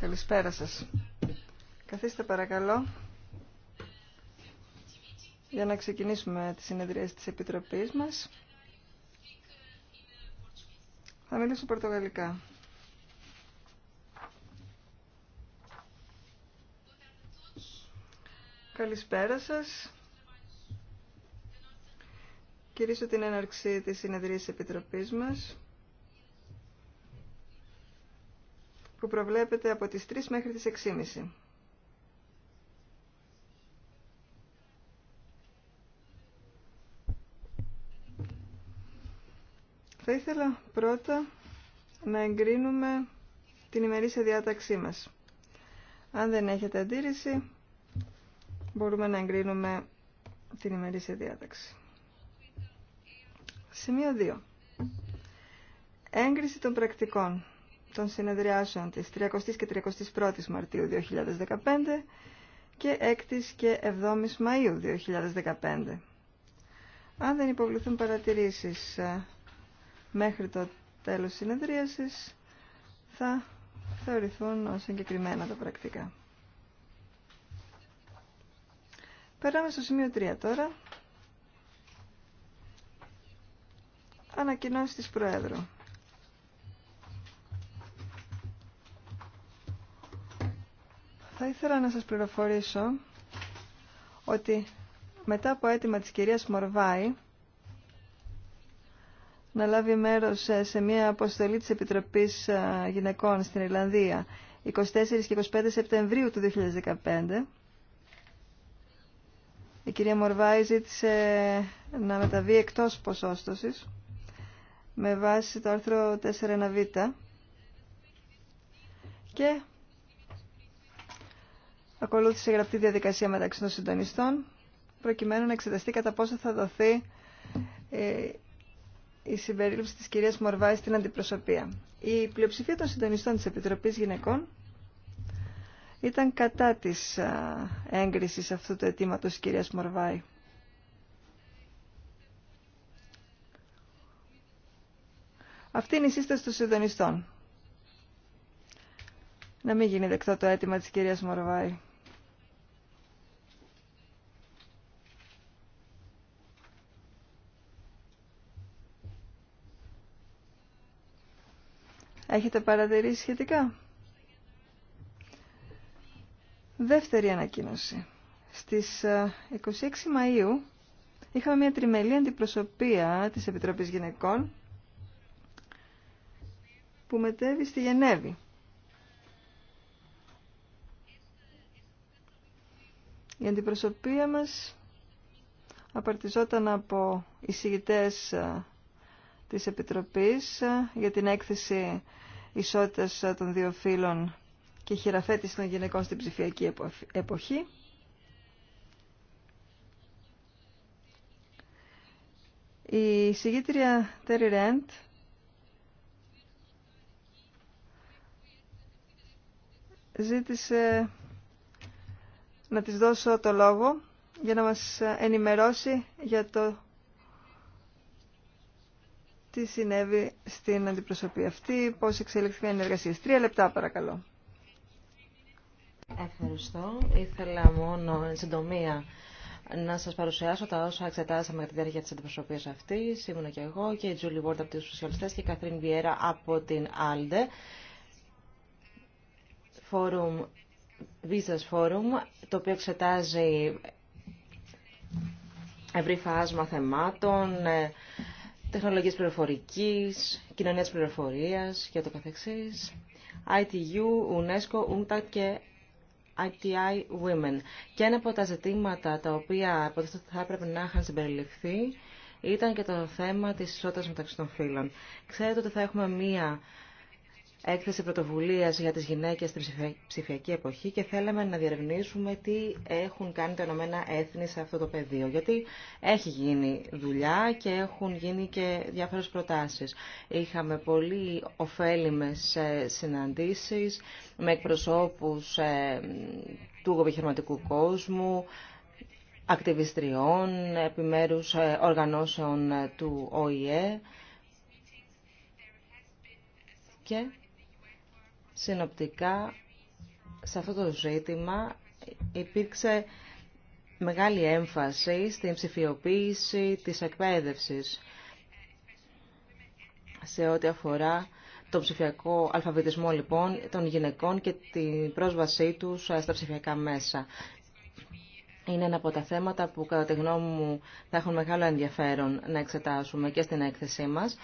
Καλησπέρα σας. Καθίστε παρακαλώ για να ξεκινήσουμε τις συνεδρίες της Επιτροπής μας. Θα μιλήσω πορτογαλικά. Καλησπέρα σας. Κυρίσω την έναρξη της συνεδρίας επιτροπής μας που προβλέπεται από τις 3 μέχρι τις 6.30. Θα ήθελα πρώτα να εγκρίνουμε την ημερήσια διάταξή μας. Αν δεν έχετε αντίρρηση, μπορούμε να εγκρίνουμε την ημερήσια διάταξη. Σημείο 2. Έγκριση των πρακτικών των συνεδριάσεων της 30ης και 31ης Μαρτίου 2015 και 6 και 7ης Μαΐου 2015. Αν δεν υποβληθούν παρατηρήσεις ε, μέχρι το τέλος συνεδρίασης, θα θεωρηθούν ως συγκεκριμένα τα πρακτικά. Περάμε στο σημείο 3 τώρα. ανακοινώσει της Προέδρου. Θα ήθελα να σας πληροφορήσω ότι μετά από αίτημα της κυρίας Μορβάη να λάβει μέρος σε μια αποστολή της Επιτροπής ε, Γυναικών στην Ιρλανδία 24 και 25 Σεπτεμβρίου του 2015 η κυρία Μορβάη ζήτησε να μεταβεί εκτός ποσόστοσης με βάση το άρθρο 4.1β και ακολούθησε γραπτή διαδικασία μεταξύ των συντονιστών προκειμένου να εξεταστεί κατά πόσο θα δοθεί ε, η συμπερίληψη της κυρίας Μορβάη στην αντιπροσωπεία. Η πλειοψηφία των συντονιστών της Επιτροπής Γυναικών ήταν κατά της ε, έγκρισης αυτού του αιτήματος της κυρίας Μορβάη. Αυτή είναι η σύσταση των συντονιστών. Να μην γίνει δεκτό το αίτημα της κυρίας Μορβάη. Έχετε παρατηρήσει σχετικά. Δεύτερη ανακοίνωση. Στις 26 ε, Μαΐου είχαμε μια τριμελή αντιπροσωπεία της Επιτροπής Γυναικών που μετέβει στη Γενέβη. Η αντιπροσωπεία μας απαρτιζόταν από εισηγητές ε, της Επιτροπής ε, για την έκθεση ισότητας ε, των δύο φύλων και χειραφέτηση των γυναικών στην ψηφιακή εποχή. Η συγγήτρια Τέρι Ρέντ ζήτησε να της δώσω το λόγο για να μας ενημερώσει για το τι συνέβη στην αντιπροσωπή αυτή, πώς εξελιχθεί η εργασία. Τρία λεπτά παρακαλώ. Ευχαριστώ. Ήθελα μόνο εν συντομία να σας παρουσιάσω τα όσα εξετάσαμε κατά τη διάρκεια της αντιπροσωπείας αυτής. Ήμουν και εγώ και η Τζούλι Βόρτα από τους Σοσιαλιστές και η Καθρίν Βιέρα από την Άλντε. Forum, Visas Forum, το οποίο εξετάζει ευρύ φάσμα θεμάτων, ε, τεχνολογίες πληροφορικής, κοινωνίας πληροφορίας και το καθεξής, ITU, UNESCO, UNTA και ITI Women. Και ένα από τα ζητήματα τα οποία θα έπρεπε να είχαν συμπεριληφθεί ήταν και το θέμα της ισότητας μεταξύ των φύλων. Ξέρετε ότι θα έχουμε μία έκθεση πρωτοβουλία για τις γυναίκες στην ψηφιακή εποχή και θέλαμε να διερευνήσουμε τι έχουν κάνει τα Ηνωμένα Έθνη σε αυτό το πεδίο. Γιατί έχει γίνει δουλειά και έχουν γίνει και διάφορε προτάσεις. Είχαμε πολύ ωφέλιμες ε, συναντήσεις με εκπροσώπους ε, του επιχειρηματικού κόσμου, ακτιβιστριών, επιμέρους ε, οργανώσεων του ΟΗΕ και συνοπτικά σε αυτό το ζήτημα υπήρξε μεγάλη έμφαση στην ψηφιοποίηση της εκπαίδευση σε ό,τι αφορά τον ψηφιακό αλφαβητισμό λοιπόν των γυναικών και την πρόσβασή τους στα ψηφιακά μέσα. Είναι ένα από τα θέματα που κατά τη γνώμη μου θα έχουν μεγάλο ενδιαφέρον να εξετάσουμε και στην έκθεσή μας.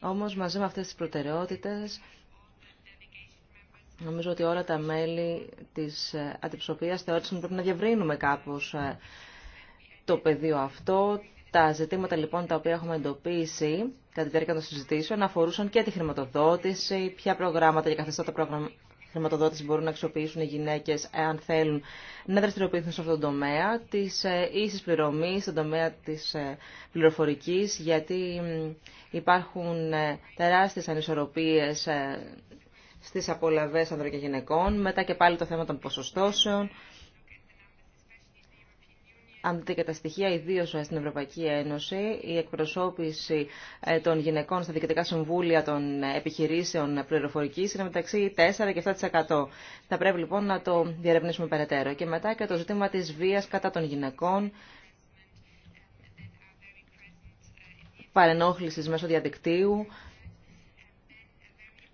Όμως μαζί με αυτές τις προτεραιότητες Νομίζω ότι όλα τα μέλη της ε, αντιπροσωπείας θεώρησαν ότι πρέπει να διαβρύνουμε κάπως ε, το πεδίο αυτό. Τα ζητήματα λοιπόν τα οποία έχουμε εντοπίσει κατά τη διάρκεια των συζητήσεων αφορούσαν και τη χρηματοδότηση, ποια προγράμματα και καθεστώτα προγραμμα... χρηματοδότηση μπορούν να αξιοποιήσουν οι γυναίκες εάν θέλουν να δραστηριοποιηθούν σε αυτόν τον τομέα, της ε, ίσης πληρωμής στον τομέα της πληροφορικής, γιατί υπάρχουν τεράστιες ανισορροπίες στις απολαβές ανδρών και γυναικών, μετά και πάλι το θέμα των ποσοστώσεων. Αν δείτε και τα στοιχεία, ιδίω στην Ευρωπαϊκή Ένωση, η εκπροσώπηση ε, των γυναικών στα διοικητικά συμβούλια των επιχειρήσεων πληροφορική είναι μεταξύ 4 και 7%. Θα πρέπει λοιπόν να το διαρευνήσουμε περαιτέρω. Και μετά και το ζήτημα τη βία κατά των γυναικών, παρενόχληση μέσω διαδικτύου,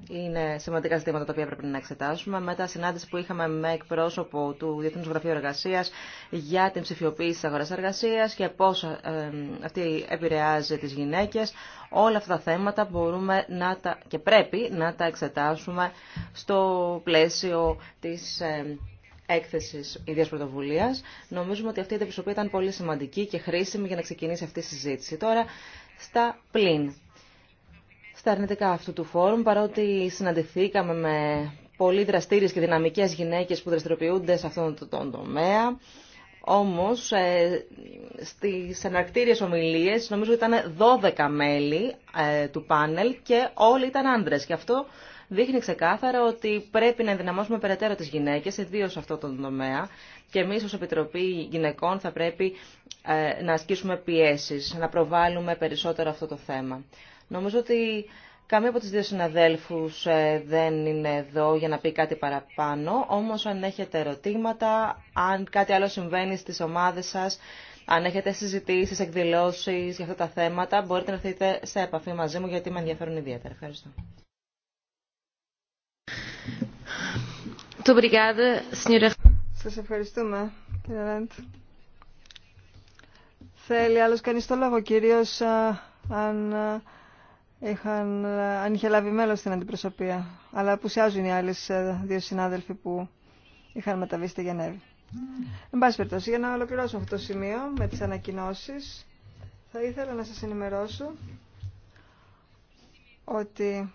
είναι σημαντικά ζητήματα τα οποία πρέπει να εξετάσουμε. Μετά συνάντηση που είχαμε με εκπρόσωπο του Διεθνούς Γραφείου Εργασίας για την ψηφιοποίηση της αγοράς εργασίας και πώς ε, ε, αυτή επηρεάζει τις γυναίκες. Όλα αυτά τα θέματα μπορούμε να και πρέπει να τα εξετάσουμε στο πλαίσιο της ε, έκθεση ίδια πρωτοβουλία. Νομίζουμε ότι αυτή η αντιπροσωπή ήταν πολύ σημαντική και χρήσιμη για να ξεκινήσει αυτή η συζήτηση. Τώρα, στα πλήν στα αρνητικά αυτού του φόρουμ, παρότι συναντηθήκαμε με πολύ δραστήριες και δυναμικές γυναίκες που δραστηριοποιούνται σε αυτόν τον τομέα. Όμως, ε, στις εναρκτήριες ομιλίες, νομίζω ήταν 12 μέλη ε, του πάνελ και όλοι ήταν άντρες. Και αυτό δείχνει ξεκάθαρα ότι πρέπει να ενδυναμώσουμε περαιτέρω τις γυναίκες, ιδίω σε αυτό τον τομέα. Και εμείς ως Επιτροπή Γυναικών θα πρέπει ε, να ασκήσουμε πιέσεις, να προβάλλουμε περισσότερο αυτό το θέμα. Νομίζω ότι καμία από τις δύο συναδέλφους ε, δεν είναι εδώ για να πει κάτι παραπάνω, όμως αν έχετε ερωτήματα, αν κάτι άλλο συμβαίνει στις ομάδες σας, αν έχετε συζητήσεις, εκδηλώσεις για αυτά τα θέματα, μπορείτε να έρθετε σε επαφή μαζί μου γιατί με ενδιαφέρουν ιδιαίτερα. Ευχαριστώ. Σας ευχαριστούμε, κύριε Ρέντ. Θέλει άλλος κανείς το λόγο, κυρίως ε, αν ε, είχαν, αν είχε λάβει μέλο στην αντιπροσωπεία. Αλλά απουσιάζουν οι άλλε ε, δύο συνάδελφοι που είχαν μεταβεί στη Γενέβη. Εν πάση περιπτώσει, για να ολοκληρώσω αυτό το σημείο με τι ανακοινώσει θα ήθελα να σα ενημερώσω ότι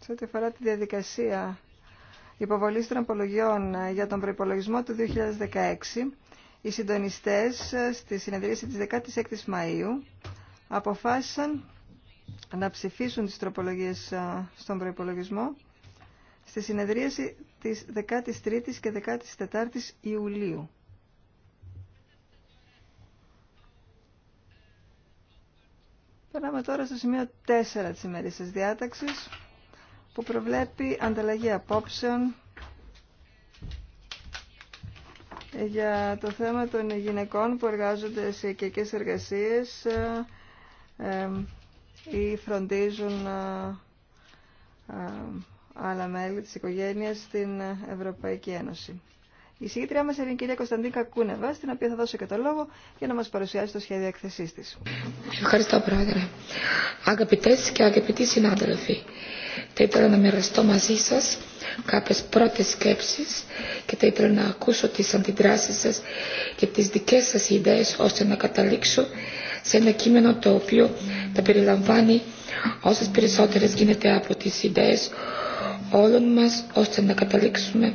σε ό,τι αφορά τη διαδικασία υποβολής των ε, για τον προϋπολογισμό του 2016, οι συντονιστές ε, στη συνεδρίαση της 16ης Μαΐου αποφάσισαν να ψηφίσουν τις τροπολογίες στον προϋπολογισμό στη συνεδρίαση της 13ης και 14ης Ιουλίου. Περνάμε τώρα στο σημείο 4 της ημέρης της διάταξης που προβλέπει ανταλλαγή απόψεων για το θέμα των γυναικών που εργάζονται σε οικιακές εργασίες ε, ε, ή φροντίζουν ε, ε, άλλα μέλη της οικογένειας στην Ευρωπαϊκή Ένωση. Η συγγήτριά μας είναι η κυρία Κωνσταντίνα Κούνεβα, στην ευρωπαικη ενωση η συγκεκρια μας ειναι η κυρια κωνσταντινα κουνεβα στην οποια θα δώσω και το λόγο για να μας παρουσιάσει το σχέδιο εκθεσής της. Ευχαριστώ, Πρόεδρε. Αγαπητές και αγαπητοί συνάδελφοι, θα ήθελα να μοιραστώ μαζί σας κάποιες πρώτες σκέψεις και θα ήθελα να ακούσω τις αντιδράσεις σας και τις δικές σας ιδέες ώστε να καταλήξω σε ένα κείμενο το οποίο θα περιλαμβάνει όσες περισσότερες γίνεται από τις ιδέες όλων μας ώστε να καταλήξουμε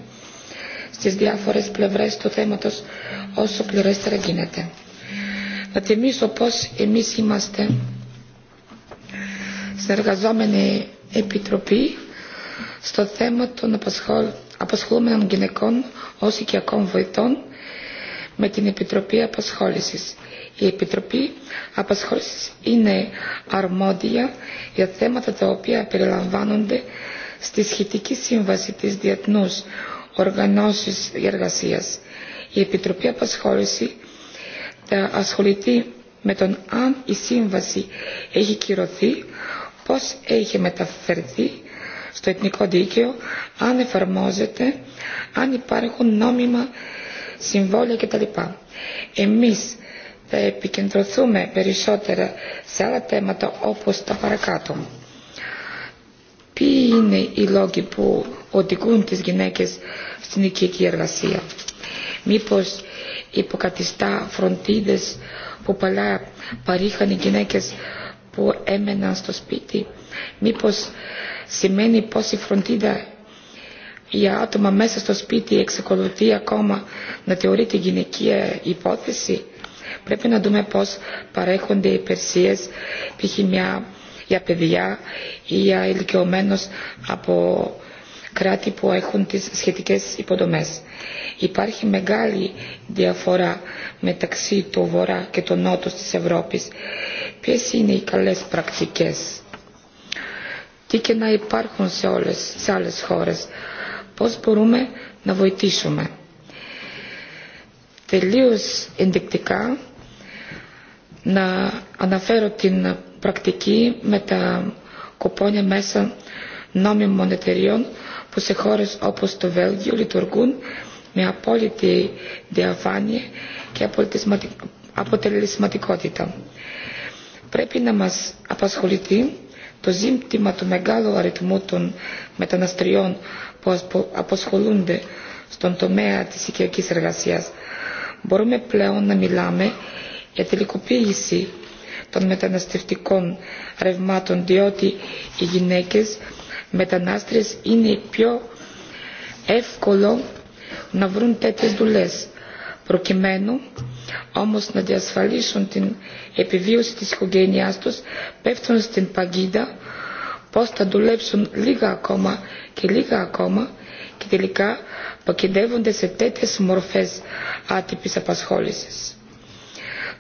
στις διάφορες πλευρές του θέματος όσο πληρέστερα γίνεται. Να θυμίσω πως εμείς είμαστε συνεργαζόμενη επιτροπή στο θέμα των απασχολούμενων γυναικών ως οικιακών βοηθών με την Επιτροπή Απασχόλησης η Επιτροπή απασχόληση είναι αρμόδια για θέματα τα οποία περιλαμβάνονται στη σχετική σύμβαση της Διεθνού Οργανώση εργασία. Η Επιτροπή Απασχόληση θα ε, ασχοληθεί με τον αν η σύμβαση έχει κυρωθεί, πώς έχει μεταφερθεί στο εθνικό δίκαιο, αν εφαρμόζεται, αν υπάρχουν νόμιμα συμβόλαια κτλ. Εμείς θα επικεντρωθούμε περισσότερα σε άλλα θέματα όπως τα παρακάτω. Ποιοι είναι οι λόγοι που οδηγούν τις γυναίκες στην οικιακή εργασία. Μήπως υποκατιστά φροντίδες που παλιά παρήχαν οι γυναίκες που έμεναν στο σπίτι. Μήπως σημαίνει πως η φροντίδα για άτομα μέσα στο σπίτι εξακολουθεί ακόμα να θεωρείται γυναικεία υπόθεση πρέπει να δούμε πώς παρέχονται οι υπηρεσίες π.χ. για παιδιά ή για ηλικιωμένους από κράτη που έχουν τις σχετικές υποδομές. Υπάρχει μεγάλη διαφορά μεταξύ του βορρά και του νότου της Ευρώπης. Ποιες είναι οι καλές πρακτικές. Τι και να υπάρχουν σε, όλες, σε άλλες χώρες. Πώς μπορούμε να βοηθήσουμε. Τελείως ενδεικτικά να αναφέρω την πρακτική με τα κοπόνια μέσα νόμιμων εταιριών που σε χώρες όπως το Βέλγιο λειτουργούν με απόλυτη διαφάνεια και αποτελεσματικότητα. Πρέπει να μας απασχοληθεί το ζήτημα του μεγάλου αριθμού των μεταναστριών που απασχολούνται στον τομέα της οικιακής εργασίας. Μπορούμε πλέον να μιλάμε για τελικοποίηση των μεταναστευτικών ρευμάτων διότι οι γυναίκες μετανάστρες είναι πιο εύκολο να βρουν τέτοιες δουλειές προκειμένου όμως να διασφαλίσουν την επιβίωση της οικογένειάς τους πέφτουν στην παγίδα πως θα δουλέψουν λίγα ακόμα και λίγα ακόμα και τελικά πακεντεύονται σε τέτοιες μορφές άτυπης απασχόλησης.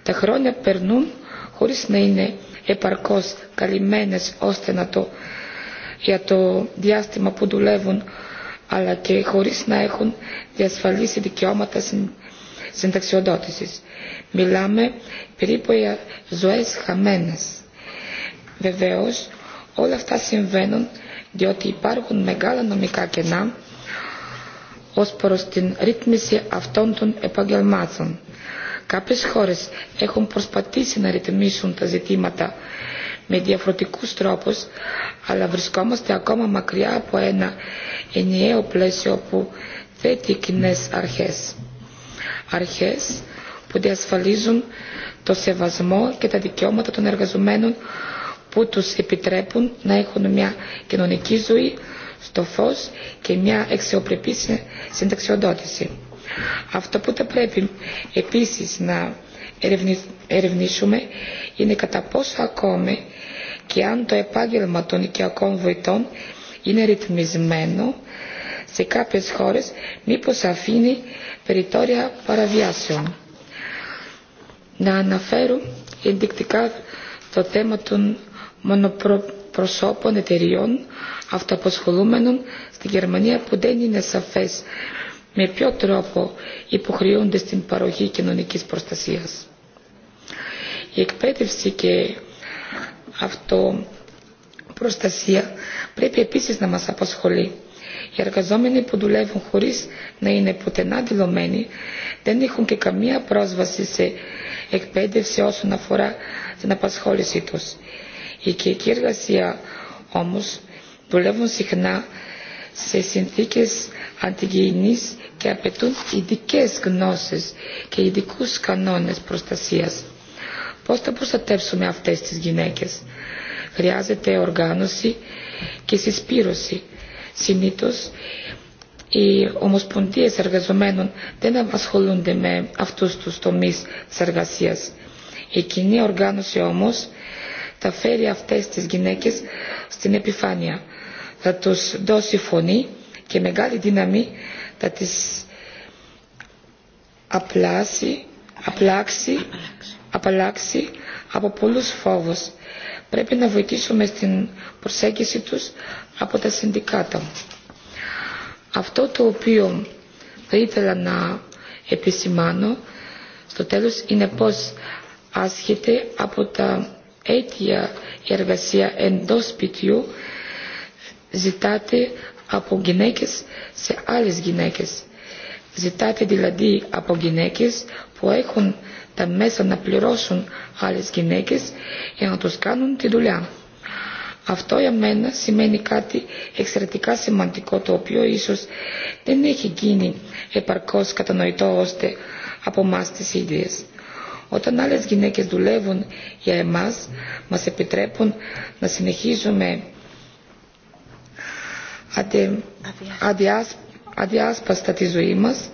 Τα χρόνια περνούν χωρίς να είναι επαρκώς καλυμμένες ώστε να το, για το διάστημα που δουλεύουν αλλά και χωρίς να έχουν διασφαλίσει δικαιώματα συνταξιοδότησης. Μιλάμε περίπου για ζωές χαμένες. Βεβαίως όλα αυτά συμβαίνουν διότι υπάρχουν μεγάλα νομικά κενά ως προς την ρύθμιση αυτών των επαγγελμάτων Κάποιες χώρες έχουν προσπαθήσει να ρυθμίσουν τα ζητήματα με διαφορετικούς τρόπους, αλλά βρισκόμαστε ακόμα μακριά από ένα ενιαίο πλαίσιο που θέτει κοινέ αρχές. Αρχές που διασφαλίζουν το σεβασμό και τα δικαιώματα των εργαζομένων που τους επιτρέπουν να έχουν μια κοινωνική ζωή στο φως και μια αξιοπρεπή συνταξιοδότηση. Αυτό που θα πρέπει επίσης να ερευνήσουμε είναι κατά πόσο ακόμη και αν το επάγγελμα των οικιακών βοητών είναι ρυθμισμένο σε κάποιες χώρες μήπως αφήνει περιτόρια παραβιάσεων. Να αναφέρω ενδεικτικά το θέμα των μονοπροσώπων εταιριών αυτοαποσχολούμενων στη Γερμανία που δεν είναι σαφές με ποιο τρόπο υποχρεούνται στην παροχή κοινωνικής προστασίας. Η εκπαίδευση και αυτοπροστασία πρέπει επίσης να μας απασχολεί. Οι εργαζόμενοι που δουλεύουν χωρίς να είναι πουθενά δηλωμένοι δεν έχουν και καμία πρόσβαση σε εκπαίδευση όσον αφορά την απασχόλησή τους. Η οικιακή εργασία όμως δουλεύουν συχνά σε συνθήκες αντιγυηνής και απαιτούν ειδικέ γνώσει και ειδικού κανόνες προστασίας. Πώ θα προστατεύσουμε αυτές τι γυναίκε, Χρειάζεται οργάνωση και συσπήρωση. συνήθω οι ομοσπονδίε εργαζομένων δεν απασχολούνται με αυτού του τομεί τη εργασία. Η κοινή οργάνωση όμω θα φέρει αυτέ τι γυναίκε στην επιφάνεια. Θα του δώσει φωνή και μεγάλη δύναμη θα τις απλάσει, από πολλούς φόβους. Πρέπει να βοηθήσουμε στην προσέγγιση τους από τα συνδικάτα. Αυτό το οποίο θα ήθελα να επισημάνω στο τέλος είναι πως άσχεται από τα αίτια εργασία εντός σπιτιού ζητάτε από γυναίκες σε άλλες γυναίκες. Ζητάτε δηλαδή από γυναίκες που έχουν τα μέσα να πληρώσουν άλλες γυναίκες για να τους κάνουν τη δουλειά. Αυτό για μένα σημαίνει κάτι εξαιρετικά σημαντικό το οποίο ίσως δεν έχει γίνει επαρκώς κατανοητό ώστε από εμάς τις ίδιες. Όταν άλλες γυναίκες δουλεύουν για εμάς, μας επιτρέπουν να συνεχίζουμε αδιάσπαστα τη ζωή μας,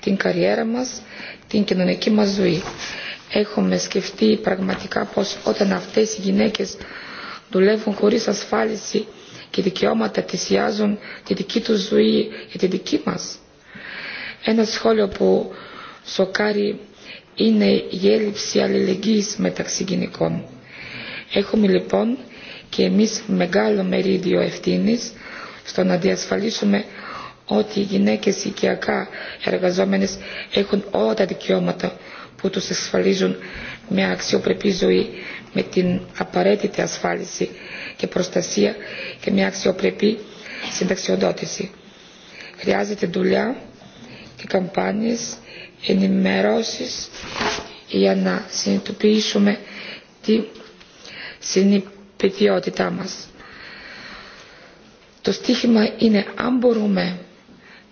την καριέρα μας, την κοινωνική μας ζωή. Έχουμε σκεφτεί πραγματικά πως όταν αυτές οι γυναίκες δουλεύουν χωρίς ασφάλιση και δικαιώματα θυσιάζουν τη δική τους ζωή και τη δική μας. Ένα σχόλιο που σοκάρει είναι η έλλειψη αλληλεγγύης μεταξύ γυναικών. Έχουμε λοιπόν και εμείς μεγάλο μερίδιο ευθύνης στο να διασφαλίσουμε ότι οι γυναίκες οικιακά εργαζόμενες έχουν όλα τα δικαιώματα που τους εξασφαλίζουν μια αξιοπρεπή ζωή με την απαραίτητη ασφάλιση και προστασία και μια αξιοπρεπή συνταξιοδότηση. Χρειάζεται δουλειά και καμπάνιες ενημερώσεις για να συνειδητοποιήσουμε τη συνειδητοποιότητά μας. Το στίχημα είναι αν μπορούμε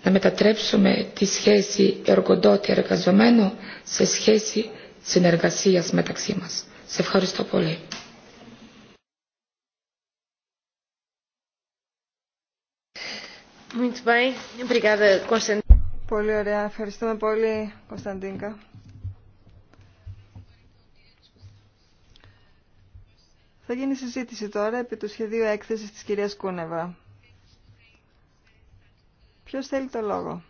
να μετατρέψουμε τη σχέση εργοδότη-εργαζομένου σε σχέση συνεργασίας μεταξύ μας. Σε ευχαριστώ πολύ. Πολύ ωραία. Ευχαριστούμε πολύ, Κωνσταντίνκα. Θα γίνει συζήτηση τώρα επί του σχεδίου έκθεσης της κυρίας Κούνεβα. Ποιος θέλει το λόγο.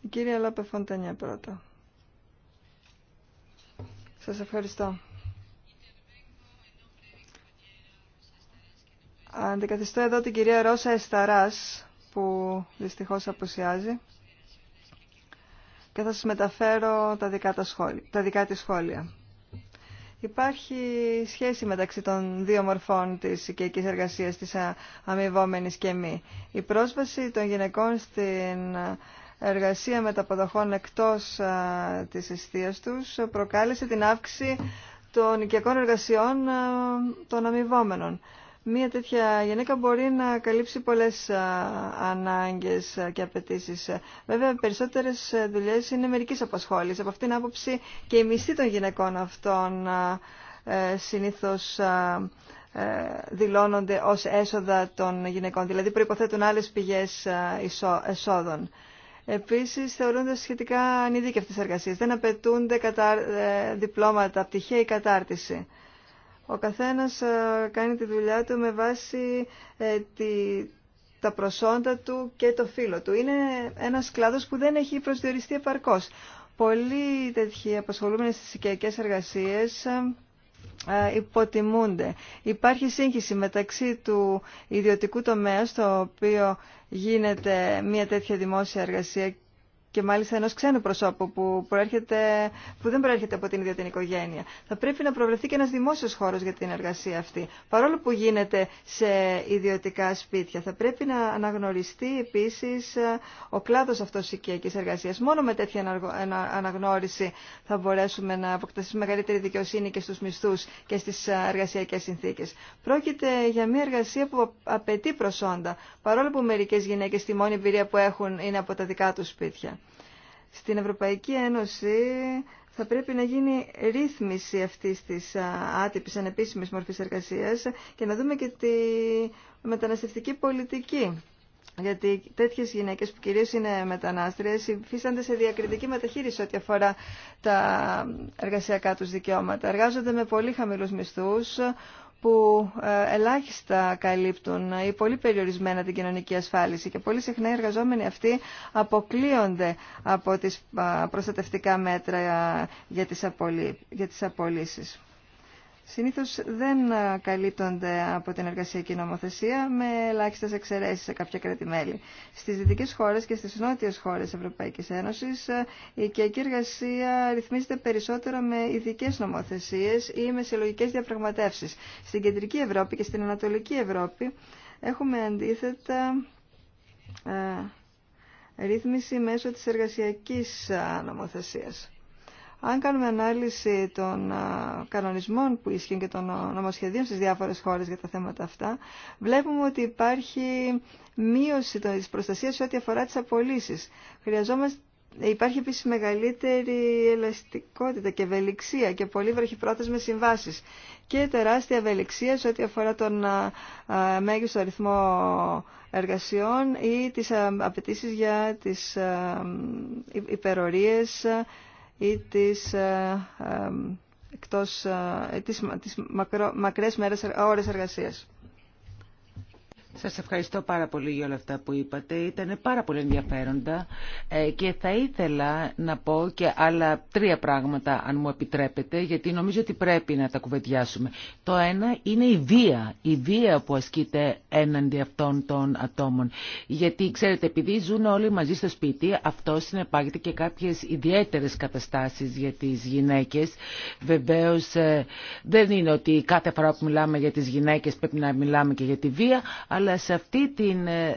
Η κυρία Λόπε Φοντανιά πρώτα. Σας ευχαριστώ. Αντικαθιστώ εδώ την κυρία Ρώσα Εσταράς, που δυστυχώς απουσιάζει και θα σας μεταφέρω τα δικά, τα δικά της σχόλια. Υπάρχει σχέση μεταξύ των δύο μορφών της οικιακής εργασίας, της αμοιβόμενης και μη. Η πρόσβαση των γυναικών στην εργασία μεταποδοχών εκτός της εστίας τους προκάλεσε την αύξηση των οικιακών εργασιών των αμοιβόμενων. Μία τέτοια γυναίκα μπορεί να καλύψει πολλές ανάγκες και απαιτήσεις. Βέβαια, περισσότερες δουλειές είναι μερικής απασχόλησης. Από αυτήν την άποψη και η μισθή των γυναικών αυτών ε, συνήθως ε, δηλώνονται ως έσοδα των γυναικών, δηλαδή προϋποθέτουν άλλες πηγές εσόδων. Επίσης θεωρούνται σχετικά ανειδίκευτες εργασίες. Δεν απαιτούνται ε, διπλώματα, πτυχία ή κατάρτιση. Ο καθένας ε, κάνει τη δουλειά του με βάση ε, τη, τα προσόντα του και το φύλλο του. Είναι ένας κλάδος που δεν έχει προσδιοριστεί επαρκώς. Πολλοί τέτοιοι απασχολούμενοι στις οικιακές εργασίες ε, υποτιμούνται. Υπάρχει σύγχυση μεταξύ του ιδιωτικού τομέα, στο οποίο γίνεται μια τέτοια δημόσια εργασία και μάλιστα ενό ξένου προσώπου που, που δεν προέρχεται από την ίδια την οικογένεια. Θα πρέπει να προβλεφθεί και ένα δημόσιο χώρο για την εργασία αυτή. Παρόλο που γίνεται σε ιδιωτικά σπίτια, θα πρέπει να αναγνωριστεί επίση ε, ο κλάδο αυτό τη οικιακή εργασία. Μόνο με τέτοια αναγνώριση θα μπορέσουμε να αποκτήσουμε μεγαλύτερη δικαιοσύνη και στου μισθού και στι ε, εργασιακέ συνθήκε. Πρόκειται για μια εργασία που απαιτεί προσόντα. Παρόλο που μερικέ γυναίκε τη μόνη εμπειρία που έχουν είναι από τα δικά του σπίτια. Στην Ευρωπαϊκή Ένωση θα πρέπει να γίνει ρύθμιση αυτής της άτυπης ανεπίσημης μορφής εργασίας και να δούμε και τη μεταναστευτική πολιτική. Γιατί τέτοιε γυναίκε που κυρίω είναι μετανάστριε υφίστανται σε διακριτική μεταχείριση ό,τι αφορά τα εργασιακά του δικαιώματα. Εργάζονται με πολύ χαμηλού μισθού, που ε, ελάχιστα καλύπτουν ή πολύ περιορισμένα την κοινωνική ασφάλιση και πολύ συχνά οι εργαζόμενοι αυτοί αποκλείονται από τις προστατευτικά μέτρα ε, για τις απολύσεις συνήθως δεν ε, καλύπτονται από την εργασιακή νομοθεσία με ελάχιστες εξαιρέσεις σε κάποια κράτη-μέλη. Στις δυτικές χώρες και στις νότιες χώρες Ευρωπαϊκής Ένωσης ε, η οικιακή εργασία ρυθμίζεται περισσότερο με ειδικέ νομοθεσίες ή με συλλογικές διαπραγματεύσεις. Στην κεντρική Ευρώπη και στην ανατολική Ευρώπη έχουμε αντίθετα ε, ρύθμιση μέσω της εργασιακής νομοθεσίας. Αν κάνουμε ανάλυση των κανονισμών που ισχύουν και των νομοσχεδίων στις διάφορες χώρες για τα θέματα αυτά, βλέπουμε ότι υπάρχει μείωση της προστασίας σε ό,τι αφορά τις απολύσεις. Χρειαζόμαστε Υπάρχει επίσης μεγαλύτερη ελαστικότητα και ευελιξία και πολύ βραχυπρόθεσμε συμβάσει και τεράστια ευελιξία σε ό,τι αφορά τον μέγιστο αριθμό εργασιών ή τι απαιτήσει για τις υπερορίες ή τις, ε, ε, εκτός, ε, τις, τις μακρές μέρες, ώρες εργασίας. Σας ευχαριστώ πάρα πολύ για όλα αυτά που είπατε. Ήταν πάρα πολύ ενδιαφέροντα ε, και θα ήθελα να πω και άλλα τρία πράγματα, αν μου επιτρέπετε, γιατί νομίζω ότι πρέπει να τα κουβεντιάσουμε. Το ένα είναι η βία, η βία που ασκείται έναντι αυτών των ατόμων. Γιατί, ξέρετε, επειδή ζουν όλοι μαζί στο σπίτι, αυτό συνεπάγεται και κάποιες ιδιαίτερες καταστάσεις για τις γυναίκες. Βεβαίως, ε, δεν είναι ότι κάθε φορά που μιλάμε για τις γυναίκες πρέπει να μιλάμε και για τη βία, αλλά σε αυτή την ε,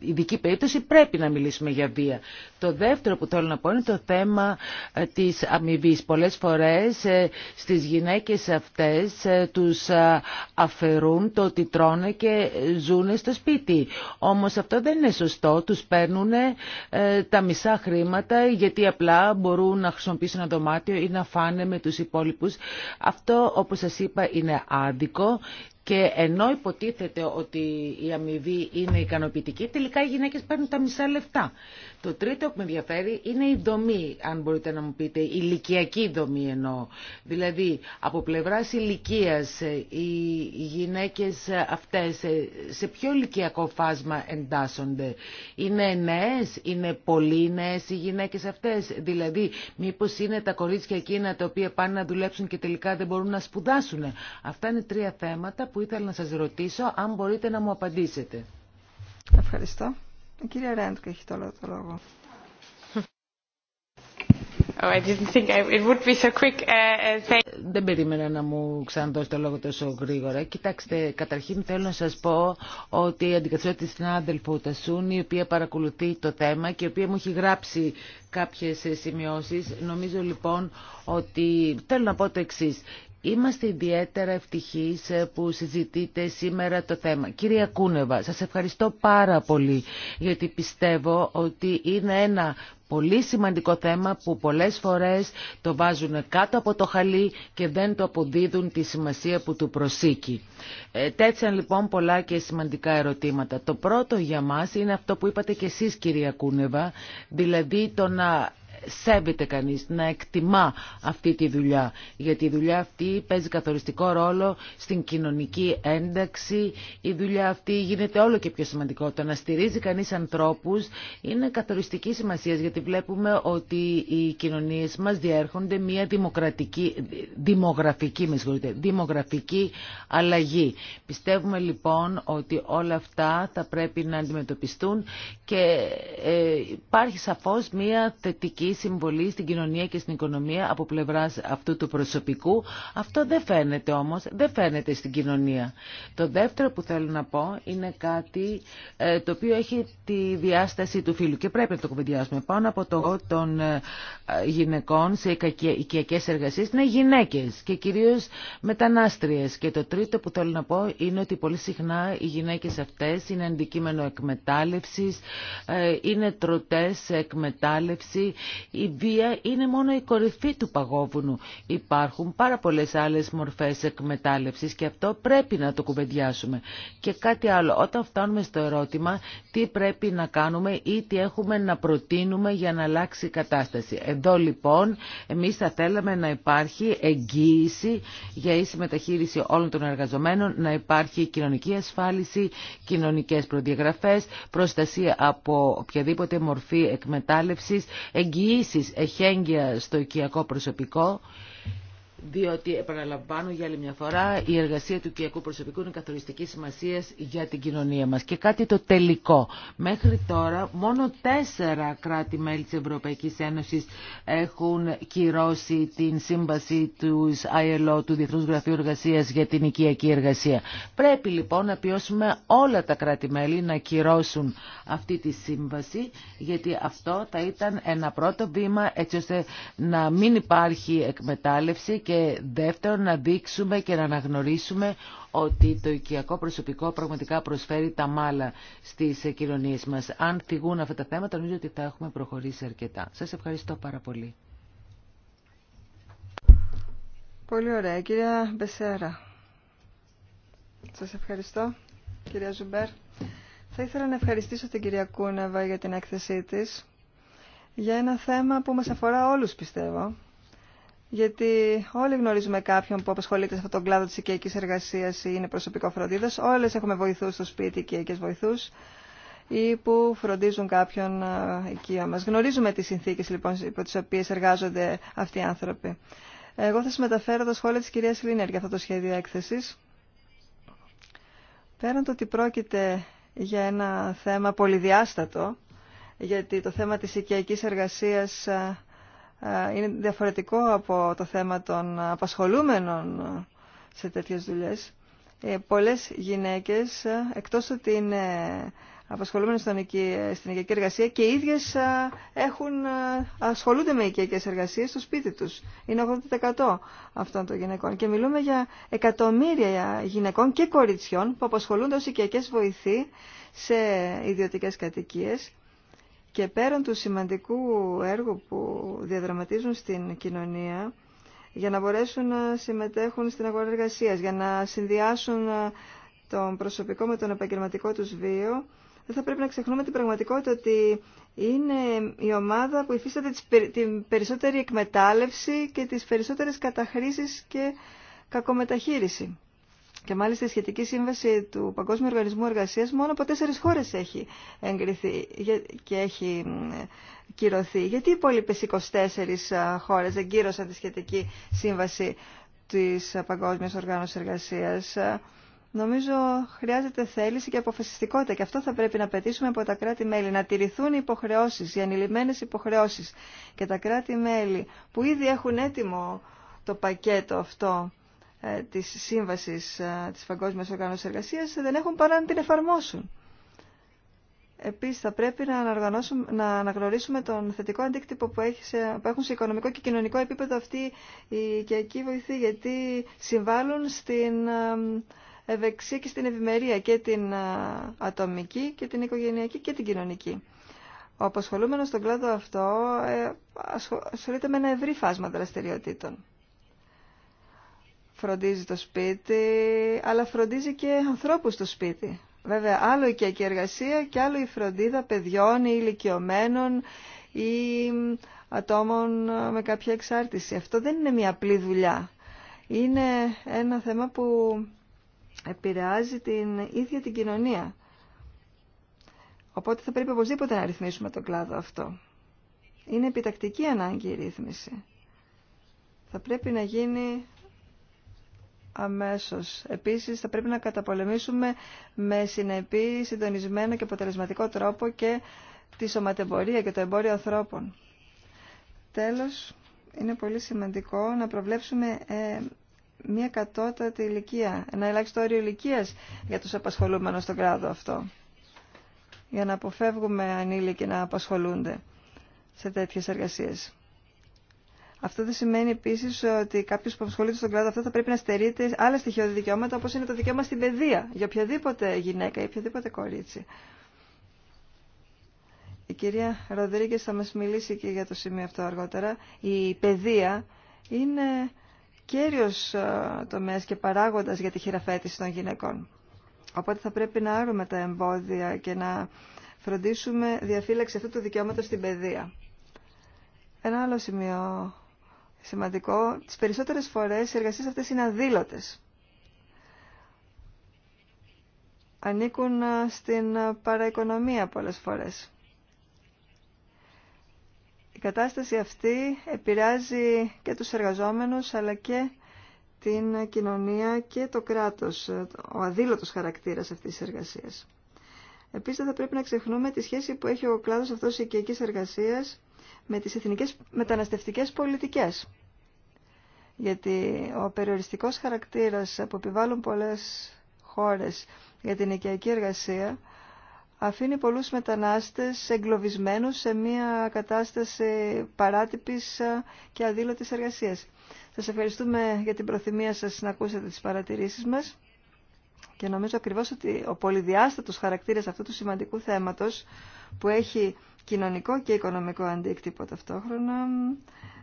ειδική περίπτωση πρέπει να μιλήσουμε για βία. Το δεύτερο που θέλω να πω είναι το θέμα ε, της αμοιβή. Πολλές φορές ε, στις γυναίκες αυτές του αφαιρούν το ότι τρώνε και ζουν στο σπίτι. Όμως αυτό δεν είναι σωστό. Τους παίρνουν τα μισά χρήματα γιατί απλά μπορούν να χρησιμοποιήσουν ένα δωμάτιο ή να φάνε με τους υπόλοιπους. Αυτό όπως σας είπα είναι άδικο. Και ενώ υποτίθεται ότι η αμοιβή είναι ικανοποιητική, τελικά οι γυναίκες παίρνουν τα μισά λεφτά. Το τρίτο που με ενδιαφέρει είναι η δομή, αν μπορείτε να μου πείτε, η ηλικιακή δομή εννοώ. Δηλαδή, από πλευράς ηλικία ε, οι γυναίκες ε, αυτές ε, σε ποιο ηλικιακό φάσμα εντάσσονται. Είναι νέες, είναι πολύ νέες οι γυναίκες αυτές. Δηλαδή, μήπως είναι τα κορίτσια εκείνα τα οποία πάνε να δουλέψουν και τελικά δεν μπορούν να σπουδάσουν. Αυτά είναι τρία θέματα που ήθελα να σας ρωτήσω αν μπορείτε να μου απαντήσετε. Ευχαριστώ. Η κυρία έχει το λόγο. Δεν περίμενα να μου ξαναδώσει το λόγο τόσο γρήγορα. Κοιτάξτε, καταρχήν θέλω να σας πω ότι η αντικαθιστώ τη συνάδελφο Τασούν, η οποία παρακολουθεί το θέμα και η οποία μου έχει γράψει κάποιες σημειώσεις. Νομίζω λοιπόν ότι θέλω να πω το εξής. Είμαστε ιδιαίτερα ευτυχείς ε, που συζητείτε σήμερα το θέμα. Κυρία Κούνεβα, σας ευχαριστώ πάρα πολύ γιατί πιστεύω ότι είναι ένα πολύ σημαντικό θέμα που πολλές φορές το βάζουν κάτω από το χαλί και δεν το αποδίδουν τη σημασία που του προσήκει. Ε, λοιπόν πολλά και σημαντικά ερωτήματα. Το πρώτο για μας είναι αυτό που είπατε και εσείς κυρία Κούνεβα, δηλαδή το να σέβεται κανείς, να εκτιμά αυτή τη δουλειά. Γιατί η δουλειά αυτή παίζει καθοριστικό ρόλο στην κοινωνική ένταξη. Η δουλειά αυτή γίνεται όλο και πιο σημαντικό. Το να στηρίζει κανείς ανθρώπους είναι καθοριστική σημασία γιατί βλέπουμε ότι οι κοινωνίες μας διέρχονται μια δημοκρατική, δημογραφική, με δημογραφική αλλαγή. Πιστεύουμε λοιπόν ότι όλα αυτά θα πρέπει να αντιμετωπιστούν και ε, υπάρχει σαφώς μια θετική συμβολή στην κοινωνία και στην οικονομία από πλευράς αυτού του προσωπικού. Αυτό δεν φαίνεται όμως, δεν φαίνεται στην κοινωνία. Το δεύτερο που θέλω να πω είναι κάτι ε, το οποίο έχει τη διάσταση του φύλου και πρέπει να το κουβεντιάσουμε. Πάνω από το των ε, γυναικών σε οικιακές εργασίες είναι γυναίκες και κυρίως μετανάστριες. Και το τρίτο που θέλω να πω είναι ότι πολύ συχνά οι γυναίκες αυτές είναι αντικείμενο εκμετάλλευσης, ε, είναι τροτές σε εκμετάλλευση η βία είναι μόνο η κορυφή του παγόβουνου. Υπάρχουν πάρα πολλές άλλες μορφές εκμετάλλευσης και αυτό πρέπει να το κουβεντιάσουμε. Και κάτι άλλο, όταν φτάνουμε στο ερώτημα τι πρέπει να κάνουμε ή τι έχουμε να προτείνουμε για να αλλάξει η κατάσταση. Εδώ λοιπόν εμείς θα θέλαμε να υπάρχει εγγύηση για ίση μεταχείριση όλων των εργαζομένων, να υπάρχει κοινωνική ασφάλιση, κοινωνικές προδιαγραφές, προστασία από οποιαδήποτε μορφή εκμετάλλευσης, εγγύηση εγγυήσεις εχέγγυα στο οικιακό προσωπικό διότι επαναλαμβάνω για άλλη μια φορά η εργασία του οικιακού προσωπικού είναι καθοριστική σημασία για την κοινωνία μας. Και κάτι το τελικό. Μέχρι τώρα μόνο τέσσερα κράτη-μέλη της Ευρωπαϊκής Ένωσης έχουν κυρώσει την σύμβαση του ILO, του Διεθνούς Γραφείου Εργασίας για την οικιακή εργασία. Πρέπει λοιπόν να πιώσουμε όλα τα κράτη-μέλη να κυρώσουν αυτή τη σύμβαση, γιατί αυτό θα ήταν ένα πρώτο βήμα έτσι ώστε να μην υπάρχει εκμετάλλευση και δεύτερον να δείξουμε και να αναγνωρίσουμε ότι το οικιακό προσωπικό πραγματικά προσφέρει τα μάλα στις κοινωνίες μας. Αν θυγούν αυτά τα θέματα νομίζω ότι θα έχουμε προχωρήσει αρκετά. Σας ευχαριστώ πάρα πολύ. Πολύ ωραία. Κυρία Μπεσέρα. Σας ευχαριστώ. Κυρία Ζουμπέρ. Θα ήθελα να ευχαριστήσω την κυρία Κούνεβα για την έκθεσή της για ένα θέμα που μας αφορά όλους πιστεύω γιατί όλοι γνωρίζουμε κάποιον που απασχολείται σε αυτόν τον κλάδο τη οικιακή εργασία ή είναι προσωπικό φροντίδα. Όλε έχουμε βοηθού στο σπίτι, οικιακέ βοηθού ή που φροντίζουν κάποιον ε, οικείο μα. Γνωρίζουμε τι συνθήκε λοιπόν υπό τι οποίε εργάζονται αυτοί οι άνθρωποι. Εγώ θα σα μεταφέρω τα σχόλια τη κυρία Λίνερ για αυτό το σχέδιο έκθεση. Πέραν το ότι πρόκειται για ένα θέμα πολυδιάστατο, γιατί το θέμα της οικιακή εργασίας ε, ε, είναι διαφορετικό από το θέμα των απασχολούμενων ε, σε τέτοιες δουλειές. Ε, πολλές γυναίκες, εκτός ότι είναι απασχολούμενες στην οικιακή εργασία και οι ίδιες έχουν, ασχολούνται με οικιακές εργασίες στο σπίτι τους. Είναι 80% αυτών των γυναικών. Και μιλούμε για εκατομμύρια γυναικών και κοριτσιών που απασχολούνται ως οικιακές βοηθοί σε ιδιωτικές κατοικίες και πέραν του σημαντικού έργου που διαδραματίζουν στην κοινωνία, για να μπορέσουν να συμμετέχουν στην αγορά εργασία, για να συνδυάσουν ε, τον προσωπικό με τον επαγγελματικό τους βίο, δεν θα πρέπει να ξεχνούμε την πραγματικότητα ότι είναι η ομάδα που υφίσταται την περισσότερη εκμετάλλευση και τις περισσότερες καταχρήσεις και κακομεταχείριση. Και μάλιστα η σχετική σύμβαση του Παγκόσμιου Οργανισμού Εργασία μόνο από τέσσερι χώρε έχει εγκριθεί και έχει κυρωθεί. Γιατί οι υπόλοιπε 24 χώρε δεν κύρωσαν τη σχετική σύμβαση τη Παγκόσμια Οργάνωση Εργασία. Νομίζω χρειάζεται θέληση και αποφασιστικότητα και αυτό θα πρέπει να πετήσουμε από τα κράτη-μέλη. Να τηρηθούν οι υποχρεώσει, οι ανηλυμένε υποχρεώσει. Και τα κράτη-μέλη που ήδη έχουν έτοιμο το πακέτο αυτό ε, της σύμβασης ε, της Παγκόσμιας Οργάνωσης Εργασίας δεν έχουν παρά να την εφαρμόσουν. Επίσης θα πρέπει να, να αναγνωρίσουμε τον θετικό αντίκτυπο που, έχει σε, που έχουν σε οικονομικό και κοινωνικό επίπεδο αυτή οι οικιακοί βοηθοί γιατί συμβάλλουν στην ε, ευεξία και στην ευημερία και την ατομική και την οικογενειακή και την κοινωνική. Ο απασχολούμενος στον κλάδο αυτό ασχολείται με ένα ευρύ φάσμα δραστηριοτήτων φροντίζει το σπίτι, αλλά φροντίζει και ανθρώπους στο σπίτι. Βέβαια, άλλο η οικιακή εργασία και άλλο η φροντίδα παιδιών ή ηλικιωμένων ή ατόμων με κάποια εξάρτηση. Αυτό δεν είναι μια απλή δουλειά. Είναι ένα θέμα που επηρεάζει την ίδια την κοινωνία. Οπότε θα πρέπει οπωσδήποτε να ρυθμίσουμε τον κλάδο αυτό. Είναι επιτακτική ανάγκη η ρύθμιση. Θα πρέπει να γίνει αμέσως. Επίσης θα πρέπει να καταπολεμήσουμε με συνεπή, συντονισμένο και αποτελεσματικό τρόπο και τη σωματεμπορία και το εμπόριο ανθρώπων. Τέλος, είναι πολύ σημαντικό να προβλέψουμε ε, μια κατώτατη ηλικία, ένα ελάχιστο όριο ηλικία για τους απασχολούμενους στον κράτο αυτό, για να αποφεύγουμε ανήλικοι να απασχολούνται σε τέτοιες εργασίες. Αυτό δεν σημαίνει επίση ότι κάποιο που ασχολείται στον κλάδο αυτό θα πρέπει να στερείται άλλα στοιχειώδη δικαιώματα όπω είναι το δικαίωμα στην παιδεία για οποιαδήποτε γυναίκα ή οποιαδήποτε κορίτσι. Η κυρία Ροδρίγκε θα μα μιλήσει και για το σημείο αυτό αργότερα. Η παιδεία είναι κέριο ε, τομέα και παράγοντα για τη χειραφέτηση των γυναικών. Οπότε θα πρέπει να άρουμε τα εμπόδια και να φροντίσουμε διαφύλαξη αυτού του δικαιώματο στην παιδεία. Ένα άλλο σημείο σημαντικό, τις περισσότερες φορές οι εργασίες αυτές είναι αδήλωτες. Ανήκουν ε, στην ε, παραοικονομία πολλές φορές. Η κατάσταση αυτή επηρεάζει και τους εργαζόμενους αλλά και την κοινωνία και το κράτος, ε, ο αδήλωτος χαρακτήρας αυτής της εργασίας. Επίσης θα πρέπει να ξεχνούμε τη σχέση που έχει ο κλάδος αυτός οικιακής εργασίας με τις εθνικές μεταναστευτικές πολιτικές. Γιατί ο περιοριστικός χαρακτήρας που επιβάλλουν πολλές χώρες για την οικιακή εργασία αφήνει πολλούς μετανάστες εγκλωβισμένους σε μια κατάσταση παράτυπης και αδήλωτης εργασίας. Σας ευχαριστούμε για την προθυμία σας να ακούσετε τις παρατηρήσεις μας και νομίζω ακριβώς ότι ο πολυδιάστατος χαρακτήρας αυτού του σημαντικού θέματος που έχει κοινωνικό και οικονομικό αντίκτυπο ταυτόχρονα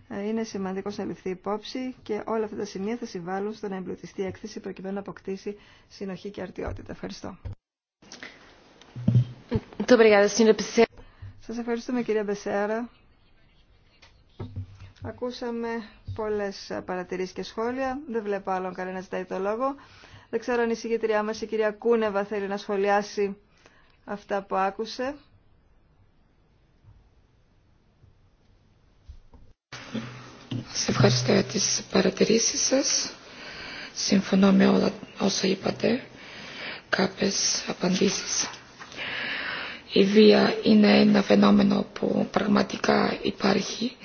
ε, είναι σημαντικό να ληφθεί υπόψη και όλα αυτά τα σημεία θα συμβάλλουν στο να εμπλουτιστεί η έκθεση προκειμένου να αποκτήσει συνοχή και αρτιότητα. Ευχαριστώ. Σας ευχαριστούμε κυρία Μπεσέρα. Ακούσαμε πολλές παρατηρήσεις και σχόλια. Δεν βλέπω άλλον κανένα ζητάει το λόγο. Δεν ξέρω αν η συγκεκριά μας η κυρία Κούνεβα θέλει να σχολιάσει αυτά που άκουσε. ευχαριστώ για τις παρατηρήσεις σας. Συμφωνώ με όλα όσα είπατε. Κάποιες απαντήσεις. Η βία είναι ένα φαινόμενο που πραγματικά υπάρχει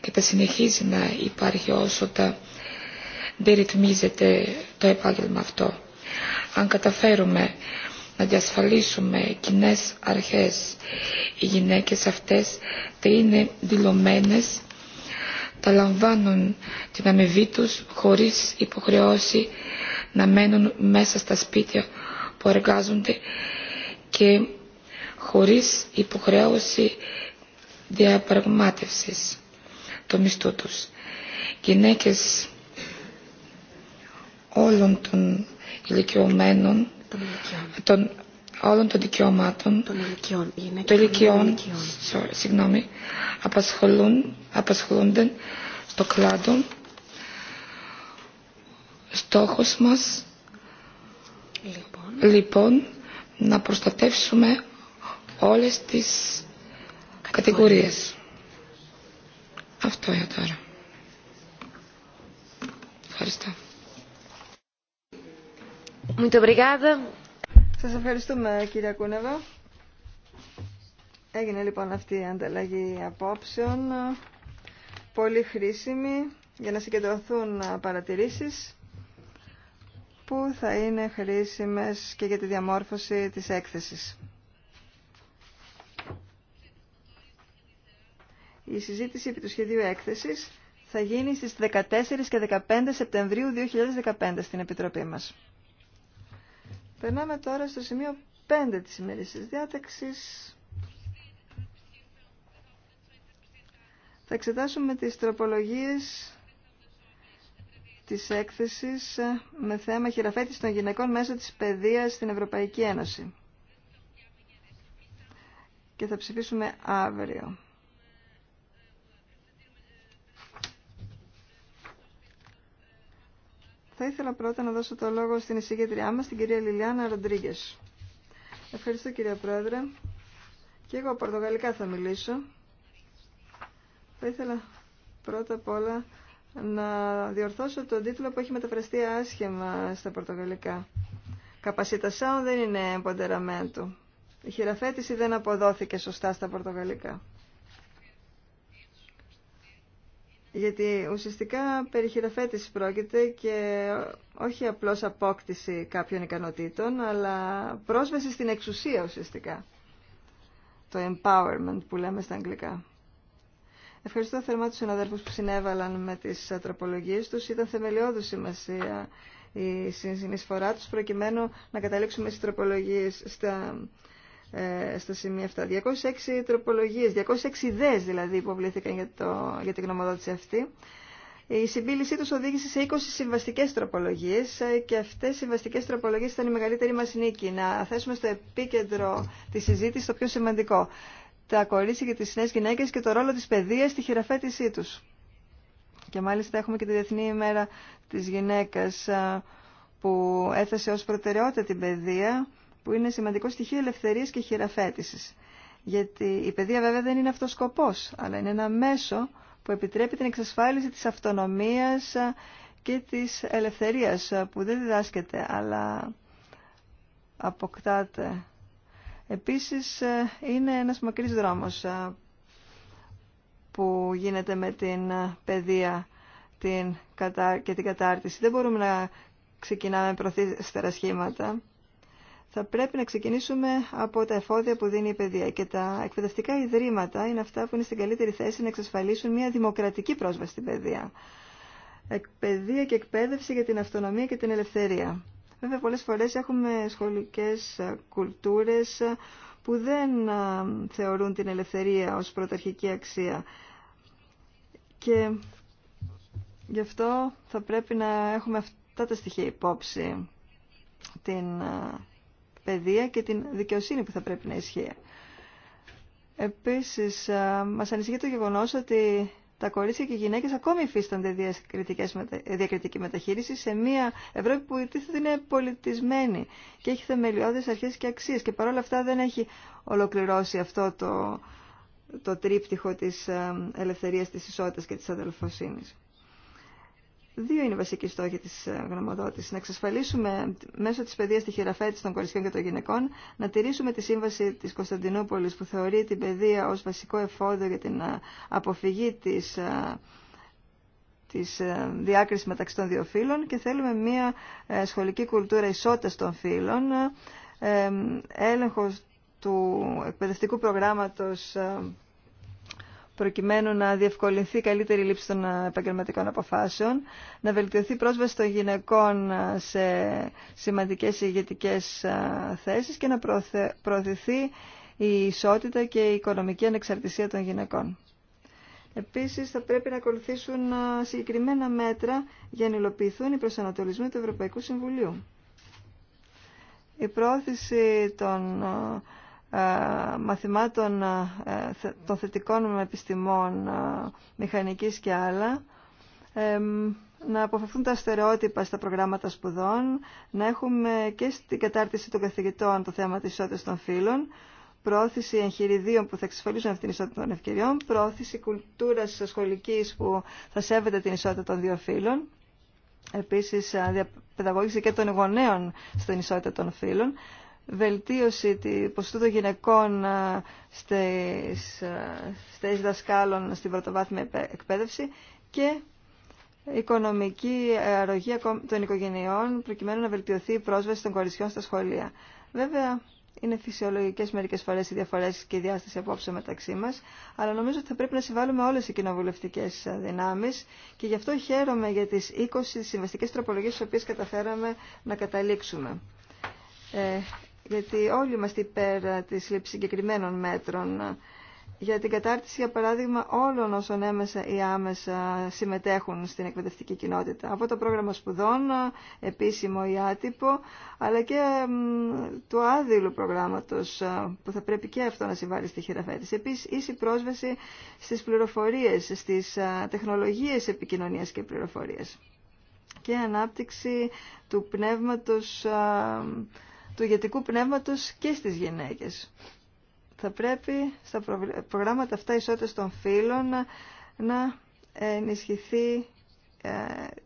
και θα συνεχίζει να υπάρχει όσο τα δεν ρυθμίζεται το επάγγελμα αυτό. Αν καταφέρουμε να διασφαλίσουμε κοινέ αρχές, οι γυναίκες αυτές θα είναι δηλωμένες θα λαμβάνουν την αμοιβή τους χωρίς υποχρεώσει να μένουν μέσα στα σπίτια που εργάζονται και χωρίς υποχρεώσει διαπραγμάτευσης το μισθού τους. Γυναίκες όλων των ηλικιωμένων των όλων των δικαιωμάτων των ηλικιών, των ηλικιών συγγνώμη, απασχολούν, απασχολούνται στο κλάδο. Στόχος μας λοιπόν. λοιπόν να προστατεύσουμε όλες τις κατηγορίες. Αυτό για τώρα. Ευχαριστώ. Muito obrigada. Σας ευχαριστούμε κύριε Κούνεβα. Έγινε λοιπόν αυτή η ανταλλαγή απόψεων, πολύ χρήσιμη για να συγκεντρωθούν παρατηρήσεις που θα είναι χρήσιμες και για τη διαμόρφωση της έκθεσης. Η συζήτηση επί του σχεδίου έκθεσης θα γίνει στις 14 και 15 Σεπτεμβρίου 2015 στην Επιτροπή μας. Περνάμε τώρα στο σημείο 5 της ημερήσης διάταξης. Θα εξετάσουμε τις τροπολογίες της έκθεσης με θέμα χειραφέτηση των γυναικών μέσω της παιδείας στην Ευρωπαϊκή Ένωση. Και θα ψηφίσουμε αύριο. Θα ήθελα πρώτα να δώσω το λόγο στην εισηγήτριά μας, την κυρία Λιλιάνα Ροντρίγκε. Ευχαριστώ κυρία Πρόεδρε. Και εγώ πορτογαλικά θα μιλήσω. Θα ήθελα πρώτα απ' όλα να διορθώσω τον τίτλο που έχει μεταφραστεί άσχημα στα πορτογαλικά. Καπασιτασάων δεν είναι ποντεραμέντου. Η χειραφέτηση δεν αποδόθηκε σωστά στα πορτογαλικά. γιατί ουσιαστικά περί πρόκειται και όχι απλώς απόκτηση κάποιων ικανοτήτων, αλλά πρόσβαση στην εξουσία ουσιαστικά. Το empowerment που λέμε στα αγγλικά. Ευχαριστώ θερμά τους συναδέλφους που συνέβαλαν με τις τροπολογίε τους. Ήταν θεμελιώδη σημασία η συνεισφορά τους προκειμένου να καταλήξουμε στις τροπολογίες στα στα σημεία αυτά. 206 τροπολογίες, 206 ιδέες δηλαδή που για, το, για την γνωμοδότηση αυτή. Η συμπίλησή τους οδήγησε σε 20 συμβαστικές τροπολογίες ε, και αυτές οι συμβαστικές τροπολογίες ήταν η μεγαλύτερη μας νίκη. Να θέσουμε στο επίκεντρο της συζήτησης το πιο σημαντικό. Τα κορίτσια και τις νέες γυναίκες και το ρόλο της παιδείας στη χειραφέτησή τους. Και μάλιστα έχουμε και τη Διεθνή ημέρα της γυναίκας ε, που έθεσε ως προτεραιότητα την παιδεία που είναι σημαντικό στοιχείο ελευθερίας και χειραφέτησης. Γιατί η παιδεία βέβαια δεν είναι αυτός σκοπός, αλλά είναι ένα μέσο που επιτρέπει την εξασφάλιση της αυτονομίας και της ελευθερίας που δεν διδάσκεται αλλά αποκτάται. Επίσης είναι ένας μακρύς δρόμος που γίνεται με την παιδεία την και την κατάρτιση. Δεν μπορούμε να ξεκινάμε προθύστερα σχήματα θα πρέπει να ξεκινήσουμε από τα εφόδια που δίνει η παιδεία και τα εκπαιδευτικά ιδρύματα είναι αυτά που είναι στην καλύτερη θέση να εξασφαλίσουν μια δημοκρατική πρόσβαση στην παιδεία. Εκπαιδεία και εκπαίδευση για την αυτονομία και την ελευθερία. Βέβαια πολλές φορές έχουμε σχολικές κουλτούρες που δεν θεωρούν την ελευθερία ως πρωταρχική αξία. Και γι' αυτό θα πρέπει να έχουμε αυτά τα στοιχεία υπόψη την παιδεία και την δικαιοσύνη που θα πρέπει να ισχύει. Επίσης, μας ανησυχεί το γεγονός ότι τα κορίτσια και οι γυναίκες ακόμη υφίστανται διακριτική μεταχείριση σε μια Ευρώπη που υποτίθεται είναι πολιτισμένη και έχει θεμελιώδεις αρχές και αξίες και παρόλα αυτά δεν έχει ολοκληρώσει αυτό το, το τρίπτυχο της ελευθερίας, της ισότητας και της αδελφοσύνης. Δύο είναι οι βασικοί στόχοι τη ε, γνωμοδότηση. Να εξασφαλίσουμε μέσω τη παιδεία τη χειραφέτηση των κοριτσιών και των γυναικών, να τηρήσουμε τη σύμβαση τη Κωνσταντινούπολη που θεωρεί την παιδεία ω βασικό εφόδιο για την ε, αποφυγή τη της ε, διάκρισης μεταξύ των δύο φύλων και θέλουμε μια σχολική κουλτούρα ισότητας των φύλων, έλεγχος του εκπαιδευτικού προγράμματος προκειμένου να διευκολυνθεί καλύτερη λήψη των ε, επαγγελματικών αποφάσεων, να βελτιωθεί πρόσβαση των γυναικών ε, σε σημαντικές ηγετικές ε, θέσεις και να προωθηθεί η ισότητα και η οικονομική ανεξαρτησία των γυναικών. Επίσης, θα πρέπει να ακολουθήσουν συγκεκριμένα μέτρα για να υλοποιηθούν οι προσανατολισμοί του Ευρωπαϊκού Συμβουλίου. Η πρόθεση των ε, μαθημάτων ε, των θετικών επιστημών ε, μηχανικής και άλλα να αποφευθούν τα στερεότυπα στα προγράμματα σπουδών, να έχουμε και στην κατάρτιση των καθηγητών το θέμα της ισότητας των φύλων, πρόθεση εγχειριδίων που θα εξασφαλίσουν αυτήν την ισότητα των ευκαιριών, πρόθεση κουλτούρας σχολικής που θα σέβεται την ισότητα των δύο φύλων, επίσης διαπαιδαγώγηση και των γονέων στην ισότητα των φύλων, βελτίωση του ποστού των γυναικών ε, ε, στις, δασκάλων στην πρωτοβάθμια εκπαίδευση και οικονομική αρρωγή των οικογενειών προκειμένου να βελτιωθεί η πρόσβαση των κοριτσιών στα σχολεία. Βέβαια, είναι φυσιολογικέ μερικέ φορέ οι διαφορέ και η διάσταση απόψε μεταξύ μα, αλλά νομίζω ότι θα πρέπει να συμβάλλουμε όλε οι κοινοβουλευτικέ δυνάμει και γι' αυτό χαίρομαι για τι 20 συμβαστικέ τροπολογίε τι οποίε καταφέραμε να καταλήξουμε. Ε, γιατί όλοι είμαστε υπέρ της λήψης συγκεκριμένων μέτρων για την κατάρτιση, για παράδειγμα, όλων όσων έμεσα ή άμεσα συμμετέχουν στην εκπαιδευτική κοινότητα. Από το πρόγραμμα σπουδών, επίσημο ή άτυπο, αλλά και του άδειλου προγράμματος, ε, που θα πρέπει και αυτό να συμβάλλει στη χειραφέτηση. Επίσης, ίση πρόσβαση στις πληροφορίες, στις ε, τεχνολογίες επικοινωνίας και πληροφορίες Και ανάπτυξη του πνεύματος ε, του ηγετικού πνεύματος και στις γυναίκες. Θα πρέπει στα προγράμματα αυτά ισότητας των φύλων να, ενισχυθεί ε,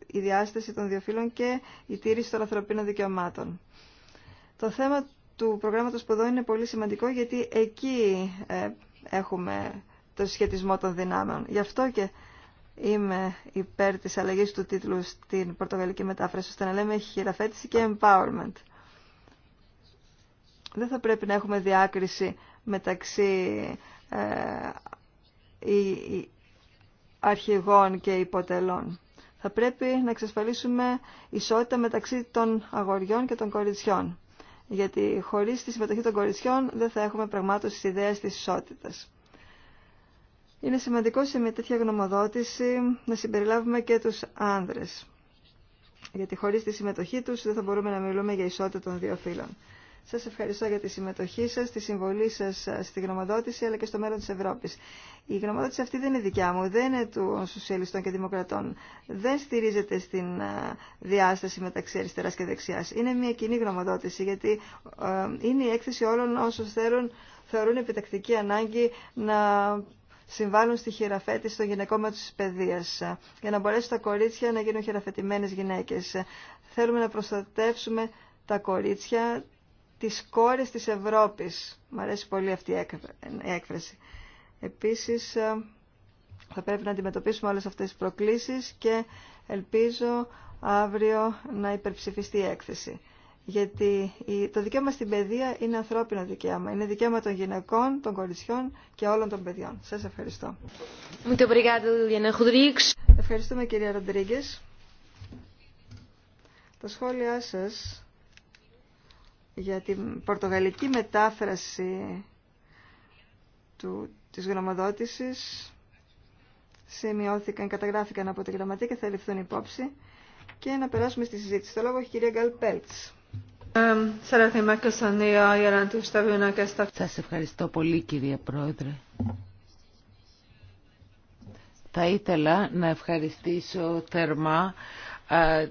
η διάσταση των δύο φύλων και η τήρηση των ανθρωπίνων δικαιωμάτων. Το θέμα του προγράμματος που εδώ είναι πολύ σημαντικό γιατί εκεί ε, έχουμε το σχετισμό των δυνάμεων. Γι' αυτό και είμαι υπέρ της αλλαγής του τίτλου στην πορτογαλική μετάφραση, ώστε να λέμε χειραφέτηση και empowerment δεν θα πρέπει να έχουμε διάκριση μεταξύ ε, αρχηγών και υποτελών. Θα πρέπει να εξασφαλίσουμε ισότητα μεταξύ των αγοριών και των κοριτσιών. Γιατί χωρίς τη συμμετοχή των κοριτσιών δεν θα έχουμε πραγμάτως της ιδέας της ισότητας. Είναι σημαντικό σε μια τέτοια γνωμοδότηση να συμπεριλάβουμε και τους άνδρες. Γιατί χωρίς τη συμμετοχή τους δεν θα μπορούμε να μιλούμε για ισότητα των δύο φύλων. Σας ευχαριστώ για τη συμμετοχή σας, τη συμβολή σας ε, στη γνωμοδότηση αλλά και στο μέλλον της Ευρώπης. Η γνωμοδότηση αυτή δεν είναι δικιά μου, δεν είναι του σοσιαλιστών και δημοκρατών. Δεν στηρίζεται στην ε, διάσταση μεταξύ αριστεράς και δεξιάς. Είναι μια κοινή γνωμοδότηση γιατί ε, είναι η έκθεση όλων όσων θέλουν, θεωρούν επιτακτική ανάγκη να συμβάλλουν στη χειραφέτηση των γυναικών με τους παιδείας, για να μπορέσουν τα κορίτσια να γίνουν χειραφετημένες γυναίκες. Θέλουμε να προστατεύσουμε τα κορίτσια, τις κόρες της Ευρώπης. Μ' αρέσει πολύ αυτή η έκφραση. Επίσης, ε, θα πρέπει να αντιμετωπίσουμε όλες αυτές τις προκλήσεις και ελπίζω αύριο να υπερψηφιστεί η έκθεση. Γιατί το δικαίωμα στην παιδεία είναι ανθρώπινο δικαίωμα. Είναι δικαίωμα των γυναικών, των κοριτσιών και όλων των παιδιών. Σας ευχαριστώ. Ευχαριστούμε κυρία Ροντρίγκε. Τα σχόλιά σας για την πορτογαλική μετάφραση του, της γνωμοδότησης σημειώθηκαν, καταγράφηκαν από τη γραμματεία και θα ληφθούν υπόψη και να περάσουμε στη συζήτηση. Το λόγο έχει η κυρία Γκάλ Πέλτς. Σας ευχαριστώ πολύ κυρία Πρόεδρε. Θα ήθελα να ευχαριστήσω θερμά ε,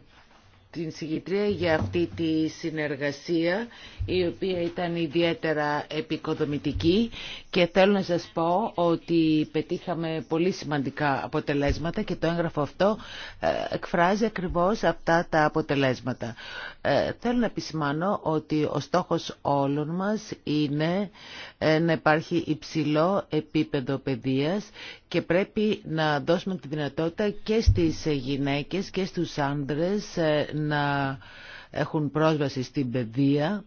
την συγκητρία για αυτή τη συνεργασία η οποία ήταν ιδιαίτερα επικοδομητική και θέλω να σας πω ότι πετύχαμε πολύ σημαντικά αποτελέσματα και το έγγραφο αυτό ε, εκφράζει ακριβώς αυτά τα αποτελέσματα. Ε, θέλω να επισημάνω ότι ο στόχος όλων μας είναι ε, να υπάρχει υψηλό επίπεδο παιδείας και πρέπει να δώσουμε τη δυνατότητα και στις γυναίκες και στους άντρες να έχουν πρόσβαση στην παιδεία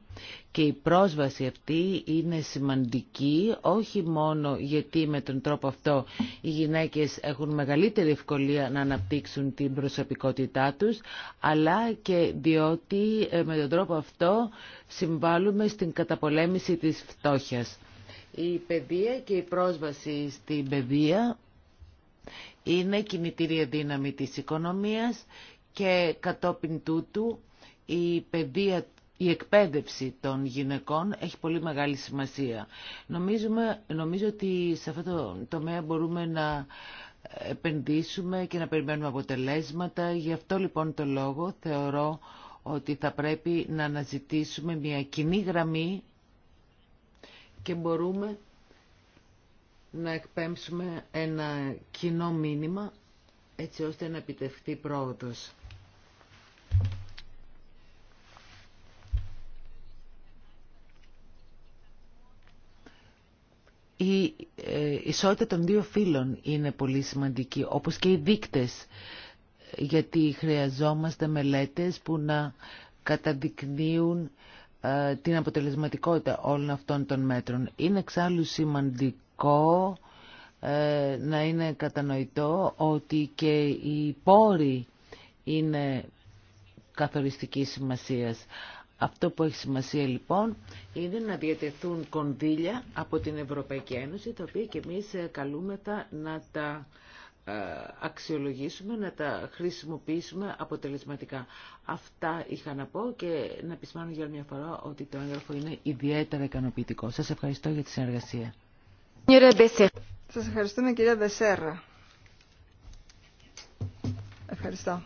και η πρόσβαση αυτή είναι σημαντική όχι μόνο γιατί με τον τρόπο αυτό οι γυναίκες έχουν μεγαλύτερη ευκολία να αναπτύξουν την προσωπικότητά τους αλλά και διότι ε, με τον τρόπο αυτό συμβάλλουμε στην καταπολέμηση της φτώχειας. Η παιδεία και η πρόσβαση στην παιδεία είναι κινητήρια δύναμη της οικονομίας και κατόπιν τούτου η παιδεία η εκπαίδευση των γυναικών έχει πολύ μεγάλη σημασία. Νομίζουμε, νομίζω ότι σε αυτό το τομέα μπορούμε να επενδύσουμε και να περιμένουμε αποτελέσματα. Γι' αυτό λοιπόν το λόγο θεωρώ ότι θα πρέπει να αναζητήσουμε μια κοινή γραμμή και μπορούμε να εκπέμψουμε ένα κοινό μήνυμα έτσι ώστε να επιτευχθεί πρόοδος. Ε, η ισότητα των δύο φύλων είναι πολύ σημαντική, όπως και οι δείκτες, γιατί χρειαζόμαστε μελέτες που να καταδεικνύουν ε, την αποτελεσματικότητα όλων αυτών των μέτρων. Είναι εξάλλου σημαντικό ε, να είναι κατανοητό ότι και οι πόροι είναι καθοριστικής σημασίας. Αυτό που έχει σημασία λοιπόν είναι να διατεθούν κονδύλια από την Ευρωπαϊκή Ένωση, τα οποία και εμείς ε, καλούμεθα να τα ε, αξιολογήσουμε, να τα χρησιμοποιήσουμε αποτελεσματικά. Αυτά είχα να πω και να επισημάνω για μια φορά ότι το έγγραφο είναι ιδιαίτερα ικανοποιητικό. Σας ευχαριστώ για τη συνεργασία. Σας ευχαριστούμε κυρία Δεσέρα. Ευχαριστώ.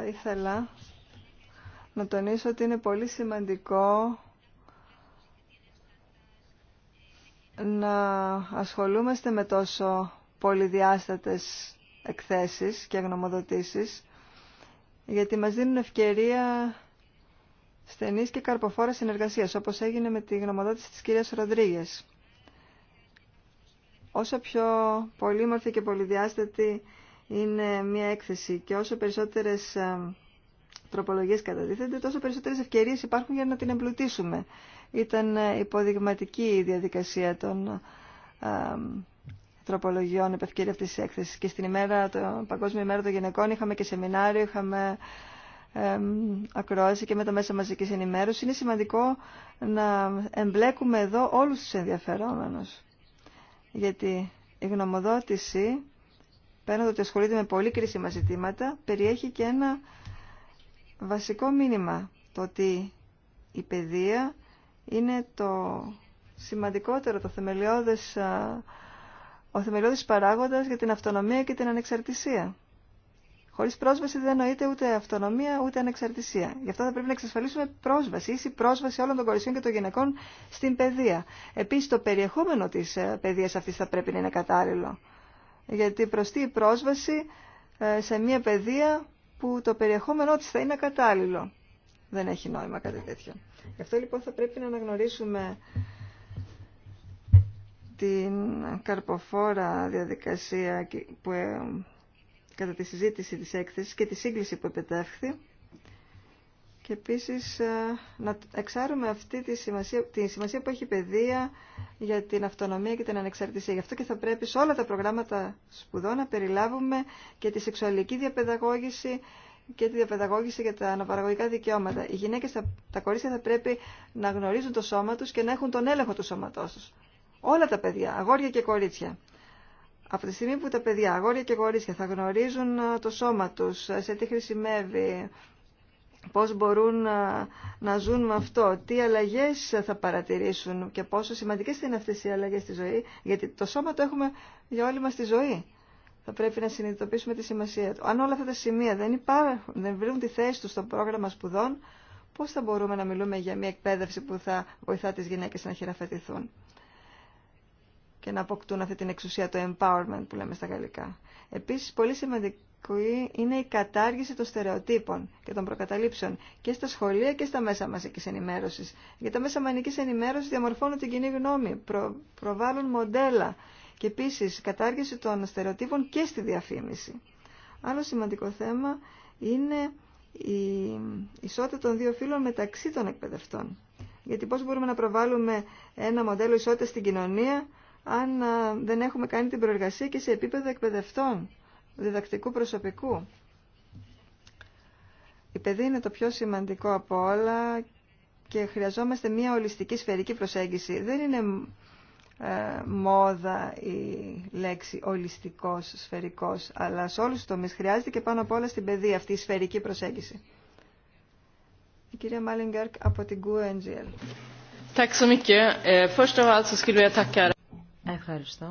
Θα ήθελα να τονίσω ότι είναι πολύ σημαντικό να ασχολούμαστε με τόσο πολυδιάστατες εκθέσεις και γνωμοδοτήσεις, γιατί μας δίνουν ευκαιρία στενής και καρποφόρα συνεργασίας, όπως έγινε με τη γνωμοδότηση της κυρίας Ροντρίγες. Όσο πιο πολύμορφη και πολυδιάστατη είναι μια έκθεση και όσο περισσότερες ε, τροπολογίες κατατίθενται, τόσο περισσότερες ευκαιρίες υπάρχουν για να την εμπλουτίσουμε. Ήταν ε, υποδειγματική η διαδικασία των ε, τροπολογιών επ' ευκαιρία αυτής της έκθεσης. Και στην ημέρα, το Παγκόσμια ημέρα των γυναικών είχαμε και σεμινάριο, είχαμε ακρόαση και με τα μέσα μαζικής ενημέρωσης. Είναι σημαντικό να εμπλέκουμε εδώ όλους τους ενδιαφερόμενους. Γιατί η γνωμοδότηση πέραν ότι ασχολείται με πολύ κρίσιμα ζητήματα, περιέχει και ένα βασικό μήνυμα, το ότι η παιδεία είναι το σημαντικότερο, το θεμελιώδες, ο θεμελιώδης παράγοντας για την αυτονομία και την ανεξαρτησία. Χωρίς πρόσβαση δεν εννοείται ούτε αυτονομία ούτε ανεξαρτησία. Γι' αυτό θα πρέπει να εξασφαλίσουμε πρόσβαση, ίση πρόσβαση όλων των κορισιών και των γυναικών στην παιδεία. Επίσης το περιεχόμενο της ε, παιδείας αυτής θα πρέπει να είναι κατάλληλο γιατί προστεί η πρόσβαση ε, σε μια παιδεία που το περιεχόμενό της θα είναι κατάλληλο. Δεν έχει νόημα κάτι τέτοιο. Γι' αυτό λοιπόν θα πρέπει να αναγνωρίσουμε την καρποφόρα διαδικασία που, ε, κατά τη συζήτηση της έκθεσης και τη σύγκληση που επιτεύχθη και επίσης ε, να εξάρουμε αυτή τη σημασία, τη σημασία που έχει η παιδεία για την αυτονομία και την ανεξαρτησία. Γι' αυτό και θα πρέπει σε όλα τα προγράμματα σπουδών να περιλάβουμε και τη σεξουαλική διαπαιδαγώγηση και τη διαπαιδαγώγηση για τα αναπαραγωγικά δικαιώματα. Οι γυναίκες, τα κορίτσια θα πρέπει να γνωρίζουν το σώμα τους και να έχουν τον έλεγχο του σώματός τους. Όλα τα παιδιά, αγόρια και κορίτσια. Από τη στιγμή που τα παιδιά, αγόρια και κορίτσια, θα γνωρίζουν ε, το σώμα τους, ε, σε τι χρησιμεύει, πώς μπορούν να, ε, να ζουν με αυτό, τι αλλαγές θα παρατηρήσουν και πόσο σημαντικές είναι αυτές οι αλλαγές στη ζωή, γιατί το σώμα το έχουμε για όλη μας τη ζωή. Θα πρέπει να συνειδητοποιήσουμε τη σημασία του. Αν όλα αυτά τα σημεία δεν, υπάρχουν, δεν βρουν τη θέση του στο πρόγραμμα σπουδών, πώς θα μπορούμε να μιλούμε για μια εκπαίδευση που θα βοηθά τις γυναίκες να χειραφετηθούν και να αποκτούν αυτή την εξουσία, το empowerment που λέμε στα γαλλικά. Επίσης, πολύ σημαντικό είναι η κατάργηση των στερεοτύπων και των προκαταλήψεων και στα σχολεία και στα μέσα μαζικής ενημέρωσης. Γιατί τα μέσα μαζικής ενημέρωσης διαμορφώνουν την κοινή γνώμη, προ, προβάλλουν μοντέλα και επίσης κατάργηση των στερεοτύπων και στη διαφήμιση. Άλλο σημαντικό θέμα είναι η ισότητα των δύο φύλων μεταξύ των εκπαιδευτών. Γιατί πώς μπορούμε να προβάλλουμε ένα μοντέλο ισότητα στην κοινωνία αν ε, δεν έχουμε κάνει την προεργασία και σε επίπεδο εκπαιδευτών διδακτικού προσωπικού. Η παιδεία είναι το πιο σημαντικό από όλα και χρειαζόμαστε μια ολιστική σφαιρική προσέγγιση. Δεν είναι ε, μόδα η λέξη ολιστικός, σφαιρικός, αλλά σε όλους τους τομείς χρειάζεται και πάνω απ' όλα στην παιδεία αυτή η σφαιρική προσέγγιση. Η κυρία Μάλιγκαρκ από την QNGL. Eh, Ευχαριστώ.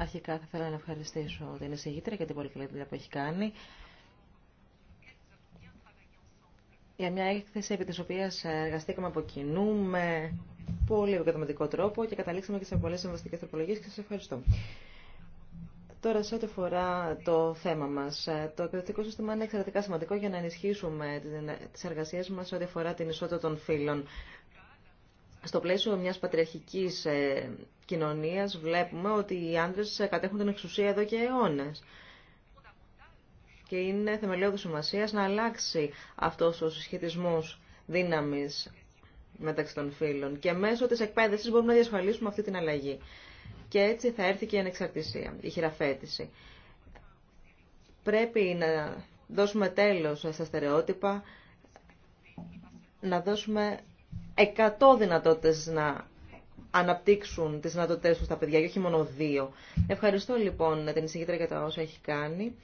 Αρχικά θα ήθελα να ευχαριστήσω την εισηγήτρια για την πολύ καλή δουλειά που έχει κάνει. Για μια έκθεση επί της οποίας εργαστήκαμε από κοινού με πολύ επικατομητικό τρόπο και καταλήξαμε και σε πολλές συμβαστικές τροπολογίες και σας ευχαριστώ. Τώρα, σε ό,τι αφορά το θέμα μα, το εκπαιδευτικό σύστημα είναι εξαιρετικά σημαντικό για να ενισχύσουμε τι εργασίε μα σε ό,τι αφορά την ισότητα των φύλων στο πλαίσιο μιας πατριαρχικής ε, κοινωνίας βλέπουμε ότι οι άντρες κατέχουν την εξουσία εδώ και αιώνες. Και είναι θεμελιώδη σημασία να αλλάξει αυτός ο συσχετισμός δύναμης μεταξύ των φίλων. Και μέσω της εκπαίδευσης μπορούμε να διασφαλίσουμε αυτή την αλλαγή. Και έτσι θα έρθει και η ανεξαρτησία, η χειραφέτηση. Πρέπει να δώσουμε τέλος στα στερεότυπα, να δώσουμε 100 δυνατότητες να αναπτύξουν τις δυνατότητες τους τα παιδιά και όχι μόνο δύο. Ευχαριστώ λοιπόν την εισηγήτρια για τα όσα έχει κάνει.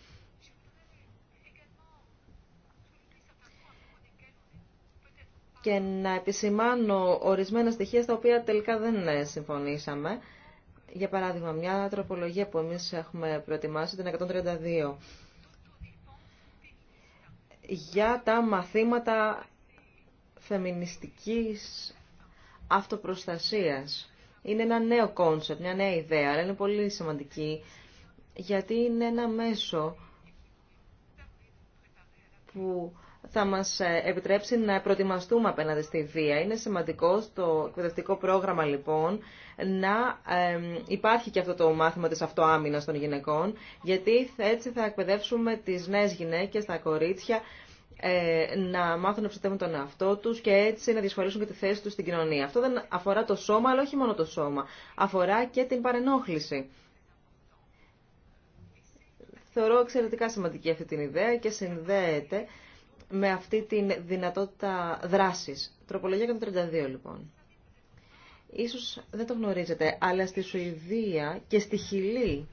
Και να επισημάνω ορισμένα στοιχεία στα οποία τελικά δεν ε, συμφωνήσαμε. Για παράδειγμα, μια τροπολογία που εμείς έχουμε προετοιμάσει, την 132, για τα μαθήματα φεμινιστικής αυτοπροστασίας. Είναι ένα νέο κόνσεπτ, μια νέα ιδέα, αλλά είναι πολύ σημαντική, γιατί είναι ένα μέσο που θα μας ε, επιτρέψει να προετοιμαστούμε απέναντι στη βία. Είναι σημαντικό στο εκπαιδευτικό πρόγραμμα, λοιπόν, να υπάρχει και αυτό το μάθημα της αυτοάμυνας των γυναικών, γιατί έτσι θα εκπαιδεύσουμε τις νέες γυναίκες, τα κορίτσια, ε, να μάθουν να ψητεύουν τον εαυτό του και έτσι να διασφαλίσουν και τη θέση του στην κοινωνία. Αυτό δεν αφορά το σώμα, αλλά όχι μόνο το σώμα. Αφορά και την παρενόχληση. Θεωρώ εξαιρετικά σημαντική αυτή την ιδέα και συνδέεται με αυτή την δυνατότητα δράση. Τροπολογία 132 λοιπόν. Ίσως δεν το γνωρίζετε, αλλά στη Σουηδία και στη Χιλή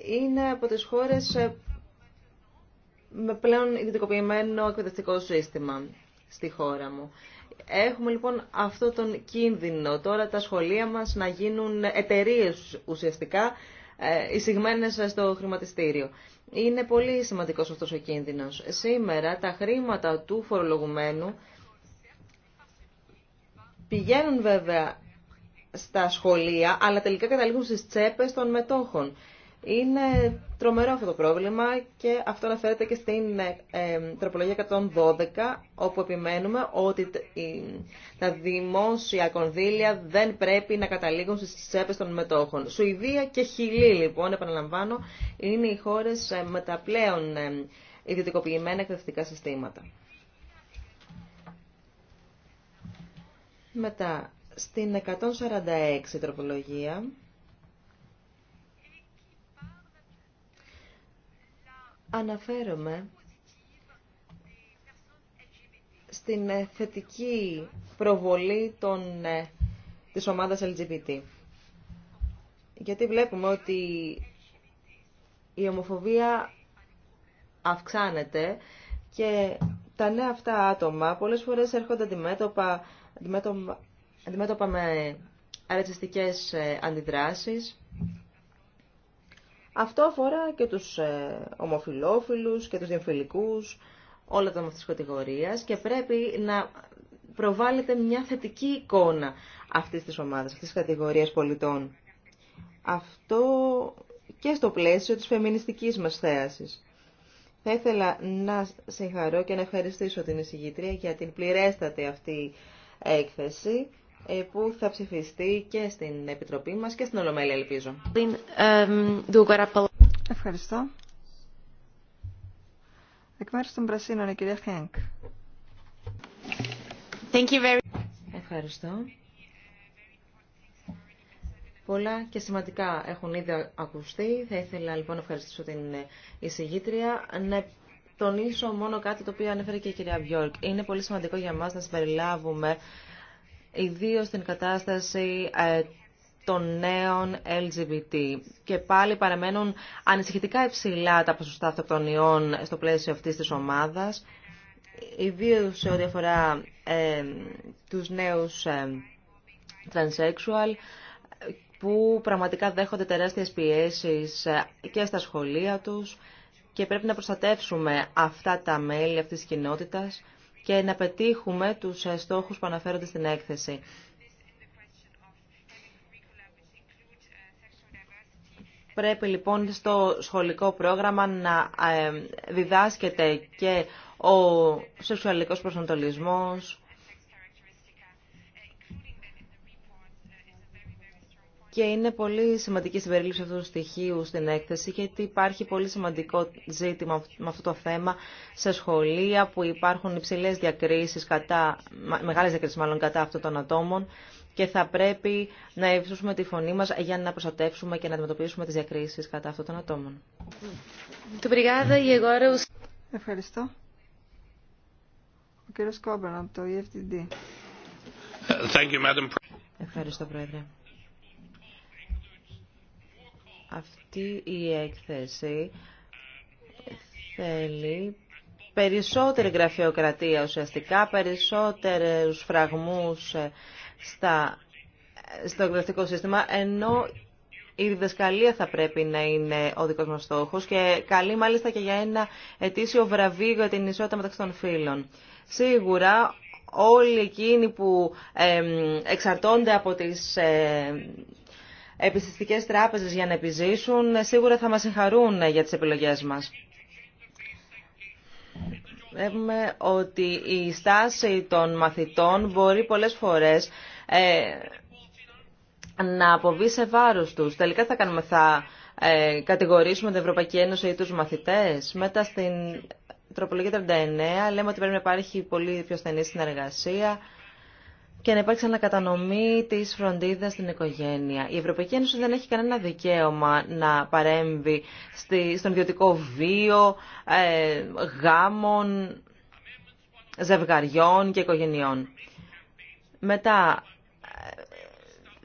είναι από τις χώρες ε, με πλέον ιδιωτικοποιημένο εκπαιδευτικό σύστημα στη χώρα μου. Έχουμε λοιπόν αυτό τον κίνδυνο τώρα τα σχολεία μας να γίνουν εταιρείε ουσιαστικά ε, εισηγμένες στο χρηματιστήριο. Είναι πολύ σημαντικός αυτός ο κίνδυνος. Σήμερα τα χρήματα του φορολογουμένου πηγαίνουν βέβαια στα σχολεία, αλλά τελικά καταλήγουν στις τσέπες των μετόχων. Είναι τρομερό αυτό το πρόβλημα και αυτό αναφέρεται και στην ε, τροπολογία 112 όπου επιμένουμε ότι τα δημόσια κονδύλια δεν πρέπει να καταλήγουν στις τσέπες των μετόχων. Σουηδία και Χιλή λοιπόν, επαναλαμβάνω, είναι οι χώρες ε, με τα πλέον ε, ιδιωτικοποιημένα εκπαιδευτικά συστήματα. Μετά, στην 146 τροπολογία αναφέρομαι στην ε, θετική προβολή των, ε, της ομάδας LGBT. Γιατί βλέπουμε ότι η ομοφοβία αυξάνεται και τα νέα αυτά άτομα πολλές φορές έρχονται αντιμέτωπα, αντιμέτωπα, αντιμέτωπα με αρετσιστικές ε, αντιδράσεις αυτό αφορά και τους ε, ομοφιλόφιλους και τους διεμφυλικούς, όλα τα αυτής κατηγορίας και πρέπει να προβάλλεται μια θετική εικόνα αυτής της ομάδας, αυτής της κατηγορίας πολιτών. Αυτό και στο πλαίσιο της φεμινιστικής μας θέασης. Θα ήθελα να συγχαρώ και να ευχαριστήσω την εισηγήτρια για την πληρέστατη αυτή έκθεση ε, που θα ψηφιστεί και στην Επιτροπή μας και στην Ολομέλεια, ελπίζω. Ευχαριστώ. Εκ μέρους των Πρασίνων, η κυρία Χένκ. Ευχαριστώ. Πολλά και σημαντικά έχουν ήδη ακουστεί. Θα ήθελα λοιπόν να ευχαριστήσω την εισηγήτρια. Να τονίσω μόνο κάτι το οποίο ανέφερε και η κυρία Μπιόρκ. Είναι πολύ σημαντικό για μας να συμπεριλάβουμε ιδίως στην κατάσταση ε, των νέων LGBT. Και πάλι παραμένουν ανησυχητικά υψηλά τα ποσοστά αυτοκτονιών στο πλαίσιο αυτής της ομάδας, ιδίως σε ό,τι αφορά ε, τους νέους ε, transsexual, που πραγματικά δέχονται τεράστιες πιέσεις ε, και στα σχολεία τους και πρέπει να προστατεύσουμε αυτά τα μέλη αυτής της κοινότητας και να πετύχουμε τους ε, στόχους που αναφέρονται στην έκθεση. Πρέπει λοιπόν στο σχολικό πρόγραμμα να ε, διδάσκεται και ο σεξουαλικός προσανατολισμός, Και είναι πολύ σημαντική η συμπερίληψη αυτού του στοιχείου στην έκθεση, γιατί υπάρχει πολύ σημαντικό ζήτημα με αυτό το θέμα σε σχολεία που υπάρχουν υψηλέ διακρίσει, μεγάλε διακρίσει μάλλον κατά αυτών των ατόμων και θα πρέπει να εύσουσουμε τη φωνή μας για να προστατεύσουμε και να αντιμετωπίσουμε τις διακρίσει κατά αυτών των ατόμων. Ευχαριστώ. Ο κύριο Κόμπερν από το EFTD. Ευχαριστώ, Πρόεδρε. Αυτή η έκθεση θέλει περισσότερη γραφειοκρατία ουσιαστικά, περισσότερους φραγμούς ε, στα, ε, στο εκδοτικό σύστημα, ενώ η διδασκαλία θα πρέπει να είναι ο δικός μας στόχος και καλή μάλιστα και για ένα ετήσιο βραβείο για την ισότητα μεταξύ των φίλων. Σίγουρα όλοι εκείνοι που εξαρτώνται από τις ε, επιστηστικές τράπεζες για να επιζήσουν, σίγουρα θα μας συγχαρούν για τις επιλογές μας. Βλέπουμε ότι η στάση των μαθητών μπορεί πολλές φορές ε, να αποβεί σε βάρος τους. Τελικά θα κάνουμε, θα ε, κατηγορήσουμε την Ευρωπαϊκή Ένωση ή τους μαθητές. Μετά στην τροπολογία 39 λέμε ότι πρέπει να υπάρχει πολύ πιο στενή συνεργασία και να υπάρξει ανακατανομή της φροντίδα στην οικογένεια. Η Ευρωπαϊκή Ένωση δεν έχει κανένα δικαίωμα να παρέμβει στη, στον ιδιωτικό βίο ε, γάμων, ζευγαριών και οικογενειών. Μετά,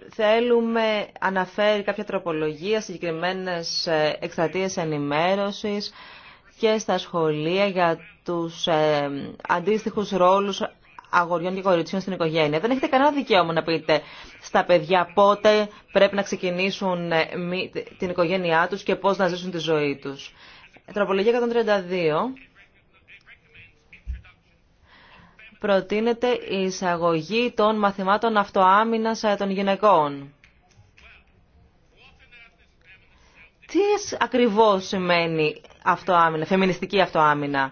θέλουμε αναφέρει κάποια τροπολογία, συγκεκριμένες ε, εκστρατείες ενημέρωσης και στα σχολεία για τους ε, αντίστοιχους ρόλους αγοριών και κοριτσιών στην οικογένεια. Δεν έχετε κανένα δικαίωμα να πείτε στα παιδιά πότε πρέπει να ξεκινήσουν ε, την οικογένειά τους και πώς να ζήσουν τη ζωή τους. Τροπολογία 132 προτείνεται η εισαγωγή των μαθημάτων αυτοάμυνας ε, των γυναικών. Τι ακριβώς σημαίνει αυτοάμυνα, φεμινιστική αυτοάμυνα.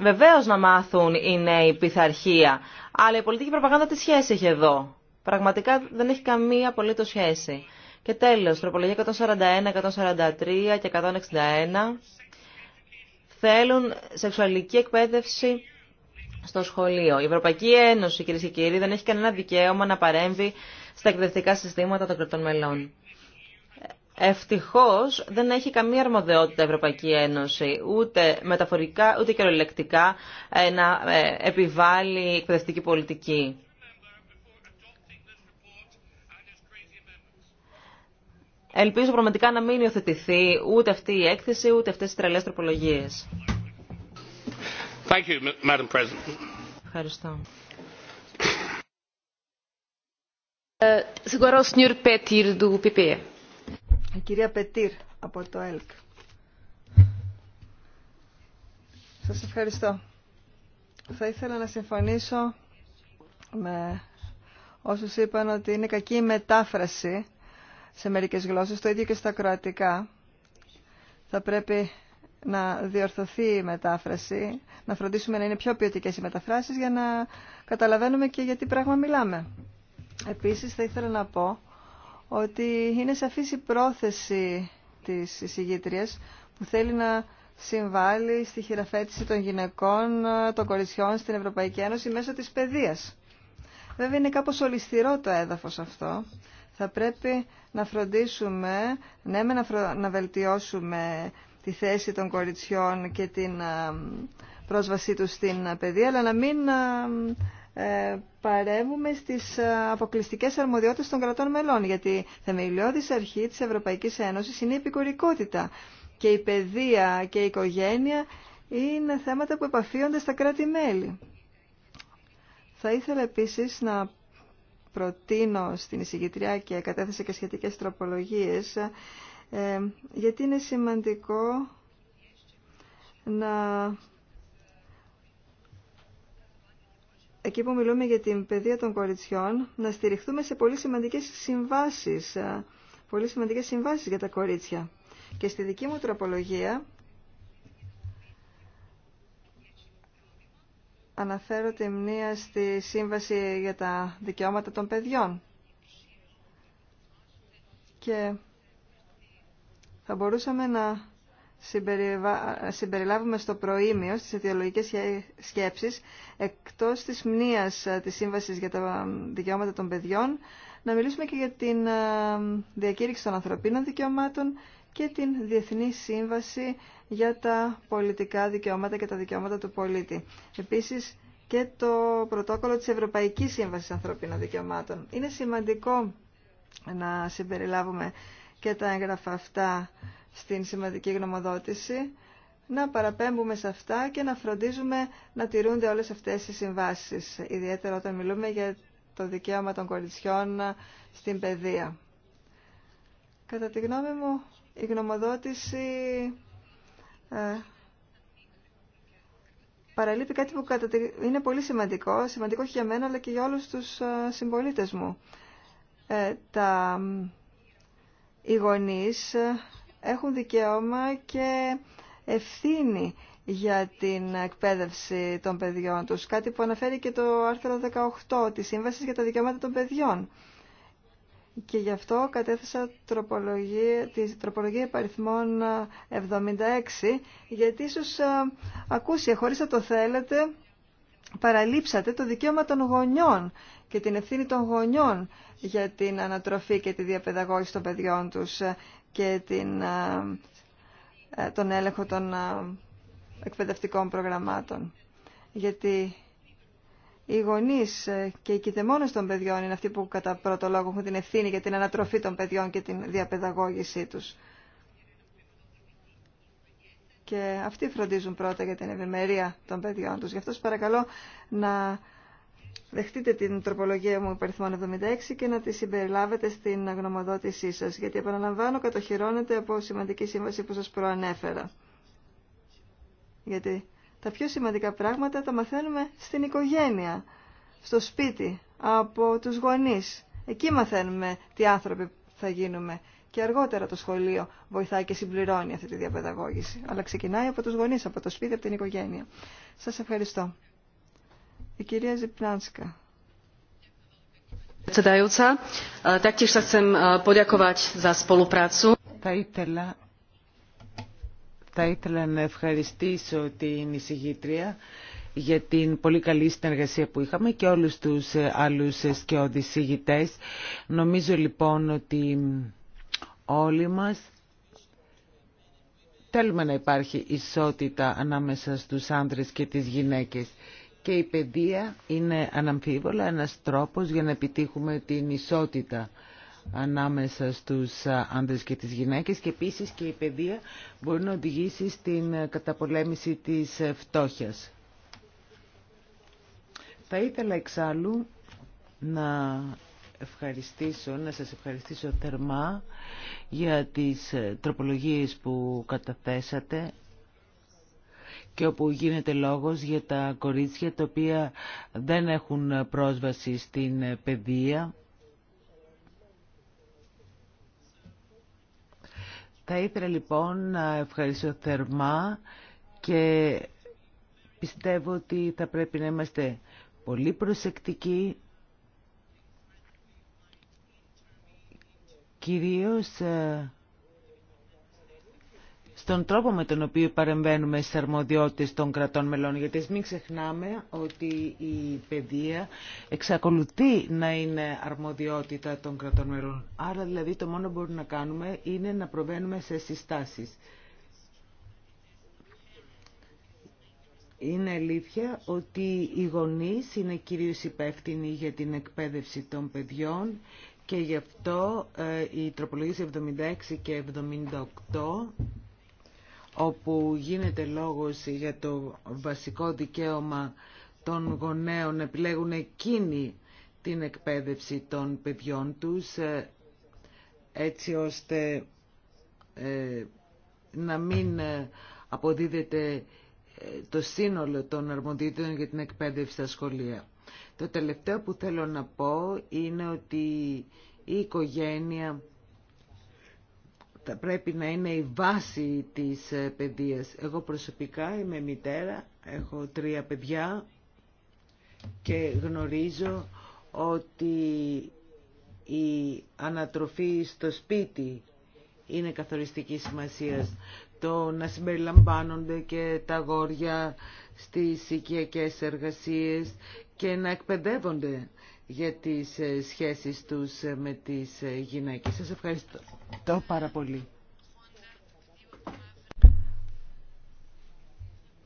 Βεβαίως να μάθουν οι νέοι πειθαρχία, αλλά η πολιτική προπαγάνδα τι σχέση έχει εδώ. Πραγματικά δεν έχει καμία απολύτω σχέση. Και τέλος, τροπολογία 141, 143 και 161 θέλουν σεξουαλική εκπαίδευση στο σχολείο. Η Ευρωπαϊκή Ένωση, κυρίε και κύριοι, δεν έχει κανένα δικαίωμα να παρέμβει στα εκπαιδευτικά συστήματα των κρατών μελών. Ευτυχώς δεν έχει καμία αρμοδιότητα η Ευρωπαϊκή Ένωση, ούτε μεταφορικά, ούτε κυριολεκτικά, ε, να ε, επιβάλλει εκπαιδευτική πολιτική. Ελπίζω πραγματικά να μην υιοθετηθεί ούτε αυτή η έκθεση, ούτε αυτέ οι τρελέ τροπολογίε. Ευχαριστώ. Ευχαριστώ. Συγχωρώ, Πέτυρ του ΠΠΕ. Η κυρία Πετήρ από το ΕΛΚ. Σας ευχαριστώ. Θα ήθελα να συμφωνήσω με όσους είπαν ότι είναι κακή η μετάφραση σε μερικές γλώσσες, το ίδιο και στα κροατικά. Θα πρέπει να διορθωθεί η μετάφραση, να φροντίσουμε να είναι πιο ποιοτικές οι μεταφράσεις για να καταλαβαίνουμε και για τι πράγμα μιλάμε. Επίσης θα ήθελα να πω ότι είναι σαφής η πρόθεση της εισηγήτριας που θέλει να συμβάλλει στη χειραφέτηση των γυναικών, των κοριτσιών στην Ευρωπαϊκή Ένωση μέσω της παιδείας. Βέβαια είναι κάπως ολισθηρό το έδαφος αυτό. Θα πρέπει να φροντίσουμε, ναι, να βελτιώσουμε τη θέση των κοριτσιών και την πρόσβασή τους στην παιδεία, αλλά να μην ε, παρέμβουμε στις ε, αποκλειστικές αρμοδιότητες των κρατών μελών, γιατί θεμελιώδης αρχή της Ευρωπαϊκής Ένωσης είναι η επικουρικότητα και η παιδεία και η οικογένεια είναι θέματα που επαφίονται στα κράτη-μέλη. Θα ήθελα επίσης να προτείνω στην εισηγητριά και κατέθεσα και σχετικές τροπολογίες, ε, γιατί είναι σημαντικό να εκεί που μιλούμε για την παιδεία των κοριτσιών, να στηριχθούμε σε πολύ σημαντικές συμβάσεις, ε, πολύ σημαντικές συμβάσεις για τα κορίτσια. Και στη δική μου τροπολογία αναφέρω τη μνήα στη Σύμβαση για τα Δικαιώματα των Παιδιών. Και θα μπορούσαμε να συμπεριλάβουμε στο προήμιο, στις αιτιολογικές σκέψεις, εκτός της μνήας ε, της Σύμβασης για τα Δικαιώματα των Παιδιών, να μιλήσουμε και για την ε, διακήρυξη των ανθρωπίνων δικαιωμάτων και την Διεθνή Σύμβαση για τα πολιτικά δικαιώματα και τα δικαιώματα του πολίτη. Επίσης και το πρωτόκολλο της Ευρωπαϊκής Σύμβασης Ανθρωπίνων Δικαιωμάτων. Είναι σημαντικό να συμπεριλάβουμε και τα έγγραφα αυτά στην σημαντική γνωμοδότηση, να παραπέμπουμε σε αυτά και να φροντίζουμε να τηρούνται όλες αυτές οι συμβάσεις, ιδιαίτερα όταν μιλούμε για το δικαίωμα των κοριτσιών στην παιδεία. Κατά τη γνώμη μου, η γνωμοδότηση ε, παραλείπει κάτι που είναι πολύ σημαντικό, σημαντικό και για μένα αλλά και για όλους τους ε, συμπολίτες μου. Ε, τα, οι έχουν δικαίωμα και ευθύνη για την εκπαίδευση των παιδιών τους. Κάτι που αναφέρει και το άρθρο 18 της Σύμβασης για τα Δικαιώματα των Παιδιών. Και γι' αυτό κατέθεσα τροπολογία, τη τροπολογία υπαριθμών 76, γιατί ίσως ακούσει χωρίς να το θέλετε, παραλείψατε το δικαίωμα των γονιών και την ευθύνη των γονιών για την ανατροφή και τη διαπαιδαγώγηση των παιδιών τους και την, ε, τον έλεγχο των εκπαιδευτικών προγραμμάτων. Γιατί οι γονεί ε, και οι κυδεμόνε των παιδιών είναι αυτοί που κατά πρώτο λόγο έχουν την ευθύνη για την ανατροφή των παιδιών και την διαπαιδαγώγησή τους. Και αυτοί φροντίζουν πρώτα για την ευημερία των παιδιών τους. Γι' αυτό σας παρακαλώ να δεχτείτε την τροπολογία μου υπαριθμών 76 και να τη συμπεριλάβετε στην αγνωμοδότησή σας, γιατί επαναλαμβάνω κατοχυρώνεται από σημαντική σύμβαση που σας προανέφερα. Γιατί τα πιο σημαντικά πράγματα τα μαθαίνουμε στην οικογένεια, στο σπίτι, από τους γονείς. Εκεί μαθαίνουμε τι άνθρωποι θα γίνουμε. Και αργότερα το σχολείο βοηθάει και συμπληρώνει αυτή τη διαπαιδαγώγηση. Αλλά ξεκινάει από τους γονείς, από το σπίτι, από την οικογένεια. Σας ευχαριστώ. Η κυρία Ζυπνάνσκα. Eh, θα ήθελα, θα ήθελα να ευχαριστήσω την εισηγήτρια για την πολύ καλή συνεργασία που είχαμε και όλους τους ε, άλλους σκιώδης ηγητές. Νομίζω λοιπόν ότι όλοι μας θέλουμε να υπάρχει ισότητα ανάμεσα στους άντρες και τις γυναίκες και η παιδεία είναι αναμφίβολα ένας τρόπος για να επιτύχουμε την ισότητα ανάμεσα στους άνδρες και τις γυναίκες και επίσης και η παιδεία μπορεί να οδηγήσει στην καταπολέμηση της φτώχειας. Θα ήθελα εξάλλου να ευχαριστήσω, να σας ευχαριστήσω θερμά για τις τροπολογίες που καταθέσατε και όπου γίνεται λόγος για τα κορίτσια τα οποία δεν έχουν πρόσβαση στην ε, παιδεία. Θα ήθελα λοιπόν να ευχαριστώ θερμά και πιστεύω ότι θα πρέπει να είμαστε πολύ προσεκτικοί κυρίως ε, τον τρόπο με τον οποίο παρεμβαίνουμε στι αρμοδιότητε των κρατών μελών. Γιατί μην ξεχνάμε ότι η παιδεία εξακολουθεί να είναι αρμοδιότητα των κρατών μελών. Άρα δηλαδή το μόνο που μπορούμε να κάνουμε είναι να προβαίνουμε σε συστάσει. Είναι αλήθεια ότι οι γονείς είναι κυρίως υπεύθυνοι για την εκπαίδευση των παιδιών και γι' αυτό ε, οι τροπολογίες 76 και 78 όπου γίνεται λόγος για το βασικό δικαίωμα των γονέων να επιλέγουν εκείνη την εκπαίδευση των παιδιών τους ε, έτσι ώστε ε, να μην ε, αποδίδεται το σύνολο των αρμοδίτων για την εκπαίδευση στα σχολεία. Το τελευταίο που θέλω να πω είναι ότι η οικογένεια θα πρέπει να είναι η βάση της ε, παιδείας. Εγώ προσωπικά είμαι μητέρα, έχω τρία παιδιά και γνωρίζω ότι η ανατροφή στο σπίτι είναι καθοριστική σημασίας. Το να συμπεριλαμβάνονται και τα αγόρια στις οικιακές εργασίες και να εκπαιδεύονται για τις ε, σχέσεις τους ε, με τις ε, γυναίκες. Σας ευχαριστώ πάρα πολύ.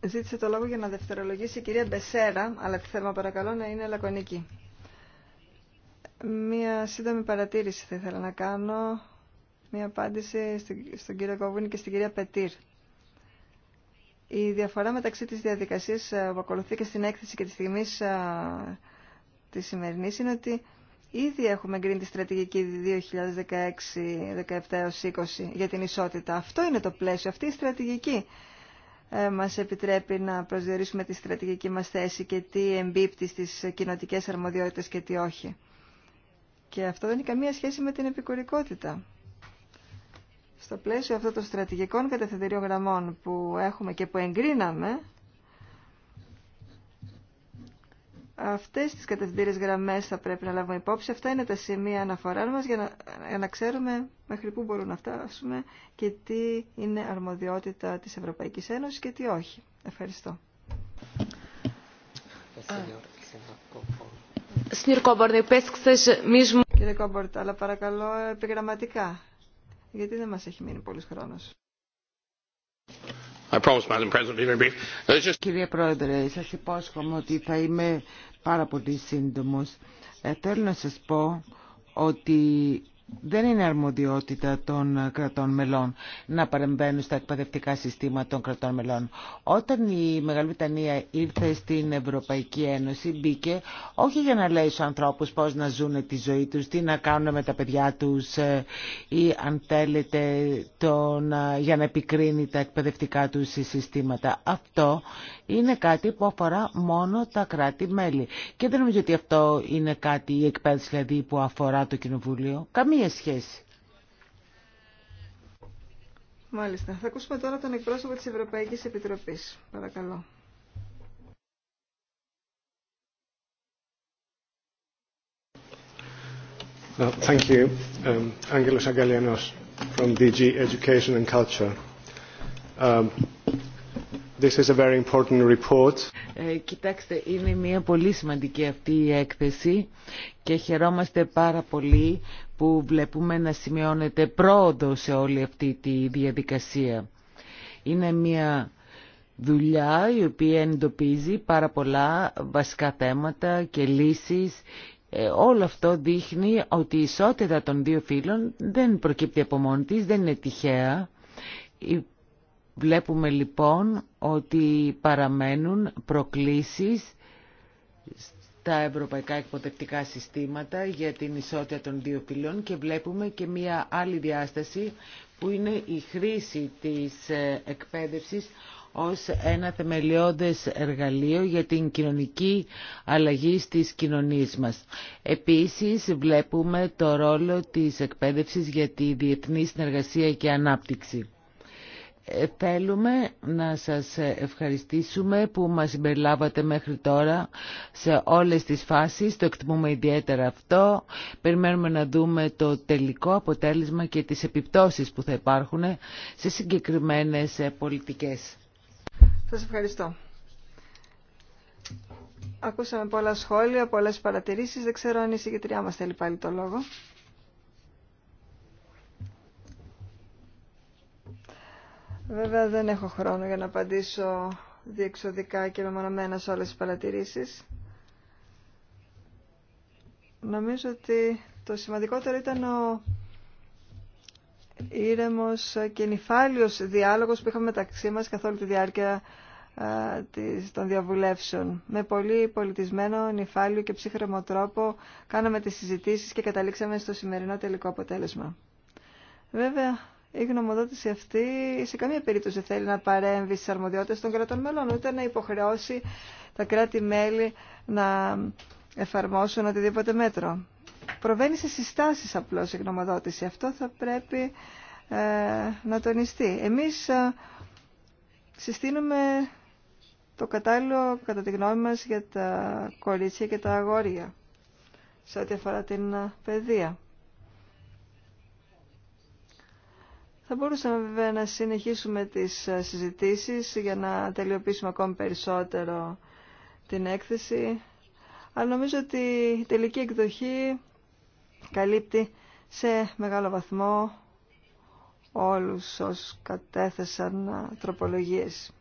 Ζήτησε το λόγο για να δευτερολογήσει η κυρία Μπεσέρα, αλλά τη θέμα παρακαλώ να είναι λακωνική. Μία σύντομη παρατήρηση θα ήθελα να κάνω, μία απάντηση στον κύριο Κοβούνη και στην κυρία Πετήρ. Η διαφορά μεταξύ της διαδικασίας που ακολουθεί και στην έκθεση και της στιγμής Τη σημερινή είναι ότι ήδη έχουμε εγκρίνει τη στρατηγική 2016-17 20 για την ισότητα. Αυτό είναι το πλαίσιο, αυτή η στρατηγική ε, μας επιτρέπει να προσδιορίσουμε τη στρατηγική μας θέση και τι εμπίπτει στις κοινοτικέ αρμοδιότητες και τι όχι. Και αυτό δεν έχει καμία σχέση με την επικουρικότητα. Στο πλαίσιο αυτών των στρατηγικών κατευθυντηρίων γραμμών που έχουμε και που εγκρίναμε, Αυτές τις κατευθυντήρες γραμμές θα πρέπει να λάβουμε υπόψη. Αυτά είναι τα σημεία αναφορά μας για να, να ξέρουμε μέχρι πού μπορούμε να φτάσουμε και τι είναι αρμοδιότητα της Ευρωπαϊκής Ένωσης και τι όχι. Ευχαριστώ. Κύριε Κόμπορτ, αλλά παρακαλώ επιγραμματικά, γιατί δεν μας έχει μείνει πολύ χρόνο. Κύριε Πρόεδρε, σας υπόσχομαι ότι θα είμαι πάρα πολύ σύντομος. Ε, θέλω να σας πω ότι δεν είναι αρμοδιότητα των κρατών μελών να παρεμβαίνουν στα εκπαιδευτικά συστήματα των κρατών μελών. Όταν η Μεγάλη ήρθε στην Ευρωπαϊκή Ένωση, μπήκε όχι για να λέει στου ανθρώπου πώ να ζουν τη ζωή τους, τι να κάνουν με τα παιδιά τους ε, ή αν θέλετε για να επικρίνει τα εκπαιδευτικά του συστήματα. Αυτό είναι κάτι που αφορά μόνο τα κράτη-μέλη. Και δεν νομίζω ότι αυτό είναι κάτι η εκπαίδευση δηλαδή, που αφορά το Κοινοβούλιο καμία σχέση. Μάλιστα. Θα ακούσουμε τώρα τον εκπρόσωπο της Ευρωπαϊκής Επιτροπής. Παρακαλώ. Thank you. Um, Angelos Agalianos from DG Education and Culture. Um, This ε, κοιτάξτε, είναι μια πολύ σημαντική αυτή η έκθεση και χαιρόμαστε πάρα πολύ που βλέπουμε να σημειώνεται πρόοδο σε όλη αυτή τη διαδικασία. Είναι μια δουλειά η οποία εντοπίζει πάρα πολλά βασικά θέματα και λύσεις. Ε, όλο αυτό δείχνει ότι η ισότητα των δύο φύλων δεν προκύπτει από μόνη της, δεν είναι τυχαία Βλέπουμε λοιπόν ότι παραμένουν προκλήσεις στα ευρωπαϊκά εκποτεκτικά συστήματα για την ισότητα των δύο φυλών και βλέπουμε και μία άλλη διάσταση που είναι η χρήση της ε, εκπαίδευσης ως ένα θεμελιώδες εργαλείο για την κοινωνική αλλαγή στις κοινωνίες μας. Επίσης βλέπουμε το ρόλο της εκπαίδευσης για τη διεθνή συνεργασία και ανάπτυξη. Θέλουμε να σας ευχαριστήσουμε που μας συμπεριλάβατε μέχρι τώρα σε όλες τις φάσεις. Το εκτιμούμε ιδιαίτερα αυτό. Περιμένουμε να δούμε το τελικό αποτέλεσμα και τις επιπτώσεις που θα υπάρχουν σε συγκεκριμένες πολιτικές. Σας ευχαριστώ. Ακούσαμε πολλά σχόλια, πολλές παρατηρήσεις. Δεν ξέρω αν η συγκεκριά μας θέλει πάλι το λόγο. Βέβαια δεν έχω χρόνο για να απαντήσω διεξοδικά και μεμονωμένα σε όλες τις παρατηρήσεις. Νομίζω ότι το σημαντικότερο ήταν ο ήρεμος και νυφάλιος διάλογος που είχαμε μεταξύ μας καθ' όλη τη διάρκεια των διαβουλεύσεων. Με πολύ πολιτισμένο, νυφάλιο και ψύχρεμο τρόπο κάναμε τις συζητήσεις και καταλήξαμε στο σημερινό τελικό αποτέλεσμα. Βέβαια, η γνωμοδότηση αυτή σε καμία περίπτωση θέλει να παρέμβει στις αρμοδιότητες των κρατών μελών, ούτε να υποχρεώσει τα κράτη-μέλη να εφαρμόσουν οτιδήποτε μέτρο. Προβαίνει σε συστάσεις απλώς η γνωμοδότηση. Αυτό θα πρέπει ε, να τονιστεί. Εμείς ε, συστήνουμε το κατάλληλο, κατά τη γνώμη μας, για τα κορίτσια και τα αγόρια σε ό,τι αφορά την ε, παιδεία. Θα μπορούσαμε βέβαια να συνεχίσουμε τις ε, συζητήσεις για να τελειοποιήσουμε ακόμη περισσότερο την έκθεση. Αλλά νομίζω ότι η τελική εκδοχή καλύπτει σε μεγάλο βαθμό όλους όσους κατέθεσαν ε, τροπολογίες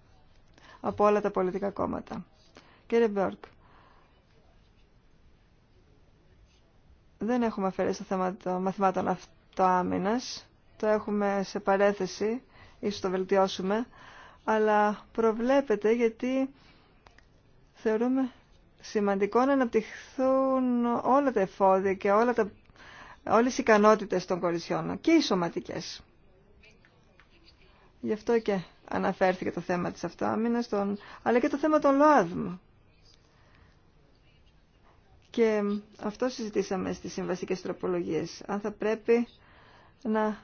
από όλα τα πολιτικά κόμματα. Κύριε Μπερκ, δεν έχουμε αφαιρέσει το θέμα των μαθημάτων αυτοάμυνας το έχουμε σε παρέθεση, ίσως το βελτιώσουμε, αλλά προβλέπεται γιατί θεωρούμε σημαντικό να αναπτυχθούν όλα τα εφόδια και όλα τα, όλες οι ικανότητες των κορισιών και οι σωματικές. Γι' αυτό και αναφέρθηκε το θέμα της αυτοάμυνας, αλλά και το θέμα των ΛΟΑΔΜ. Και αυτό συζητήσαμε στις συμβαστικές τροπολογίες. Αν θα πρέπει να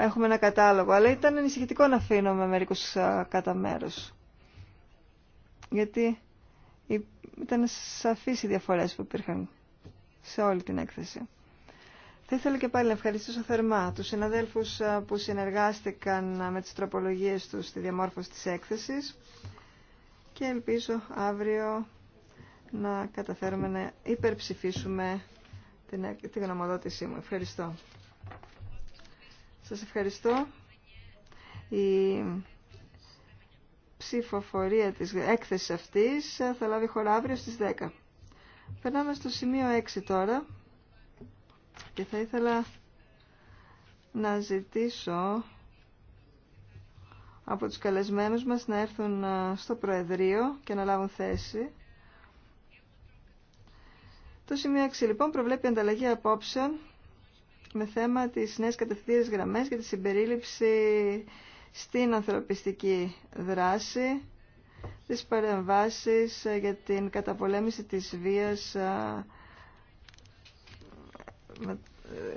έχουμε ένα κατάλογο, αλλά ήταν ανησυχητικό να με μερικούς κατά μέρο. Γιατί ήταν σαφείς οι διαφορές που υπήρχαν σε όλη την έκθεση. Θα ήθελα και πάλι να ευχαριστήσω θερμά τους συναδέλφους που συνεργάστηκαν με τις τροπολογίες τους στη διαμόρφωση της έκθεσης και ελπίζω αύριο να καταφέρουμε να υπερψηφίσουμε την, την γνωμοδότησή μου. Ευχαριστώ. Σας ευχαριστώ. Η ψηφοφορία της έκθεσης αυτής θα λάβει χώρα αύριο στις 10. Περνάμε στο σημείο 6 τώρα και θα ήθελα να ζητήσω από τους καλεσμένους μας να έρθουν στο Προεδρείο και να λάβουν θέση. Το σημείο 6 λοιπόν προβλέπει ανταλλαγή απόψεων με θέμα τις νέες κατευθυντήρες γραμμές και τη συμπερίληψη στην ανθρωπιστική δράση, τις παρεμβάσεις ε, για την καταπολέμηση της βίας ε,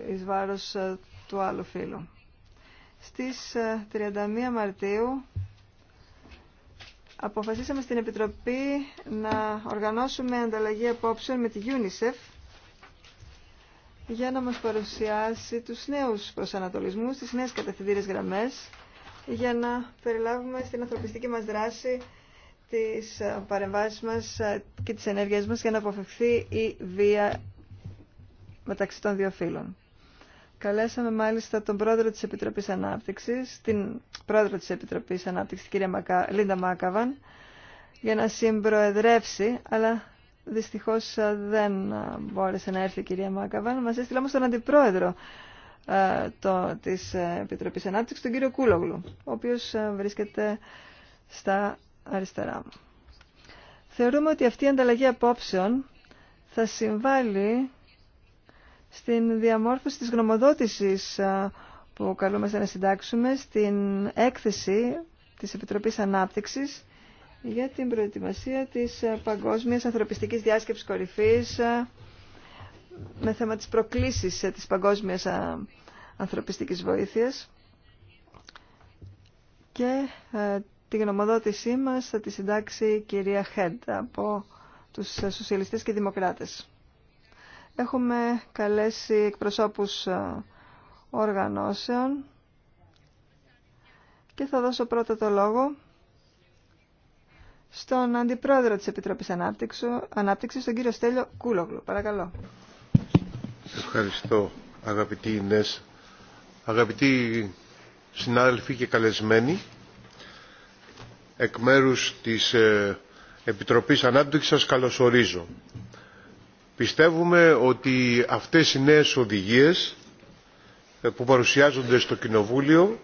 ε, εις βάρος του άλλου φίλου. Στις 31 Μαρτίου αποφασίσαμε στην Επιτροπή να οργανώσουμε ανταλλαγή απόψεων με τη UNICEF για να μας παρουσιάσει τους νέους προσανατολισμούς, τις νέες κατευθυντήρες γραμμές, για να περιλάβουμε στην ανθρωπιστική μας δράση τις ε, παρεμβάσεις μας ε, και τις ενέργειες μας για να αποφευθεί η βία μεταξύ των δύο φύλων. Καλέσαμε μάλιστα τον πρόεδρο της Επιτροπής Ανάπτυξης, την πρόεδρο της Επιτροπής Ανάπτυξης, την κυρία Λίντα Μάκαβαν, για να συμπροεδρεύσει, αλλά Δυστυχώς ε, δεν ε, μπόρεσε να έρθει η κυρία Μάκαβαν. Μας έστειλε όμως τον αντιπρόεδρο ε, το, της Επιτροπής Ανάπτυξης, τον κύριο Κούλογλου, ο οποίος βρίσκεται στα αριστερά μου. Θεωρούμε ότι αυτή η ανταλλαγή απόψεων θα συμβάλλει στην διαμόρφωση της γνωμοδότησης που καλούμαστε να συντάξουμε στην έκθεση της Επιτροπής Ανάπτυξης για την προετοιμασία της ε, Παγκόσμιας Ανθρωπιστικής Διάσκεψης Κορυφής ε, με θέμα της προκλήσης ε, της Παγκόσμιας Ανθρωπιστικής Βοήθειας και τη γνωμοδότησή μας θα τη συντάξει η κυρία Χέντ από τους Σοσιαλιστές και Δημοκράτες. Έχουμε καλέσει εκπροσώπους οργανώσεων και θα δώσω πρώτα το λόγο στον Αντιπρόεδρο της Επιτροπής Ανάπτυξης, τον κύριο Στέλιο Κούλογλου. Παρακαλώ. Σας ευχαριστώ αγαπητοί Ινές, αγαπητοί συνάδελφοι και καλεσμένοι. Εκ μέρους της ε, Επιτροπής Ανάπτυξης σας καλωσορίζω. Πιστεύουμε ότι αυτές οι νέες οδηγίες ε, που παρουσιάζονται στο Κοινοβούλιο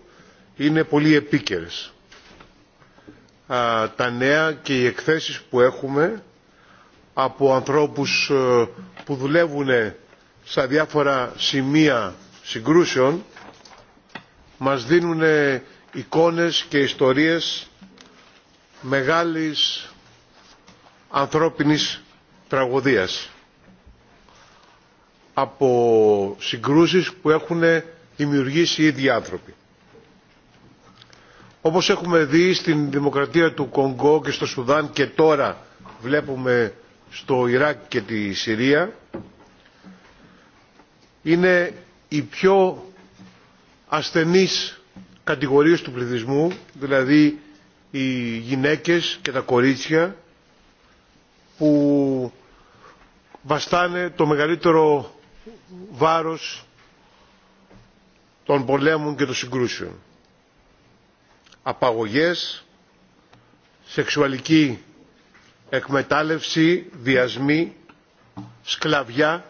είναι πολύ επίκαιρες τα νέα και οι εκθέσεις που έχουμε από ανθρώπους ε, που δουλεύουν στα διάφορα σημεία συγκρούσεων μας δίνουν εικόνες και ιστορίες μεγάλης ανθρώπινης τραγωδίας από συγκρούσεις που έχουν δημιουργήσει οι ίδιοι άνθρωποι. Όπως έχουμε δει στην δημοκρατία του Κονγκό και στο Σουδάν και τώρα βλέπουμε στο Ιράκ και τη Συρία είναι οι πιο ασθενείς κατηγορίες του πληθυσμού, δηλαδή οι γυναίκες και τα κορίτσια που βαστάνε το μεγαλύτερο βάρος των πολέμων και των συγκρούσεων απαγωγές, σεξουαλική εκμετάλλευση, βιασμοί, σκλαβιά,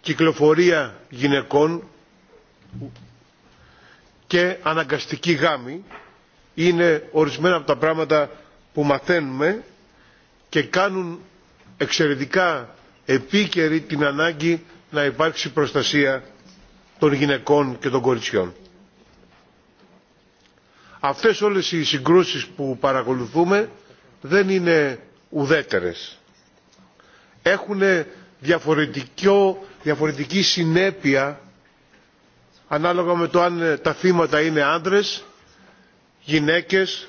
κυκλοφορία γυναικών και αναγκαστική γάμη είναι ορισμένα από τα πράγματα που μαθαίνουμε και κάνουν εξαιρετικά επίκαιρη την ανάγκη να υπάρξει προστασία των γυναικών και των κοριτσιών αυτές όλες οι συγκρούσεις που παρακολουθούμε δεν είναι ουδέτερες. Έχουν διαφορετική συνέπεια ανάλογα με το αν τα θύματα είναι άντρες, γυναίκες,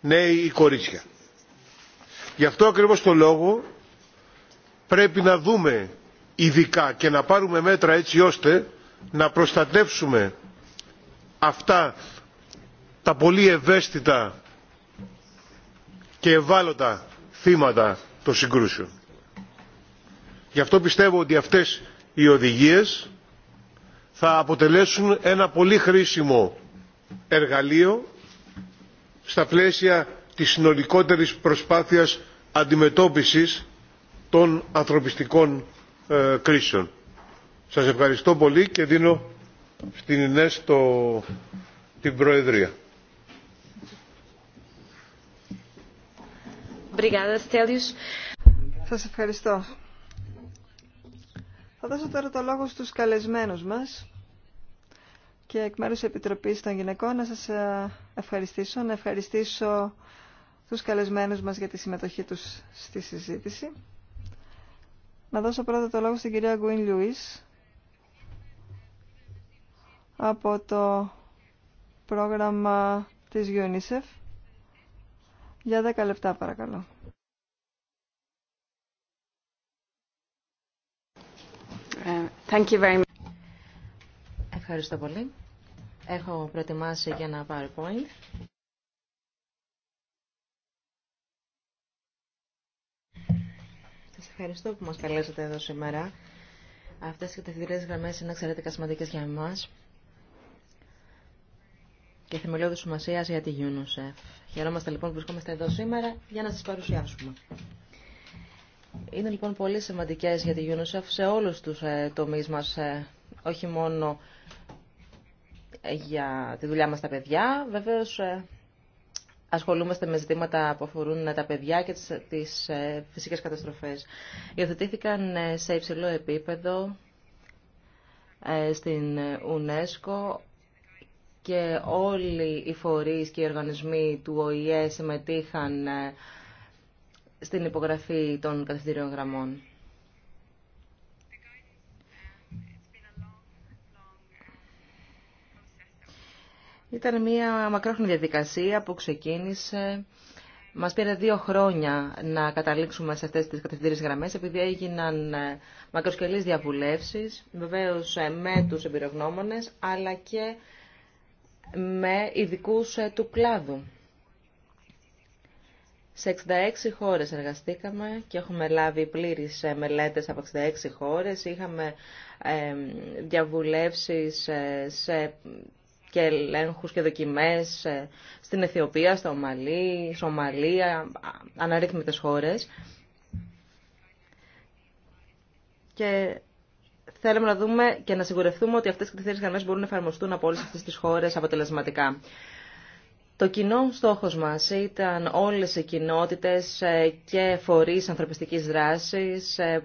νέοι ή κορίτσια. Γι' αυτό ακριβώς το λόγο πρέπει να δούμε ειδικά και να πάρουμε μέτρα έτσι ώστε να προστατεύσουμε αυτά τα πολύ ευαίσθητα και ευάλωτα θύματα των συγκρούσεων. Γι' αυτό πιστεύω ότι αυτές οι οδηγίες θα αποτελέσουν ένα πολύ χρήσιμο εργαλείο στα πλαίσια της συνολικότερης προσπάθειας αντιμετώπισης των ανθρωπιστικών ε, κρίσεων. Σας ευχαριστώ πολύ και δίνω στην ΕΝΕΣ το... την Προεδρία. Σας ευχαριστώ. Θα δώσω τώρα το λόγο στους καλεσμένους μας και εκ μέρους Επιτροπής των Γυναικών να σας ε, ευχαριστήσω, να ευχαριστήσω τους καλεσμένους μας για τη συμμετοχή τους στη συζήτηση. Να δώσω πρώτα το λόγο στην κυρία Γκουίν Λιουίς από το πρόγραμμα της UNICEF για 10 λεπτά παρακαλώ. Ε, thank you very much. Ευχαριστώ πολύ. Έχω προετοιμάσει για ένα PowerPoint. Σας ευχαριστώ που μας καλέσατε εδώ σήμερα. Αυτές οι κατευθυντικές γραμμές είναι εξαιρετικά σημαντικές για εμάς και θεμελιώδη σημασία για τη UNICEF. Χαιρόμαστε λοιπόν που βρισκόμαστε εδώ σήμερα για να σα παρουσιάσουμε. Είναι λοιπόν πολύ σημαντικέ για τη UNICEF σε όλους τους ε, τομείς μας, ε, όχι μόνο ε, για τη δουλειά μας τα παιδιά, βεβαίως ε, ασχολούμαστε με ζητήματα που αφορούν τα παιδιά και τις, τις φυσικές καταστροφές. Υιοθετήθηκαν σε υψηλό επίπεδο στην UNESCO και όλοι οι φορείς και οι οργανισμοί του ΟΗΕ συμμετείχαν ε, στην υπογραφή των κατευθυντήριων γραμμών. Ήταν μια μακρόχρονη διαδικασία που ξεκίνησε. Μας πήρε δύο χρόνια να καταλήξουμε σε αυτές τις κατευθυντήριες γραμμές, επειδή έγιναν ε, μακροσκελείς διαβουλεύσεις, βεβαίως ε, με τους εμπειρογνώμονες, αλλά και με ειδικού ε, του κλάδου. Σε 66 χώρες εργαστήκαμε και έχουμε λάβει πλήρεις ε, μελέτες από 66 χώρες. Είχαμε διαβουλεύσεις ε, σε και ελέγχου και δοκιμές στην Αιθιοπία, στο Ομαλή, Σομαλία, αναρρύθμιτες χώρες. Και θέλουμε να δούμε και να σιγουρευτούμε ότι αυτές οι κριτήρες γραμμές μπορούν να εφαρμοστούν από όλες αυτές τις χώρες αποτελεσματικά. Το κοινό στόχος μας ήταν όλες οι κοινότητες ε, και φορείς ανθρωπιστικής δράσης ε,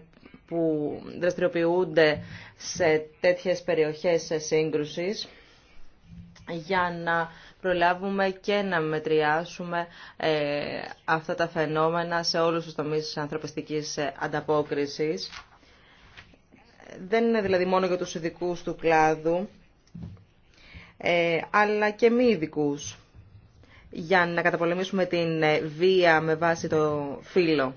που δραστηριοποιούνται σε τέτοιες περιοχές σύγκρουσης για να προλάβουμε και να μετριάσουμε ε, αυτά τα φαινόμενα σε όλους τους τομείς της ανθρωπιστικής ανταπόκρισης δεν είναι δηλαδή μόνο για τους ειδικού του κλάδου, ε, αλλά και μη ειδικού για να καταπολεμήσουμε την ε, βία με βάση το φύλλο.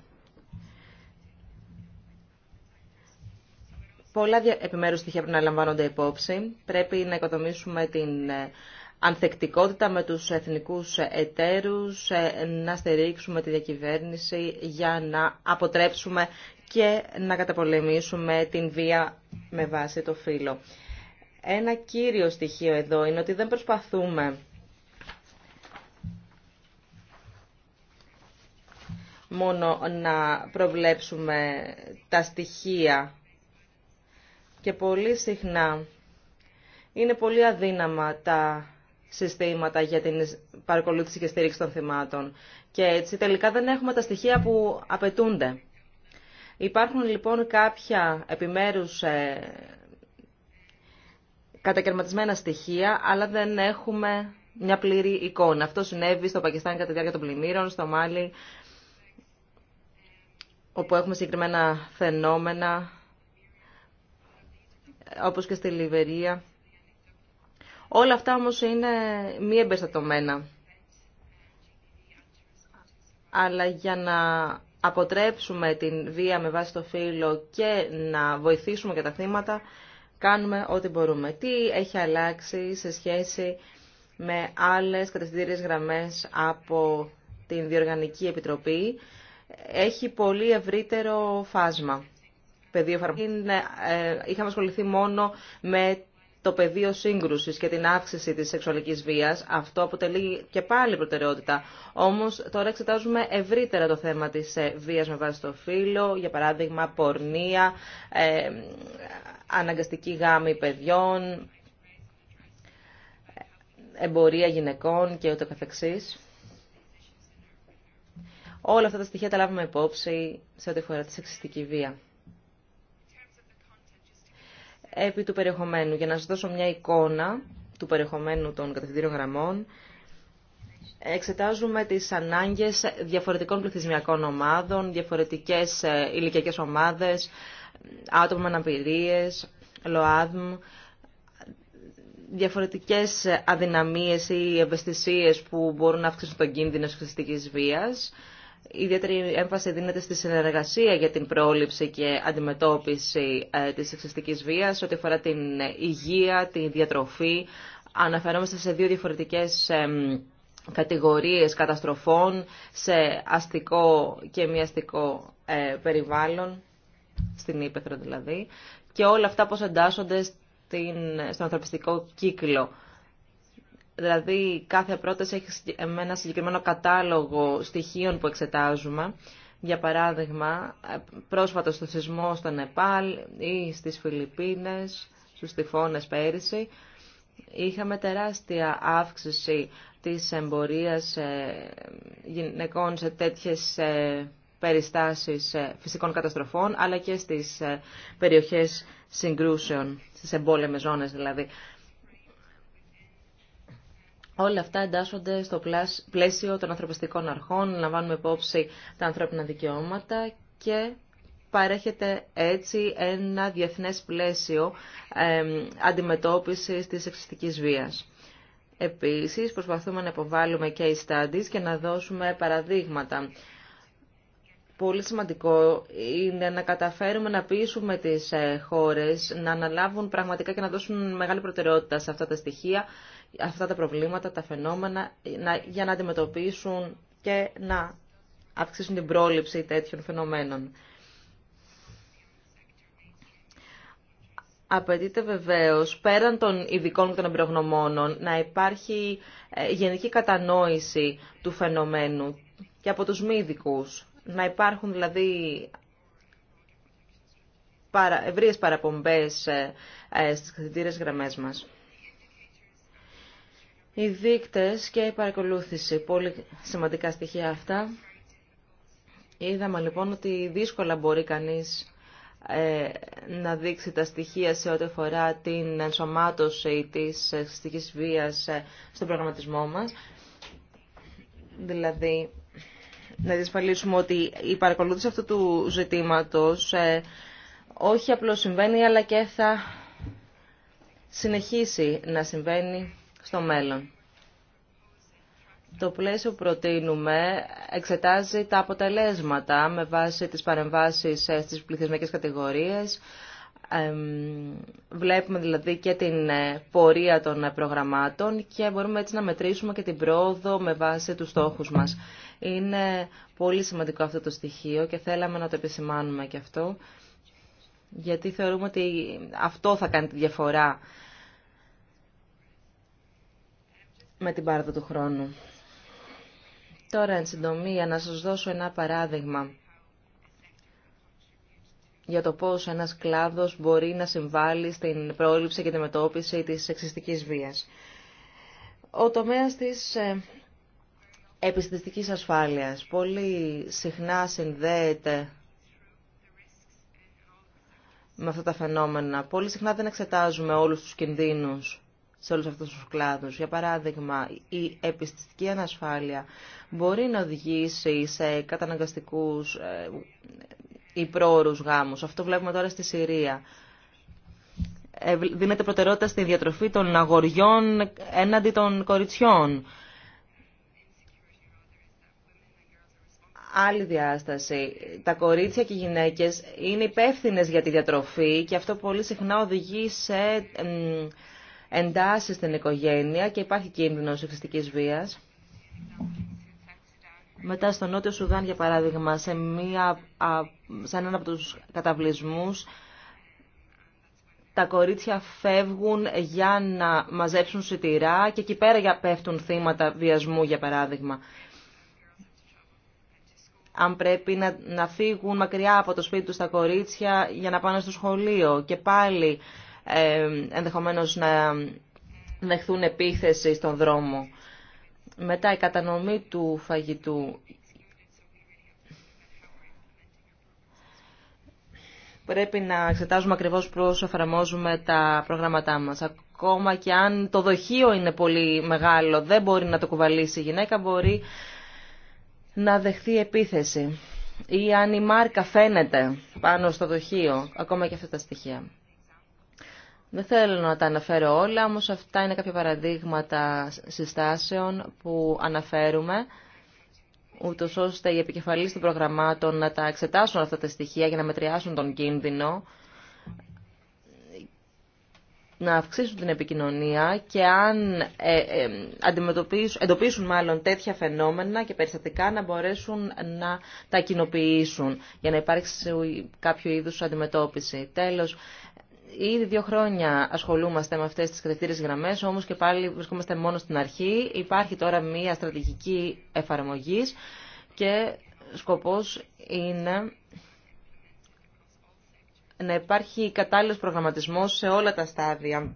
Πολλά επιμέρους στοιχεία πρέπει να λαμβάνονται υπόψη. Πρέπει να οικοδομήσουμε την ε, ανθεκτικότητα με τους εθνικούς εταίρους, να στηρίξουμε τη διακυβέρνηση για να αποτρέψουμε και να καταπολεμήσουμε την βία με βάση το φύλλο. Ένα κύριο στοιχείο εδώ είναι ότι δεν προσπαθούμε μόνο να προβλέψουμε τα στοιχεία και πολύ συχνά είναι πολύ αδύναμα τα συστήματα για την παρακολούθηση και στήριξη των θυμάτων και έτσι τελικά δεν έχουμε τα στοιχεία που απαιτούνται. Υπάρχουν λοιπόν κάποια επιμέρους ε, κατακαιρματισμένα στοιχεία, αλλά δεν έχουμε μια πλήρη εικόνα. Αυτό συνέβη στο Πακιστάν κατά τη διάρκεια των πλημμύρων, στο Μάλι, όπου έχουμε συγκεκριμένα φαινόμενα, όπως και στη Λιβερία. Όλα αυτά όμως είναι μη εμπεριστατωμένα. Αλλά για να αποτρέψουμε την βία με βάση το φύλλο και να βοηθήσουμε και τα θύματα, κάνουμε ό,τι μπορούμε. Τι έχει αλλάξει σε σχέση με άλλες κατευθυντήριες γραμμές από την Διοργανική Επιτροπή. Έχει πολύ ευρύτερο φάσμα. Ε, είχαμε ασχοληθεί μόνο με το πεδίο σύγκρουση και την αύξηση της σεξουαλικής βίας. Αυτό αποτελεί και πάλι προτεραιότητα. Όμως τώρα εξετάζουμε ευρύτερα το θέμα τη ε, βίας με βάση το φύλλο, για παράδειγμα πορνεία, ε, αναγκαστική γάμη παιδιών, εμπορία γυναικών και ούτω καθεξής. Όλα αυτά τα στοιχεία τα λάβουμε υπόψη σε ό,τι αφορά τη σεξιστική βία επί του περιεχομένου. Για να σας δώσω μια εικόνα του περιεχομένου των κατευθυντήριων γραμμών, εξετάζουμε τις ανάγκες διαφορετικών πληθυσμιακών ομάδων, διαφορετικές ε, ηλικιακές ομάδες, άτομα με αναπηρίες, ΛΟΑΔΜ, διαφορετικές αδυναμίες ή ευαισθησίες που μπορούν να αυξήσουν τον κίνδυνο της βίας Ιδιαίτερη έμφαση δίνεται στη συνεργασία για την πρόληψη και αντιμετώπιση ε, της εξαιστικής βίας ό,τι αφορά την υγεία, τη διατροφή. Αναφερόμαστε σε δύο διαφορετικές κατηγορίες καταστροφών, σε αστικό και μη αστικό ε, περιβάλλον, στην Ήπεθρο δηλαδή, και όλα αυτά πώς εντάσσονται στην, στον ανθρωπιστικό κύκλο. Δηλαδή κάθε πρόταση έχει ένα συγκεκριμένο κατάλογο στοιχείων που εξετάζουμε. Για παράδειγμα, ε, πρόσφατος στο σεισμό στο Νεπάλ ή στις Φιλιππίνες, στους τυφώνες πέρυσι, είχαμε τεράστια αύξηση της εμπορίας ε, γυναικών σε τέτοιες ε, περιστάσεις φυσικών καταστροφών, αλλά και στις περιοχές συγκρούσεων, στις εμπόλεμες ζώνες δηλαδή. Όλα αυτά εντάσσονται στο πλαίσιο των ανθρωπιστικών αρχών, λαμβάνουμε υπόψη τα ανθρώπινα δικαιώματα και παρέχεται έτσι ένα διεθνές πλαίσιο αντιμετώπισης της εξιστικής βίας. Επίσης, προσπαθούμε να υποβάλουμε case studies και να δώσουμε παραδείγματα. Πολύ σημαντικό είναι να καταφέρουμε να πείσουμε τις ε, χώρες να αναλάβουν πραγματικά και να δώσουν μεγάλη προτεραιότητα σε αυτά τα στοιχεία αυτά τα προβλήματα, τα φαινόμενα, για να αντιμετωπίσουν και να αυξήσουν την πρόληψη τέτοιων φαινομένων. Απαιτείται βεβαίως, πέραν των ειδικών και των εμπειρογνωμόνων, να υπάρχει ε, γενική κατανόηση του φαινομένου και από τους μη ειδικούς. Να υπάρχουν δηλαδή ευρείες παραπομπές ε, ε, στις καθητήρες γραμμές μας. Οι δείκτες και η παρακολούθηση, πολύ σημαντικά στοιχεία αυτά. Είδαμε λοιπόν ότι δύσκολα μπορεί κανείς ε, να δείξει τα στοιχεία σε ό,τι αφορά την ενσωμάτωση της στοιχής βίας ε, στον προγραμματισμό μας. Δηλαδή, να διασφαλίσουμε ότι η παρακολούθηση αυτού του ζητήματος ε, όχι απλώς συμβαίνει, αλλά και θα συνεχίσει να συμβαίνει στο μέλλον. Το πλαίσιο που προτείνουμε εξετάζει τα αποτελέσματα με βάση τις παρεμβάσεις ε, στις πληθυσμικές κατηγορίες. Βλέπουμε δηλαδή και την ε, πορεία των ε, προγραμμάτων και μπορούμε έτσι να μετρήσουμε και την πρόοδο με βάση τους στόχους μας. Είναι πολύ σημαντικό αυτό το στοιχείο και θέλαμε να το επισημάνουμε και αυτό, γιατί θεωρούμε ότι αυτό θα κάνει τη διαφορά με την πάρδα του χρόνου. Τώρα, εν συντομία, να σας δώσω ένα παράδειγμα για το πώς ένας κλάδος μπορεί να συμβάλλει στην πρόληψη και τη μετώπιση της σεξιστικής βίας. Ο τομέας της ε, επιστημιστικής ασφάλειας πολύ συχνά συνδέεται με αυτά τα φαινόμενα. Πολύ συχνά δεν εξετάζουμε όλους τους κινδύνους σε όλους αυτούς τους κλάδους. Για παράδειγμα, η επιστηστική ανασφάλεια μπορεί να οδηγήσει σε καταναγκαστικούς ε, ή πρόωρους γάμους. Αυτό βλέπουμε τώρα στη Συρία. Ε, δίνεται προτεραιότητα στη διατροφή των αγοριών έναντι των κοριτσιών. άλλη διάσταση. Τα κορίτσια και οι γυναίκες είναι υπεύθυνε για τη διατροφή και αυτό πολύ συχνά οδηγεί σε εντάσει στην οικογένεια και υπάρχει κίνδυνος εξιστικής βία. Μετά στο Νότιο Σουδάν, για παράδειγμα, σε, μία, σε έναν από τους καταβλισμούς, τα κορίτσια φεύγουν για να μαζέψουν σιτηρά και εκεί πέρα για πέφτουν θύματα βιασμού, για παράδειγμα. Αν πρέπει να, να φύγουν μακριά από το σπίτι τους τα κορίτσια για να πάνε στο σχολείο και πάλι ε, ενδεχομένως να δεχθούν επίθεση στον δρόμο. Μετά η κατανομή του φαγητού. Πρέπει να εξετάζουμε ακριβώς πώς εφαρμόζουμε τα προγράμματά μας. Ακόμα και αν το δοχείο είναι πολύ μεγάλο, δεν μπορεί να το κουβαλήσει η γυναίκα, μπορεί να δεχθεί επίθεση. Ή αν η μάρκα φαίνεται πάνω στο δοχείο, ακόμα και αυτά τα στοιχεία. Δεν θέλω να τα αναφέρω όλα, όμως αυτά είναι κάποια παραδείγματα συστάσεων που αναφέρουμε, ούτω ώστε οι επικεφαλείς των προγραμμάτων να τα εξετάσουν αυτά τα στοιχεία για να μετριάσουν τον κίνδυνο, να αυξήσουν την επικοινωνία και αν ε, ε, αντιμετωπίσουν, εντοπίσουν μάλλον τέτοια φαινόμενα και περιστατικά να μπορέσουν να τα κοινοποιήσουν για να υπάρξει κάποιο είδους αντιμετώπιση. Τέλος, Ήδη δύο χρόνια ασχολούμαστε με αυτές τις κριτήρες γραμμές, όμως και πάλι βρισκόμαστε μόνο στην αρχή. Υπάρχει τώρα μία στρατηγική εφαρμογής και σκοπός είναι να υπάρχει κατάλληλος προγραμματισμός σε όλα τα στάδια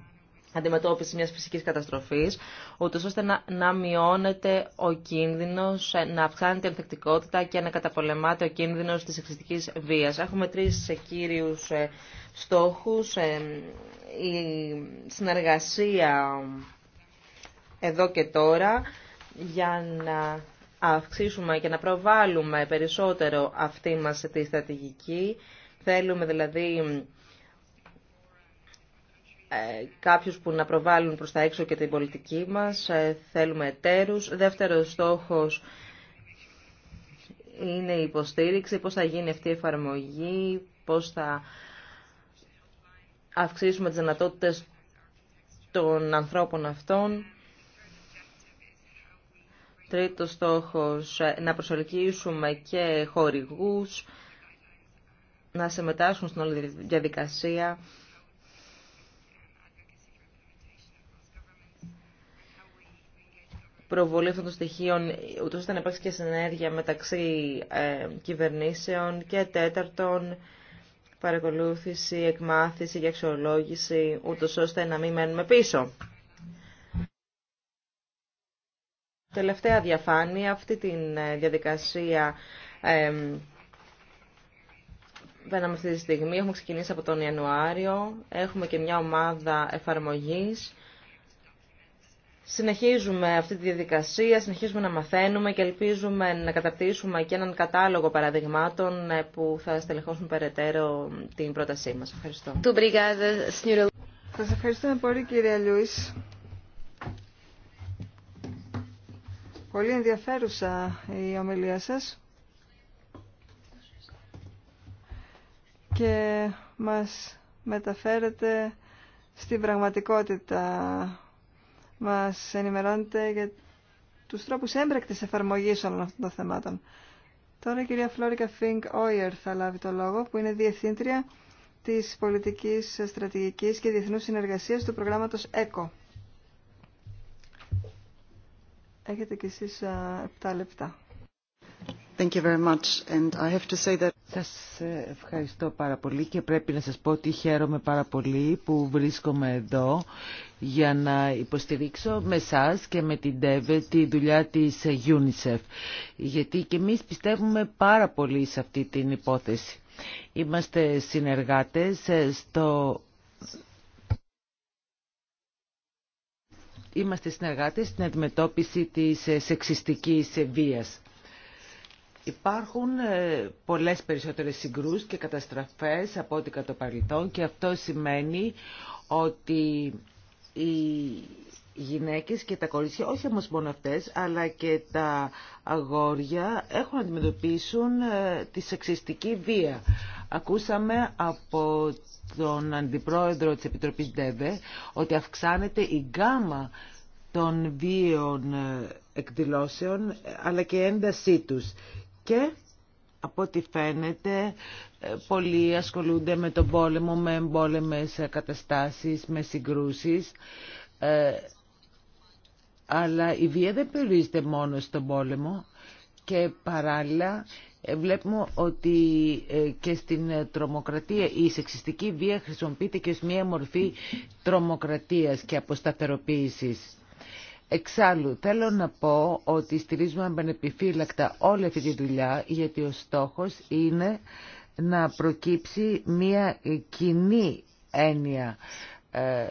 αντιμετώπιση μιας φυσικής καταστροφής, ούτως ώστε να, να μειώνεται ο κίνδυνος, ε, να αυξάνεται η ανθεκτικότητα και να καταπολεμάται ο κίνδυνος της εξωτικής βίας. Έχουμε τρεις ε, κύριους ε, στόχους. Η συνεργασία εδώ και τώρα για να αυξήσουμε και να προβάλλουμε περισσότερο αυτή μας τη στρατηγική. Θέλουμε δηλαδή ε, κάποιους που να προβάλλουν προς τα έξω και την πολιτική μας. Ε, θέλουμε εταίρους. Δεύτερος στόχος είναι η υποστήριξη, πώς θα γίνει αυτή η εφαρμογή, πώς θα αυξήσουμε τις δυνατότητες των ανθρώπων αυτών. Τρίτος στόχος, ε, να προσελκύσουμε και χορηγούς, να συμμετάσχουν στην όλη διαδικασία. προβολή αυτών των στοιχείων, ούτως ώστε να υπάρξει και συνέργεια μεταξύ ε, κυβερνήσεων και τέταρτων παρακολούθηση, εκμάθηση και αξιολόγηση, ούτως ώστε να μην μένουμε πίσω. Τελευταία διαφάνεια, αυτή τη ε, διαδικασία ε, αυτή τη στιγμή, έχουμε ξεκινήσει από τον Ιανουάριο, έχουμε και μια ομάδα εφαρμογής Συνεχίζουμε αυτή τη διαδικασία, συνεχίζουμε να μαθαίνουμε και ελπίζουμε να καταρτήσουμε και έναν κατάλογο παραδειγμάτων ε, που θα στελεχώσουν περαιτέρω την πρότασή μας. Ευχαριστώ. Σας ευχαριστούμε πολύ κυρία Λιούις. Πολύ ενδιαφέρουσα η ομιλία σας. Και μας μεταφέρετε στην πραγματικότητα μας ενημερώνετε για τους τρόπους έμπρακτης εφαρμογής όλων αυτών των θεμάτων. Τώρα η κυρία Φλόρικα Φινκ Όιερ θα λάβει το λόγο, που είναι διευθύντρια της πολιτικής στρατηγικής και διεθνούς συνεργασίας του προγράμματος ΕΚΟ. Έχετε κι εσείς 7 λεπτά. Thank you very much. And I Σας ευχαριστώ πάρα πολύ και πρέπει να σας πω ότι χαίρομαι πάρα πολύ που βρίσκομαι εδώ για να υποστηρίξω με σας και με την ΤΕΒΕ τη δουλειά της UNICEF. Γιατί και εμείς πιστεύουμε πάρα πολύ σε αυτή την υπόθεση. Είμαστε συνεργάτες στο Είμαστε συνεργάτες στην αντιμετώπιση της σεξιστικής βίας. Υπάρχουν ε, πολλές περισσότερες συγκρούς και καταστραφές από ό,τι κατά παρελθόν και αυτό σημαίνει ότι οι γυναίκες και τα κορίτσια, όχι όμως μόνο αυτές, αλλά και τα αγόρια έχουν να αντιμετωπίσουν ε, τη σεξιστική βία. Ακούσαμε από τον Αντιπρόεδρο της Επιτροπής ΔΕΒΕ ότι αυξάνεται η γκάμα των βίων ε, εκδηλώσεων αλλά και έντασή τους και από ό,τι φαίνεται ε, πολλοί ασχολούνται με τον πόλεμο, με εμπόλεμες καταστάσεις, με συγκρούσεις. Ε, αλλά η βία δεν περιορίζεται μόνο στον πόλεμο και παράλληλα ε, βλέπουμε ότι και στην τρομοκρατία η σεξιστική βία χρησιμοποιείται και ως μια μορφή τρομοκρατίας και αποσταθεροποίησης. Εξάλλου, θέλω να πω ότι στηρίζουμε ανεπιφύλακτα όλη αυτή τη δουλειά, γιατί ο στόχος είναι να προκύψει μία κοινή έννοια. Ε,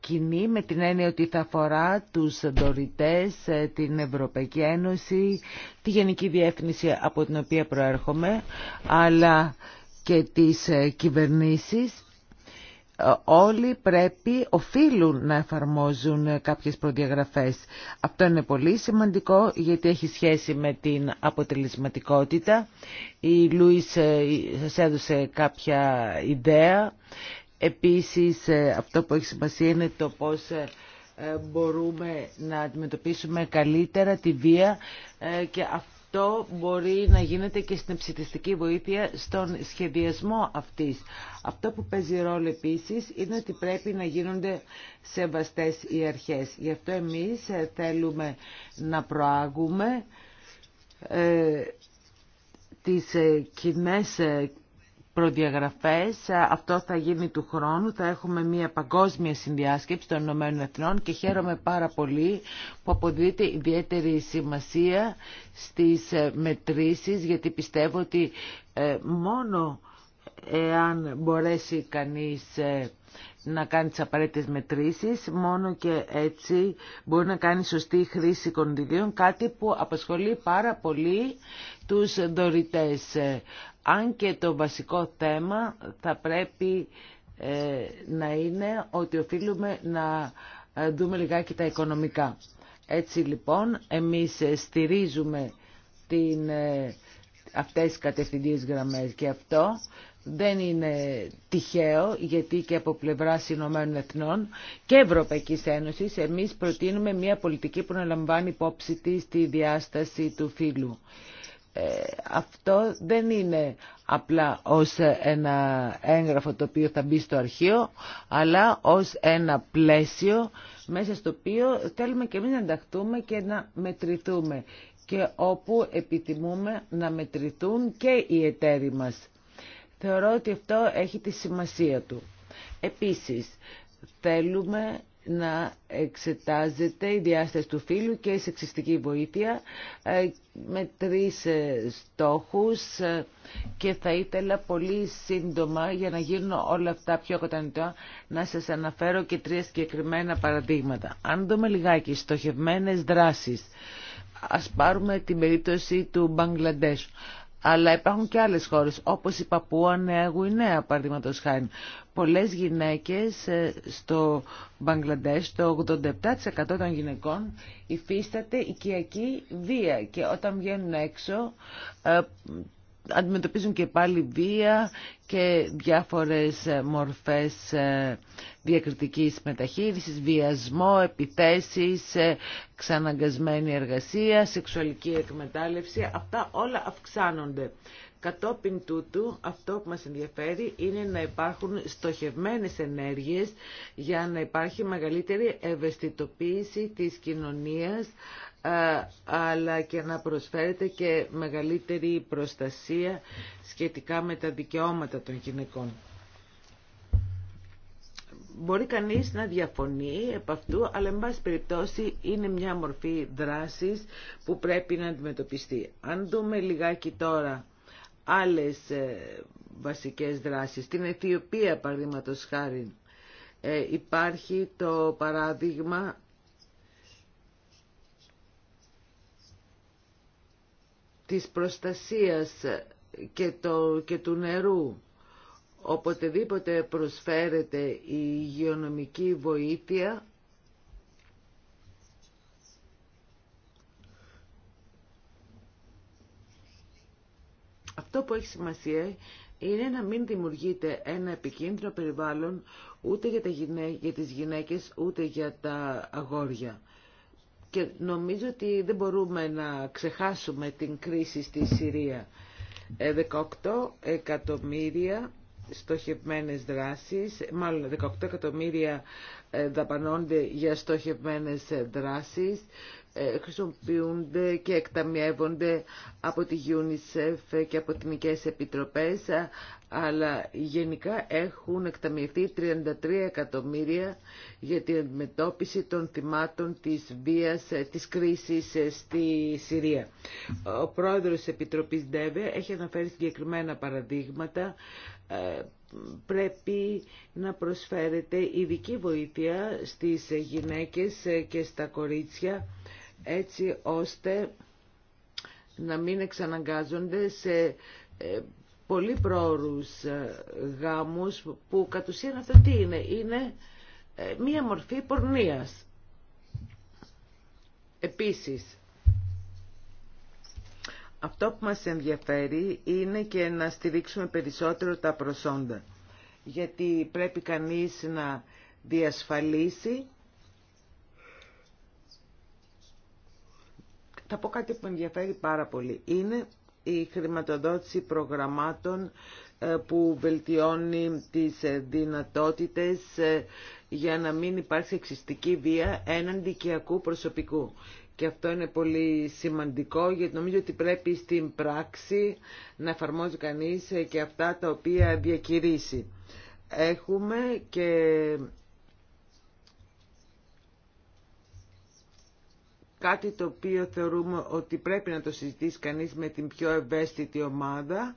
κοινή με την έννοια ότι θα αφορά τους δωρητές, ε, την Ευρωπαϊκή Ένωση, τη Γενική Διεύθυνση από την οποία προέρχομαι, αλλά και τις ε, κυβερνήσεις όλοι πρέπει, οφείλουν να εφαρμόζουν κάποιες προδιαγραφές. Αυτό είναι πολύ σημαντικό γιατί έχει σχέση με την αποτελεσματικότητα. Η Λούις ε, σας έδωσε κάποια ιδέα. Επίσης ε, αυτό που έχει σημασία είναι το πώς ε, μπορούμε να αντιμετωπίσουμε καλύτερα τη βία και αυτό αυτό μπορεί να γίνεται και στην ψηφιστική βοήθεια στον σχεδιασμό αυτής. Αυτό που παίζει ρόλο επίσης είναι ότι πρέπει να γίνονται σεβαστές οι αρχές. Γι' αυτό εμείς ε, θέλουμε να προάγουμε ε, τις ε, κοινέ προδιαγραφές. Αυτό θα γίνει του χρόνου. Θα έχουμε μια παγκόσμια συνδιάσκεψη των Ηνωμένων Εθνών και χαίρομαι πάρα πολύ που αποδίδεται ιδιαίτερη σημασία στις ε, μετρήσεις γιατί πιστεύω ότι ε, μόνο εάν μπορέσει κανείς ε, να κάνει τις απαραίτητες μετρήσεις, μόνο και έτσι μπορεί να κάνει σωστή χρήση κονδυλίων, κάτι που απασχολεί πάρα πολύ τους δωρητές αν και το βασικό θέμα θα πρέπει ε, να είναι ότι οφείλουμε να ε, δούμε λιγάκι τα οικονομικά. Έτσι λοιπόν εμείς ε, στηρίζουμε την, αυτές τις κατευθυντικές γραμμές και αυτό δεν είναι τυχαίο γιατί και από πλευρά Ηνωμένων Εθνών και Ευρωπαϊκής Ένωσης εμείς προτείνουμε μια πολιτική που να λαμβάνει υπόψη της τη διάσταση του φύλου. Ε, αυτό δεν είναι απλά ως ένα έγγραφο το οποίο θα μπει στο αρχείο, αλλά ως ένα πλαίσιο μέσα στο οποίο θέλουμε και εμείς να ενταχθούμε και να μετρηθούμε και όπου επιτιμούμε να μετρηθούν και οι εταίροι μας. Θεωρώ ότι αυτό έχει τη σημασία του. Επίσης, θέλουμε να εξετάζεται η διάσταση του φύλου και η σεξιστική βοήθεια ε, με τρεις ε, στόχους ε, και θα ήθελα πολύ σύντομα για να γίνουν όλα αυτά πιο κατανοητά να σας αναφέρω και τρία συγκεκριμένα παραδείγματα. Αν δούμε λιγάκι στοχευμένες δράσεις, ας πάρουμε την περίπτωση του Μπαγκλαντές. Αλλά υπάρχουν και άλλες χώρες, όπως η Παππούα Νέα Γουινέα, παραδείγματος χάρη. Πολλές γυναίκες ε, στο Μπαγκλαντές, το 87% των γυναικών υφίσταται οικιακή βία και όταν βγαίνουν έξω ε, αντιμετωπίζουν και πάλι βία και διάφορες ε, μορφές ε, διακριτικής μεταχείρισης, βιασμό, επιθέσεις, ε, ξαναγκασμένη εργασία, σεξουαλική εκμετάλλευση. Αυτά όλα αυξάνονται. Κατόπιν τούτου, αυτό που μας ενδιαφέρει είναι να υπάρχουν στοχευμένες ενέργειες για να υπάρχει μεγαλύτερη ευαισθητοποίηση της κοινωνίας αλλά και να προσφέρεται και μεγαλύτερη προστασία σχετικά με τα δικαιώματα των γυναικών. Μπορεί κανείς να διαφωνεί επ' αυτού, αλλά εν πάση περιπτώσει είναι μια μορφή δράσης που πρέπει να αντιμετωπιστεί. Αν δούμε λιγάκι τώρα άλλες ε, βασικές δράσεις, στην Αιθιοπία παραδείγματος χάρη, ε, υπάρχει το παράδειγμα της προστασίας και, του νερού. Οποτεδήποτε προσφέρεται η υγειονομική βοήθεια, αυτό που έχει σημασία είναι να μην δημιουργείται ένα επικίνδυνο περιβάλλον ούτε για, τα γυναί για τις γυναίκες ούτε για τα αγόρια. Και νομίζω ότι δεν μπορούμε να ξεχάσουμε την κρίση στη Συρία. 18 ε, εκατομμύρια στοχευμένες δράσεις, μάλλον 18 εκατομμύρια ε, δαπανώνται για στοχευμένες ε, δράσεις ε, χρησιμοποιούνται και εκταμιεύονται από τη UNICEF και από τιμικές επιτροπές, αλλά γενικά έχουν εκταμιευτεί 33 εκατομμύρια για την αντιμετώπιση των θυμάτων της βίας, ε, της κρίσης ε, στη Συρία. Ο πρόεδρος της Επιτροπής ΔΕΒΕ έχει αναφέρει συγκεκριμένα παραδείγματα πρέπει να προσφέρεται ειδική βοήθεια στις γυναίκες και στα κορίτσια έτσι ώστε να μην εξαναγκάζονται σε ε, πολύ πρόωρους ε, γάμους που κατ' ουσίαν αυτό τι είναι, είναι ε, μία μορφή πορνείας. Επίσης, αυτό που μας ενδιαφέρει είναι και να στηρίξουμε περισσότερο τα προσόντα, γιατί πρέπει κανείς να διασφαλίσει Θα πω κάτι που με ενδιαφέρει πάρα πολύ. Είναι η χρηματοδότηση προγραμμάτων ε, που βελτιώνει τις ε, δυνατότητες ε, για να μην υπάρξει εξιστική βία έναν οικιακού προσωπικού. Και αυτό είναι πολύ σημαντικό γιατί νομίζω ότι πρέπει στην πράξη να εφαρμόζει κανείς και αυτά τα οποία διακηρύσει. Έχουμε και κάτι το οποίο θεωρούμε ότι πρέπει να το συζητήσει κανείς με την πιο ευαίσθητη ομάδα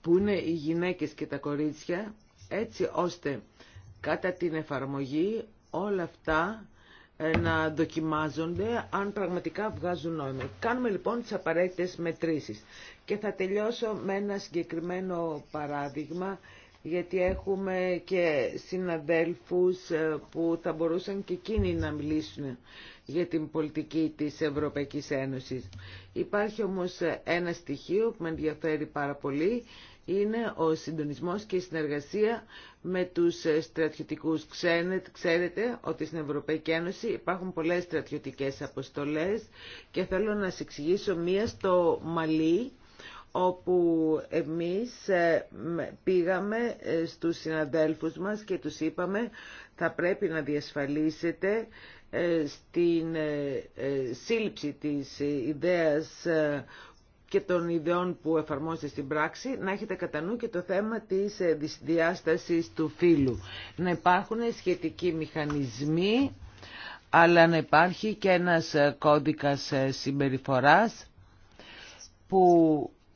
που είναι οι γυναίκες και τα κορίτσια έτσι ώστε κατά την εφαρμογή όλα αυτά ε, να δοκιμάζονται αν πραγματικά βγάζουν νόημα. Κάνουμε λοιπόν τις απαραίτητες μετρήσεις. Και θα τελειώσω με ένα συγκεκριμένο παράδειγμα γιατί έχουμε και συναδέλφους ε, που θα μπορούσαν και εκείνοι να μιλήσουν για την πολιτική της Ευρωπαϊκής Ένωσης. Υπάρχει όμως ένα στοιχείο που με ενδιαφέρει πάρα πολύ, είναι ο συντονισμός και η συνεργασία με τους στρατιωτικούς. Ξέρετε ότι στην Ευρωπαϊκή Ένωση υπάρχουν πολλές στρατιωτικές αποστολές και θέλω να σας εξηγήσω μία στο Μαλί όπου εμείς ε, πήγαμε ε, στους συναδέλφους μας και τους είπαμε θα πρέπει να διασφαλίσετε ε, στην σύλληψη της ιδέας και των ιδεών που εφαρμόζεται στην πράξη, να έχετε κατά νου και το θέμα της διάστασης του φύλου. Να υπάρχουν σχετικοί μηχανισμοί, αλλά να υπάρχει και ένας κώδικας συμπεριφοράς που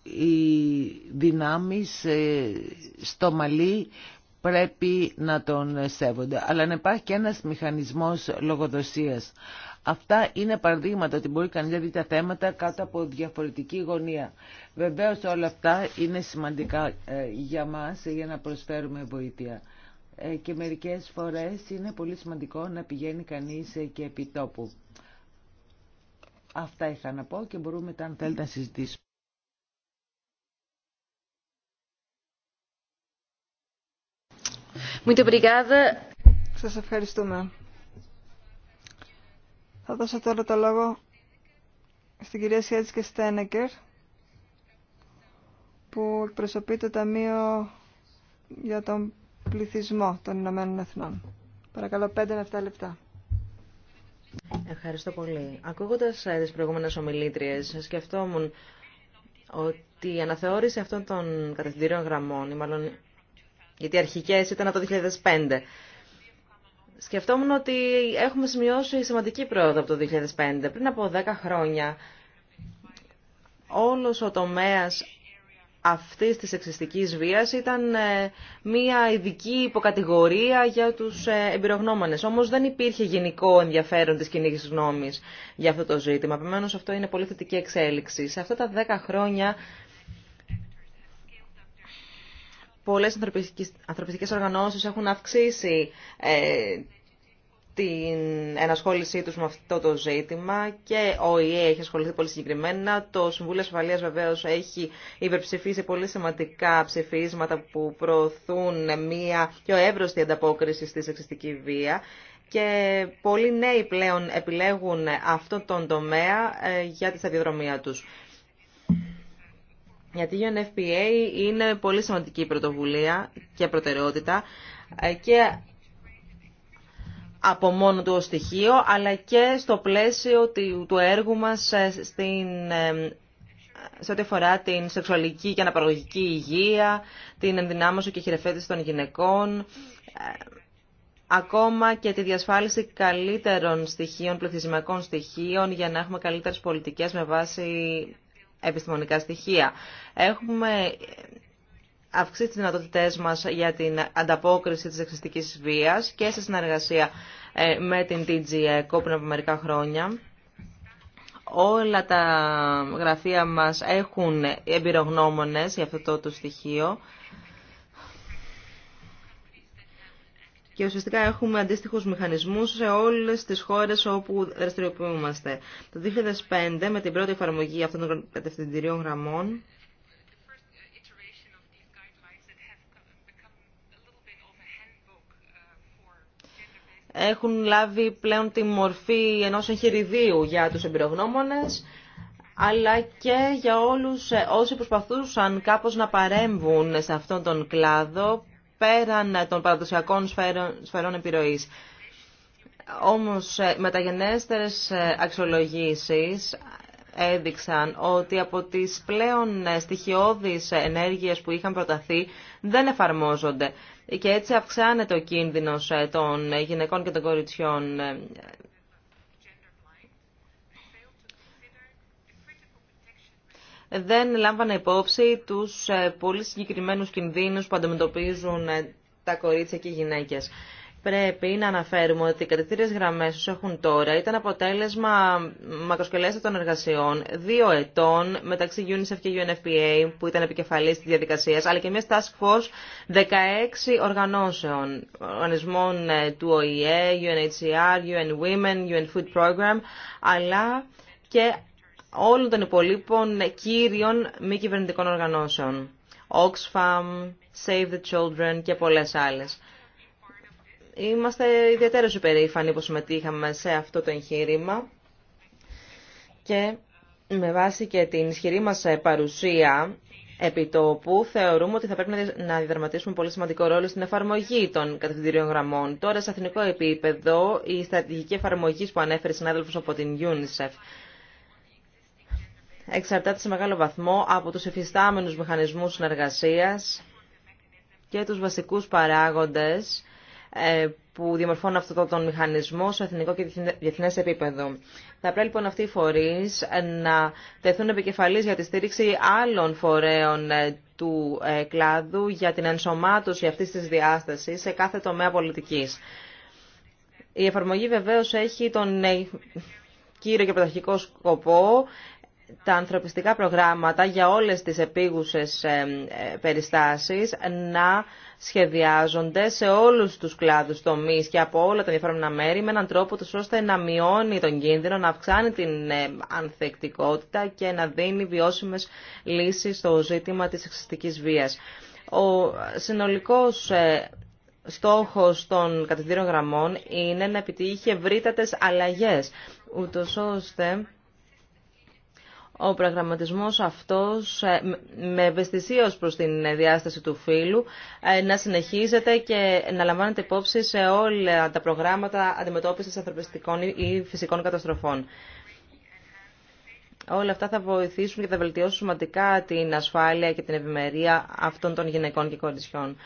οι δυνάμεις ε, στο Μαλί πρέπει να τον σέβονται. Αλλά να υπάρχει και ένας μηχανισμός λογοδοσίας. Αυτά είναι παραδείγματα ότι μπορεί κανείς να δει τα θέματα κάτω από διαφορετική γωνία. Βεβαίως όλα αυτά είναι σημαντικά ε, για μας ε, για να προσφέρουμε βοήθεια. Και μερικές φορές είναι πολύ σημαντικό να πηγαίνει κανείς και επί τόπου. Αυτά είχα να πω και μπορούμε μετά αν να συζητήσουμε. Σας ευχαριστούμε. Θα δώσω τώρα το λόγο στην κυρία Σιέτς και Στένεκερ που εκπροσωπεί το Ταμείο για τον Πληθυσμό των Ηνωμένων Εθνών. Παρακαλώ 5 με 7 λεπτά. Ευχαριστώ πολύ. Ακούγοντας ε, τις προηγούμενες ομιλήτριες, σκεφτόμουν ότι η αναθεώρηση αυτών των κατευθυντήριων γραμμών, ή μάλλον γιατί οι αρχικές ήταν από το 2005. Σκεφτόμουν ότι έχουμε σημειώσει σημαντική πρόοδο από το 2005. Πριν από 10 χρόνια, όλος ο τομέας αυτής της εξιστικής βίας ήταν ε, μία ειδική υποκατηγορία για τους ε, εμπειρογνώμονες. Όμως δεν υπήρχε γενικό ενδιαφέρον της κοινή γνώμης για αυτό το ζήτημα. Επομένω αυτό είναι πολύ θετική εξέλιξη. Σε αυτά τα 10 χρόνια πολλές ανθρωπιστικές οργανώσεις έχουν αυξήσει ε, την ενασχόλησή τους με αυτό το ζήτημα και ο ΙΕ έχει ασχοληθεί πολύ συγκεκριμένα. Το Συμβούλιο Ασφαλείας βεβαίως έχει υπερψηφίσει πολύ σημαντικά ψηφίσματα που προωθούν μία πιο εύρωστη ανταπόκριση στη σεξιστική βία και πολλοί νέοι πλέον επιλέγουν αυτόν τον τομέα ε, για τη σταδιοδρομία τους. Γιατί η UNFPA είναι πολύ σημαντική πρωτοβουλία και προτεραιότητα ε, και από μόνο του στοιχείο, αλλά και στο πλαίσιο του έργου μας ε, στην, ε, σε ό,τι αφορά την σεξουαλική και αναπαραγωγική υγεία, την ενδυνάμωση και χειρεφέτηση των γυναικών, ακόμα και τη διασφάλιση καλύτερων στοιχείων, πληθυσμιακών στοιχείων, για να έχουμε καλύτερες πολιτικές με βάση επιστημονικά στοιχεία. Έχουμε αυξήσει τις δυνατότητές μας για την ανταπόκριση της εξαιστικής βίας και σε συνεργασία ε, με την DG ECO πριν από μερικά χρόνια. Όλα τα γραφεία μας έχουν εμπειρογνώμονες για αυτό το στοιχείο και ουσιαστικά έχουμε αντίστοιχου μηχανισμούς σε όλες τις χώρες όπου δραστηριοποιούμαστε. Το 2005 με την πρώτη εφαρμογή αυτών των κατευθυντηρίων γραμμών έχουν λάβει πλέον τη μορφή ενός εγχειριδίου για τους εμπειρογνώμονες, αλλά και για όλους όσοι προσπαθούσαν κάπως να παρέμβουν σε αυτόν τον κλάδο πέραν των παραδοσιακών σφαίρων, σφαίρων επιρροής. Όμως ε, μεταγενέστερες ε, αξιολογήσεις έδειξαν ότι από τις πλέον ε, στοιχειώδεις ενέργειες που είχαν προταθεί δεν εφαρμόζονται και έτσι αυξάνεται ο κίνδυνος των γυναικών και των κοριτσιών δεν λάμβανε υπόψη τους ε, πολύ συγκεκριμένους κινδύνους που αντιμετωπίζουν ε, τα κορίτσια και οι γυναίκες. Πρέπει να αναφέρουμε ότι οι κατευθύνες γραμμές που έχουν τώρα ήταν αποτέλεσμα μακροσκελέστατων εργασιών δύο ετών μεταξύ UNICEF και UNFPA που ήταν επικεφαλής της διαδικασίας, αλλά και μια task force 16 οργανώσεων, οργανισμών ε, του OEA, UNHCR, UN Women, UN Food Program, αλλά και όλων των υπολείπων κύριων μη κυβερνητικών οργανώσεων. Oxfam, Save the Children και πολλές άλλες. Είμαστε ιδιαίτερα υπερήφανοι που συμμετείχαμε σε αυτό το εγχείρημα και με βάση και την ισχυρή μας παρουσία επί που θεωρούμε ότι θα πρέπει να διδραματίσουμε πολύ σημαντικό ρόλο στην εφαρμογή των κατευθυντηρίων γραμμών. Τώρα, σε εθνικό επίπεδο, η στρατηγική εφαρμογή που ανέφερε συνάδελφος από την UNICEF εξαρτάται σε μεγάλο βαθμό από τους εφιστάμενους μηχανισμούς συνεργασίας και τους βασικούς παράγοντες ε, που διαμορφώνουν αυτό τον μηχανισμό σε εθνικό και διεθνέ επίπεδο. Θα πρέπει λοιπόν αυτοί οι φορεί ε, να τεθούν επικεφαλή για τη στήριξη άλλων φορέων ε, του κλάδου για την ενσωμάτωση αυτή τη διάσταση σε κάθε τομέα πολιτική. Η εφαρμογή βεβαίω έχει τον κύριο και πρωταρχικό σκοπό τα ανθρωπιστικά προγράμματα για όλες τις επίγουσες ε, ε, περιστάσεις να σχεδιάζονται σε όλους τους κλάδους τομείς και από όλα τα διαφορετικά μέρη με έναν τρόπο τους ώστε να μειώνει τον κίνδυνο, να αυξάνει την ε, ανθεκτικότητα και να δίνει βιώσιμες λύσεις στο ζήτημα της εξιστικής βίας. Ο συνολικός στόχος των κατηδύρων γραμμών είναι να επιτύχει ευρύτατες αλλαγές, ούτως ώστε ο προγραμματισμός αυτός ε, με ευαισθησία προς την διάσταση του φύλου ε, να συνεχίζεται και να λαμβάνεται υπόψη σε όλα τα προγράμματα αντιμετώπισης ανθρωπιστικών ή φυσικών καταστροφών. Όλα αυτά θα βοηθήσουν και θα βελτιώσουν σημαντικά την ασφάλεια και την ευημερία αυτών των γυναικών και κοριτσιών.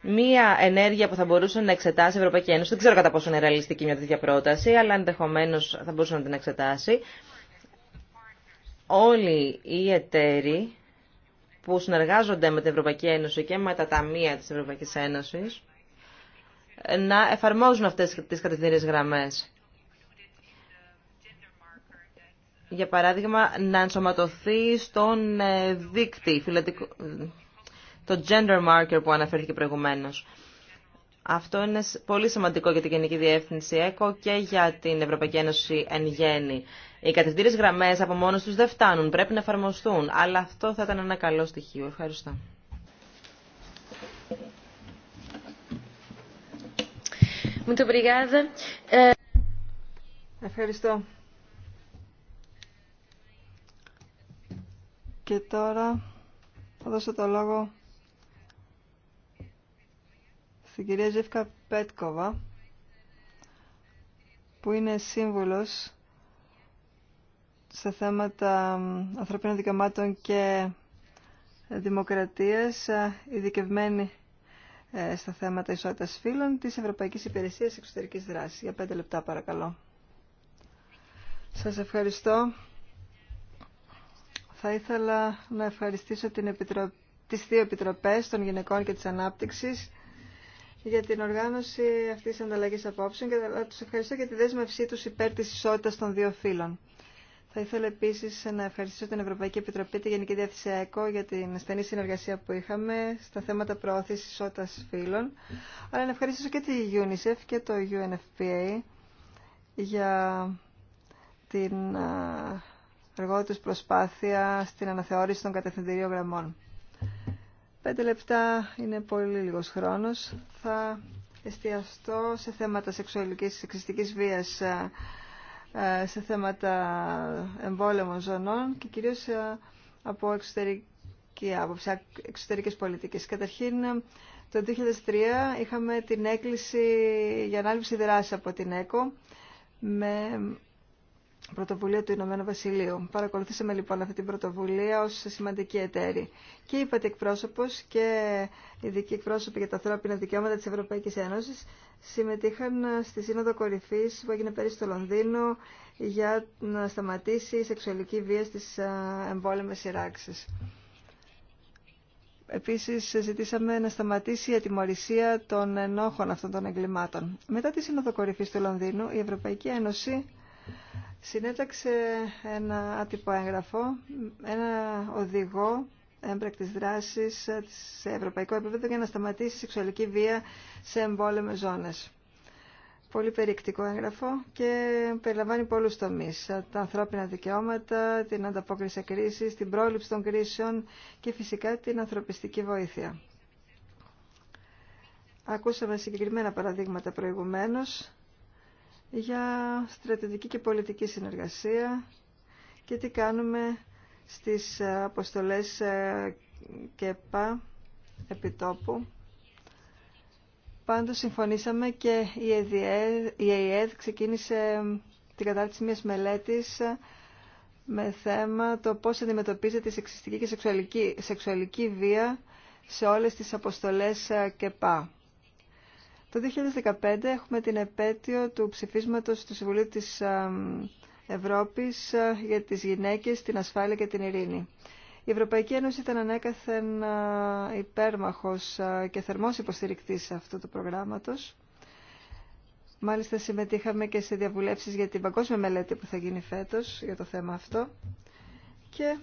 Μία ενέργεια που θα μπορούσε να εξετάσει η Ευρωπαϊκή Ένωση, δεν ξέρω κατά πόσο είναι ρεαλιστική μια τέτοια πρόταση, αλλά ενδεχομένω θα μπορούσε να την εξετάσει, όλοι οι εταίροι που συνεργάζονται με την Ευρωπαϊκή Ένωση και με τα ταμεία της Ευρωπαϊκής Ένωσης να εφαρμόζουν αυτές τις κατευθυντήριες γραμμές. Για παράδειγμα, να ενσωματωθεί στον ε, δίκτυ, το gender marker που αναφέρθηκε προηγουμένως. Αυτό είναι πολύ σημαντικό για την Γενική Διεύθυνση ΕΚΟ και για την Ευρωπαϊκή Ένωση εν γέννη. Οι κατευθύντηρε γραμμές από μόνος τους δεν φτάνουν, πρέπει να εφαρμοστούν, αλλά αυτό θα ήταν ένα καλό στοιχείο. Ευχαριστώ. Ε, Ευχαριστώ. Και τώρα θα δώσω το λόγο στην κυρία Ζεύκα Πέτκοβα, που είναι σύμβουλος στα θέματα ανθρωπίνων δικαιωμάτων και δημοκρατίας, ε, ειδικευμένη ε, στα θέματα ισότητας φύλων της Ευρωπαϊκής Υπηρεσίας Εξωτερικής Δράσης. Για πέντε λεπτά παρακαλώ. Σας ευχαριστώ. Θα ήθελα να ευχαριστήσω την τις δύο επιτροπές των γυναικών και της ανάπτυξης για την οργάνωση αυτή τη ανταλλαγή απόψεων και του ευχαριστώ για τη δέσμευσή του υπέρ τη ισότητα των δύο φύλων. Θα ήθελα επίση να ευχαριστήσω την Ευρωπαϊκή Επιτροπή, τη Γενική Διεύθυνση εκό, για την στενή συνεργασία που είχαμε στα θέματα προώθηση ισότητα φύλων. Αλλά να ευχαριστήσω και τη UNICEF και το UNFPA για την αργότερη προσπάθεια στην αναθεώρηση των κατευθυντηρίων γραμμών. Πέντε λεπτά είναι πολύ λίγος χρόνος. Θα εστιαστώ σε θέματα σεξουαλικής σεξιστικής βίας, ε, ε, σε θέματα εμβόλεμων ζωνών και κυρίως ε, από εξωτερική άποψη, εξωτερικές πολιτικές. Καταρχήν, το 2003 είχαμε την έκκληση για ανάληψη δράση από την ΕΚΟ με πρωτοβουλία του Ηνωμένου Βασιλείου. Παρακολουθήσαμε λοιπόν αυτή την πρωτοβουλία ως σημαντική εταίρη. Και είπατε εκπρόσωπος και ειδικοί εκπρόσωποι για τα ανθρώπινα δικαιώματα της Ευρωπαϊκής Ένωσης συμμετείχαν στη Σύνοδο Κορυφής που έγινε πέρυσι στο Λονδίνο για να σταματήσει η σεξουαλική βία στις εμπόλεμες σειράξεις. Επίσης ζητήσαμε να σταματήσει η ατιμορρησία των ενόχων αυτών των εγκλημάτων. Μετά τη Σύνοδο Κορυφής του Λονδίνου, η Ευρωπαϊκή Ένωση συνέταξε ένα άτυπο έγγραφο, ένα οδηγό έμπρακτης δράσης σε ευρωπαϊκό επίπεδο για να σταματήσει η σεξουαλική βία σε εμπόλεμες ζώνες. Πολύ περιεκτικό έγγραφο και περιλαμβάνει πολλούς τομείς. Τα ανθρώπινα δικαιώματα, την ανταπόκριση κρίση, την πρόληψη των κρίσεων και φυσικά την ανθρωπιστική βοήθεια. Ακούσαμε συγκεκριμένα παραδείγματα προηγουμένως για στρατηγική και πολιτική συνεργασία και τι κάνουμε στις αποστολές ε, ΚΕΠΑ επιτόπου. Πάντως συμφωνήσαμε και η ΕΕΔ ξεκίνησε ε, την κατάρτιση μιας μελέτης ε, με θέμα το πώς αντιμετωπίζεται η σεξιστική και σεξουαλική, σεξουαλική βία σε όλες τις αποστολές ΚΕΠΑ. Το 2015 έχουμε την επέτειο του ψηφίσματος του Συμβουλίου της Ευρώπης ε, για τις γυναίκες, την ασφάλεια και την ειρήνη. Η Ευρωπαϊκή Ένωση ήταν ανέκαθεν ε, υπέρμαχος ε, και θερμός υποστηρικτής αυτού του προγράμματος. Μάλιστα συμμετείχαμε και σε διαβουλεύσεις για την παγκόσμια μελέτη που θα γίνει φέτος για το θέμα αυτό. Και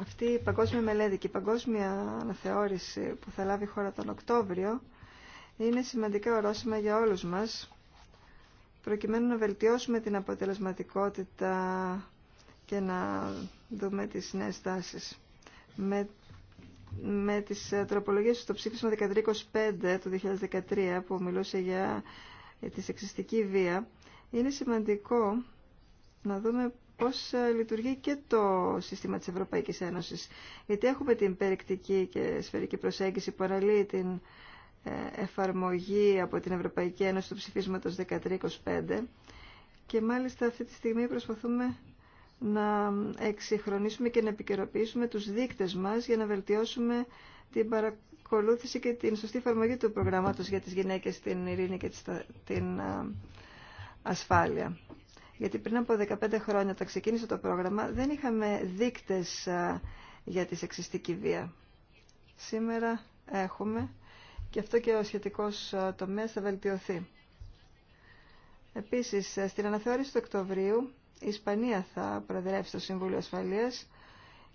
αυτή η παγκόσμια μελέτη και η παγκόσμια αναθεώρηση που θα λάβει η χώρα τον Οκτώβριο είναι σημαντικά ορόσημα για όλους μας, προκειμένου να βελτιώσουμε την αποτελεσματικότητα και να δούμε τις νέες τάσεις. Με, με τις ε, τροπολογίες στο ψήφισμα 1325 του 2013 που μιλούσε για ε, τη σεξιστική βία, είναι σημαντικό να δούμε πώς ε, λειτουργεί και το σύστημα της Ευρωπαϊκής Ένωσης. Γιατί έχουμε την περικτική και σφαιρική προσέγγιση που αναλύει την ε, εφαρμογή από την Ευρωπαϊκή Ένωση του ψηφίσματος 1325 και μάλιστα αυτή τη στιγμή προσπαθούμε να εξυγχρονίσουμε και να επικαιροποιήσουμε τους δείκτες μας για να βελτιώσουμε την παρακολούθηση και την σωστή εφαρμογή του προγράμματος για τις γυναίκες, την ειρήνη και την ασφάλεια. Γιατί πριν από 15 χρόνια, όταν ξεκίνησε το πρόγραμμα, δεν είχαμε δείκτες για τη σεξιστική βία. Σήμερα έχουμε και αυτό και ο σχετικός ε, τομέας θα βελτιωθεί. Επίσης, ε, στην αναθεώρηση του Οκτωβρίου, η Ισπανία θα προεδρεύσει το Συμβούλιο Ασφαλείας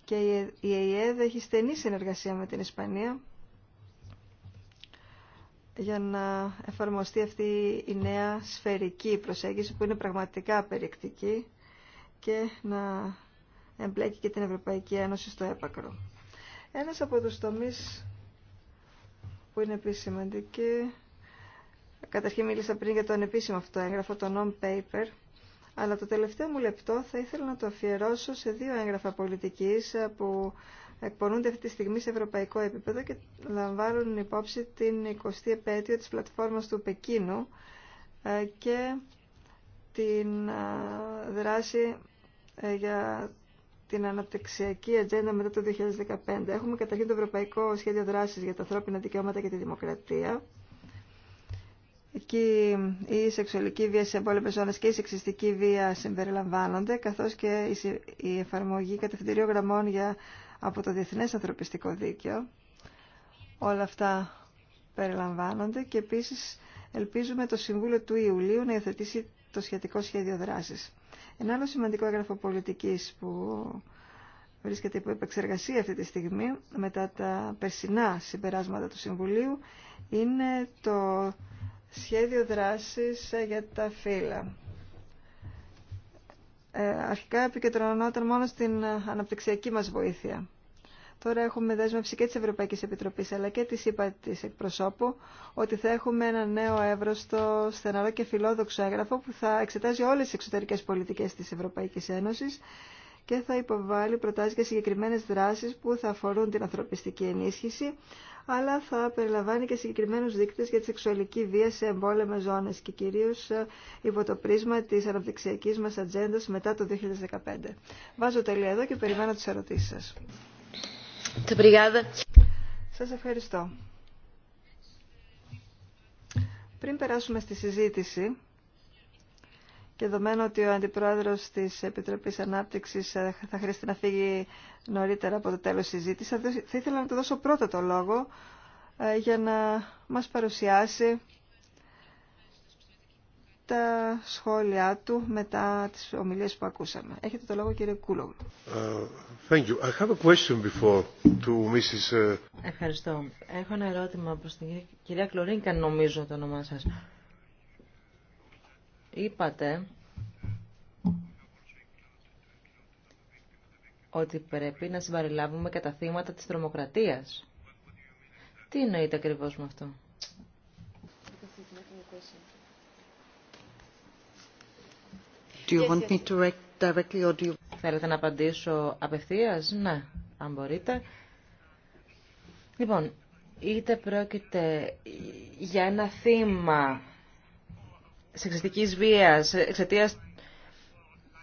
και ε- η ΕΕΔ έχει στενή συνεργασία με την Ισπανία για να εφαρμοστεί αυτή η νέα σφαιρική προσέγγιση που είναι πραγματικά περιεκτική και να εμπλέκει και την Ευρωπαϊκή Ένωση στο έπακρο. Ένας από τους τομείς που είναι επίση σημαντική. Καταρχήν μίλησα πριν για το ανεπίσημο αυτό έγγραφο, το non-paper, αλλά το τελευταίο μου λεπτό θα ήθελα να το αφιερώσω σε δύο έγγραφα πολιτικής ε, που εκπονούνται αυτή τη στιγμή σε ευρωπαϊκό επίπεδο και λαμβάνουν υπόψη την 20η επέτειο της πλατφόρμας του Πεκίνου ε, και την ε, δράση για την αναπτυξιακή ατζέντα μετά το 2015. Έχουμε καταρχήν το Ευρωπαϊκό Σχέδιο Δράσης για τα ανθρώπινα δικαιώματα και τη δημοκρατία. Εκεί η σεξουαλική βία σε εμπόλεμε ζώνε και η σεξιστική βία συμπεριλαμβάνονται, καθώς και η εφαρμογή κατευθυντηρίων γραμμών για, από το Διεθνές Ανθρωπιστικό Δίκαιο. Όλα αυτά περιλαμβάνονται και επίσης ελπίζουμε το Συμβούλιο του Ιουλίου να υιοθετήσει το σχετικό σχέδιο δράση. Ένα άλλο σημαντικό έγγραφο πολιτικής που βρίσκεται υπό επεξεργασία αυτή τη στιγμή μετά τα περσινά συμπεράσματα του Συμβουλίου είναι το σχέδιο δράσης για τα φύλλα. Ε, αρχικά επικεντρωνόταν μόνο στην αναπτυξιακή μας βοήθεια. Τώρα έχουμε δέσμευση και τη Ευρωπαϊκή Επιτροπή, αλλά και τη ΥΠΑ της εκπροσώπου ότι θα έχουμε ένα νέο στο στεναρό και φιλόδοξο έγγραφο που θα εξετάζει όλε τι εξωτερικέ πολιτικέ τη Ευρωπαϊκής Ένωσης και θα υποβάλει προτάσει για συγκεκριμένε δράσει που θα αφορούν την ανθρωπιστική ενίσχυση, αλλά θα περιλαμβάνει και συγκεκριμένου δείκτες για τη σεξουαλική βία σε εμπόλεμες ζώνες και κυρίω ε, υπό το πρίσμα της αναπτυξιακή μα ατζέντα μετά το 2015. Βάζω τελεία εδώ και περιμένω τι ερωτήσει σα. Σας ευχαριστώ. Πριν περάσουμε στη συζήτηση, και δεδομένου ότι ο Αντιπρόεδρος της Επιτροπής Ανάπτυξης ε, θα χρειαστεί να φύγει νωρίτερα από το τέλος συζήτηση, θα ήθελα να του δώσω πρώτα το λόγο ε, για να μας παρουσιάσει τα σχόλιά του μετά τις ομιλίες που ακούσαμε. Έχετε το λόγο κύριε Κούλογλου. Uh, Ευχαριστώ. Έχω ένα ερώτημα προς την κυρία Κλωρίνκα νομίζω το όνομά σας. Είπατε ότι πρέπει να συμπαριλάβουμε και τα θύματα της τρομοκρατίας. Τι εννοείται ακριβώς με αυτό. Θέλετε να απαντήσω απευθείας, ναι, αν μπορείτε. Λοιπόν, είτε πρόκειται για ένα θύμα σεξιστικής βίας, εξαιτία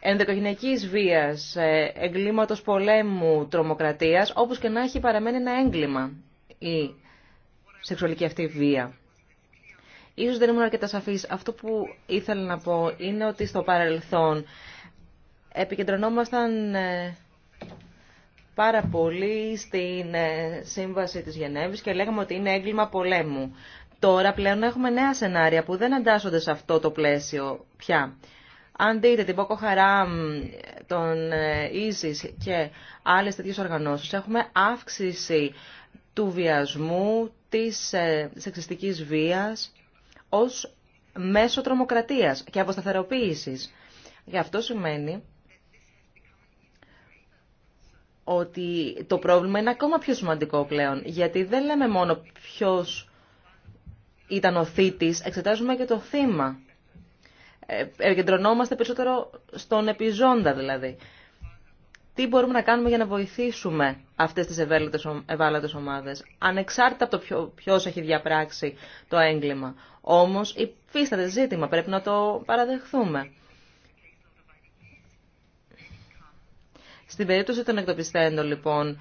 ενδοκογυναικής βίας, ε, εγκλήματος πολέμου, τρομοκρατίας, όπως και να έχει παραμένει ένα έγκλημα η σεξουαλική αυτή βία. Ίσως δεν ήμουν αρκετά σαφής. Αυτό που ήθελα να πω είναι ότι στο παρελθόν επικεντρωνόμασταν ε, πάρα πολύ στην ε, σύμβαση της Γενέβης και λέγαμε ότι είναι έγκλημα πολέμου. Τώρα πλέον έχουμε νέα σενάρια που δεν εντάσσονται σε αυτό το πλαίσιο πια. Αν δείτε την πόκο χαράμ τον ISIS ε, και άλλες τέτοιες οργανώσεις, έχουμε αύξηση του βιασμού, της σεξιστικής βίας ως μέσο τρομοκρατίας και αποσταθεροποίησης. Γι' αυτό σημαίνει ότι το πρόβλημα είναι ακόμα πιο σημαντικό πλέον, γιατί δεν λέμε μόνο ποιος ήταν ο θήτης, εξετάζουμε και το θύμα. Ε, επικεντρωνόμαστε περισσότερο στον επιζώντα δηλαδή τι μπορούμε να κάνουμε για να βοηθήσουμε αυτές τις ευάλωτε ομάδες, ανεξάρτητα από το ποιος έχει διαπράξει το έγκλημα. Όμως υφίσταται ζήτημα, πρέπει να το παραδεχθούμε. Στην περίπτωση των εκτοπιστέντων, λοιπόν,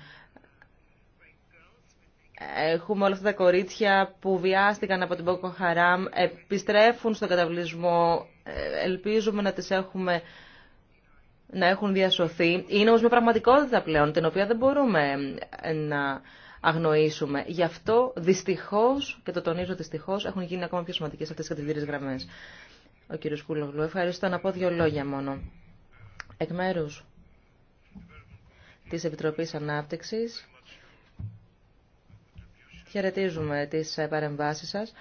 έχουμε όλα αυτά τα κορίτσια που βιάστηκαν από την Πόκο Χαράμ, επιστρέφουν στον καταβλισμό, ε, ελπίζουμε να τις έχουμε να έχουν διασωθεί. Είναι όμως μια πραγματικότητα πλέον, την οποία δεν μπορούμε ε, να αγνοήσουμε. Γι' αυτό δυστυχώς, και το τονίζω δυστυχώς, έχουν γίνει ακόμα πιο σημαντικές αυτές τις κατηγορίες γραμμές. Ο κύριος Κούλογλου, ευχαριστώ να πω δύο λόγια μόνο. Εκ μέρου της Επιτροπής Ανάπτυξης, χαιρετίζουμε τις ε, παρεμβάσεις σας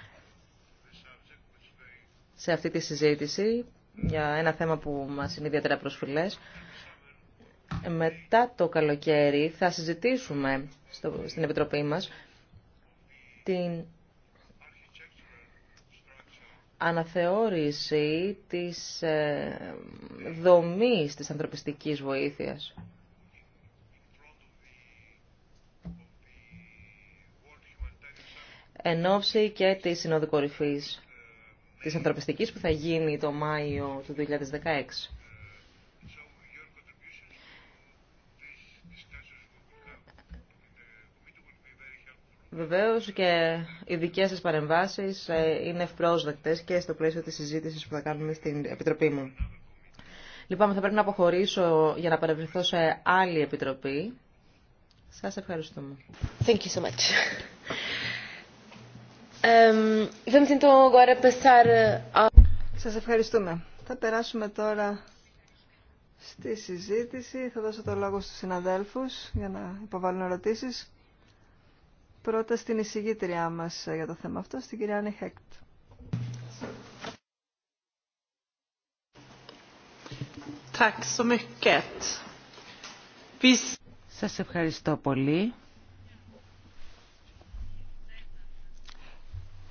σε αυτή τη συζήτηση για ένα θέμα που μας είναι ιδιαίτερα προσφυλές. Μετά το καλοκαίρι θα συζητήσουμε στο, στην Επιτροπή μας την αναθεώρηση της ε, δομής της ανθρωπιστικής βοήθειας. Εν και της Συνόδου Τη ανθρωπιστική που θα γίνει το Μάιο του 2016. Βεβαίω, και οι δικέ σα παρεμβάσεις ε, είναι ευπρόσδεκτες και στο πλαίσιο της συζήτηση που θα κάνουμε στην Επιτροπή μου. Λοιπόν, θα πρέπει να αποχωρήσω για να παρευρεθώ σε άλλη Επιτροπή. Σας ευχαριστούμε. Ε, Σας ευχαριστούμε. Θα περάσουμε τώρα στη συζήτηση. Θα δώσω το λόγο στους συναδέλφους για να υποβάλουν ερωτήσεις. Πρώτα στην εισηγήτριά μας για το θέμα αυτό, στην κυρία Άννη Σας ευχαριστώ πολύ.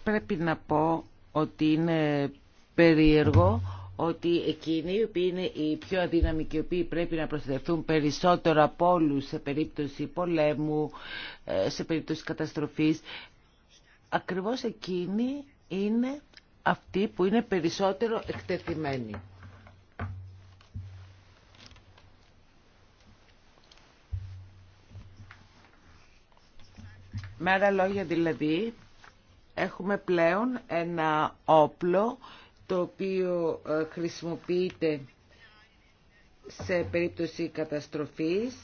Πρέπει να πω ότι είναι περίεργο ότι εκείνοι οι οποίοι είναι οι πιο αδύναμοι και οι οποίοι πρέπει να προστατευτούν περισσότερο από όλου σε περίπτωση πολέμου, ε, σε περίπτωση καταστροφής, ακριβώς εκείνοι είναι αυτοί που είναι περισσότερο εκτεθειμένοι. Με άλλα λόγια δηλαδή, έχουμε πλέον ένα όπλο το οποίο ε, χρησιμοποιείται σε περίπτωση καταστροφής.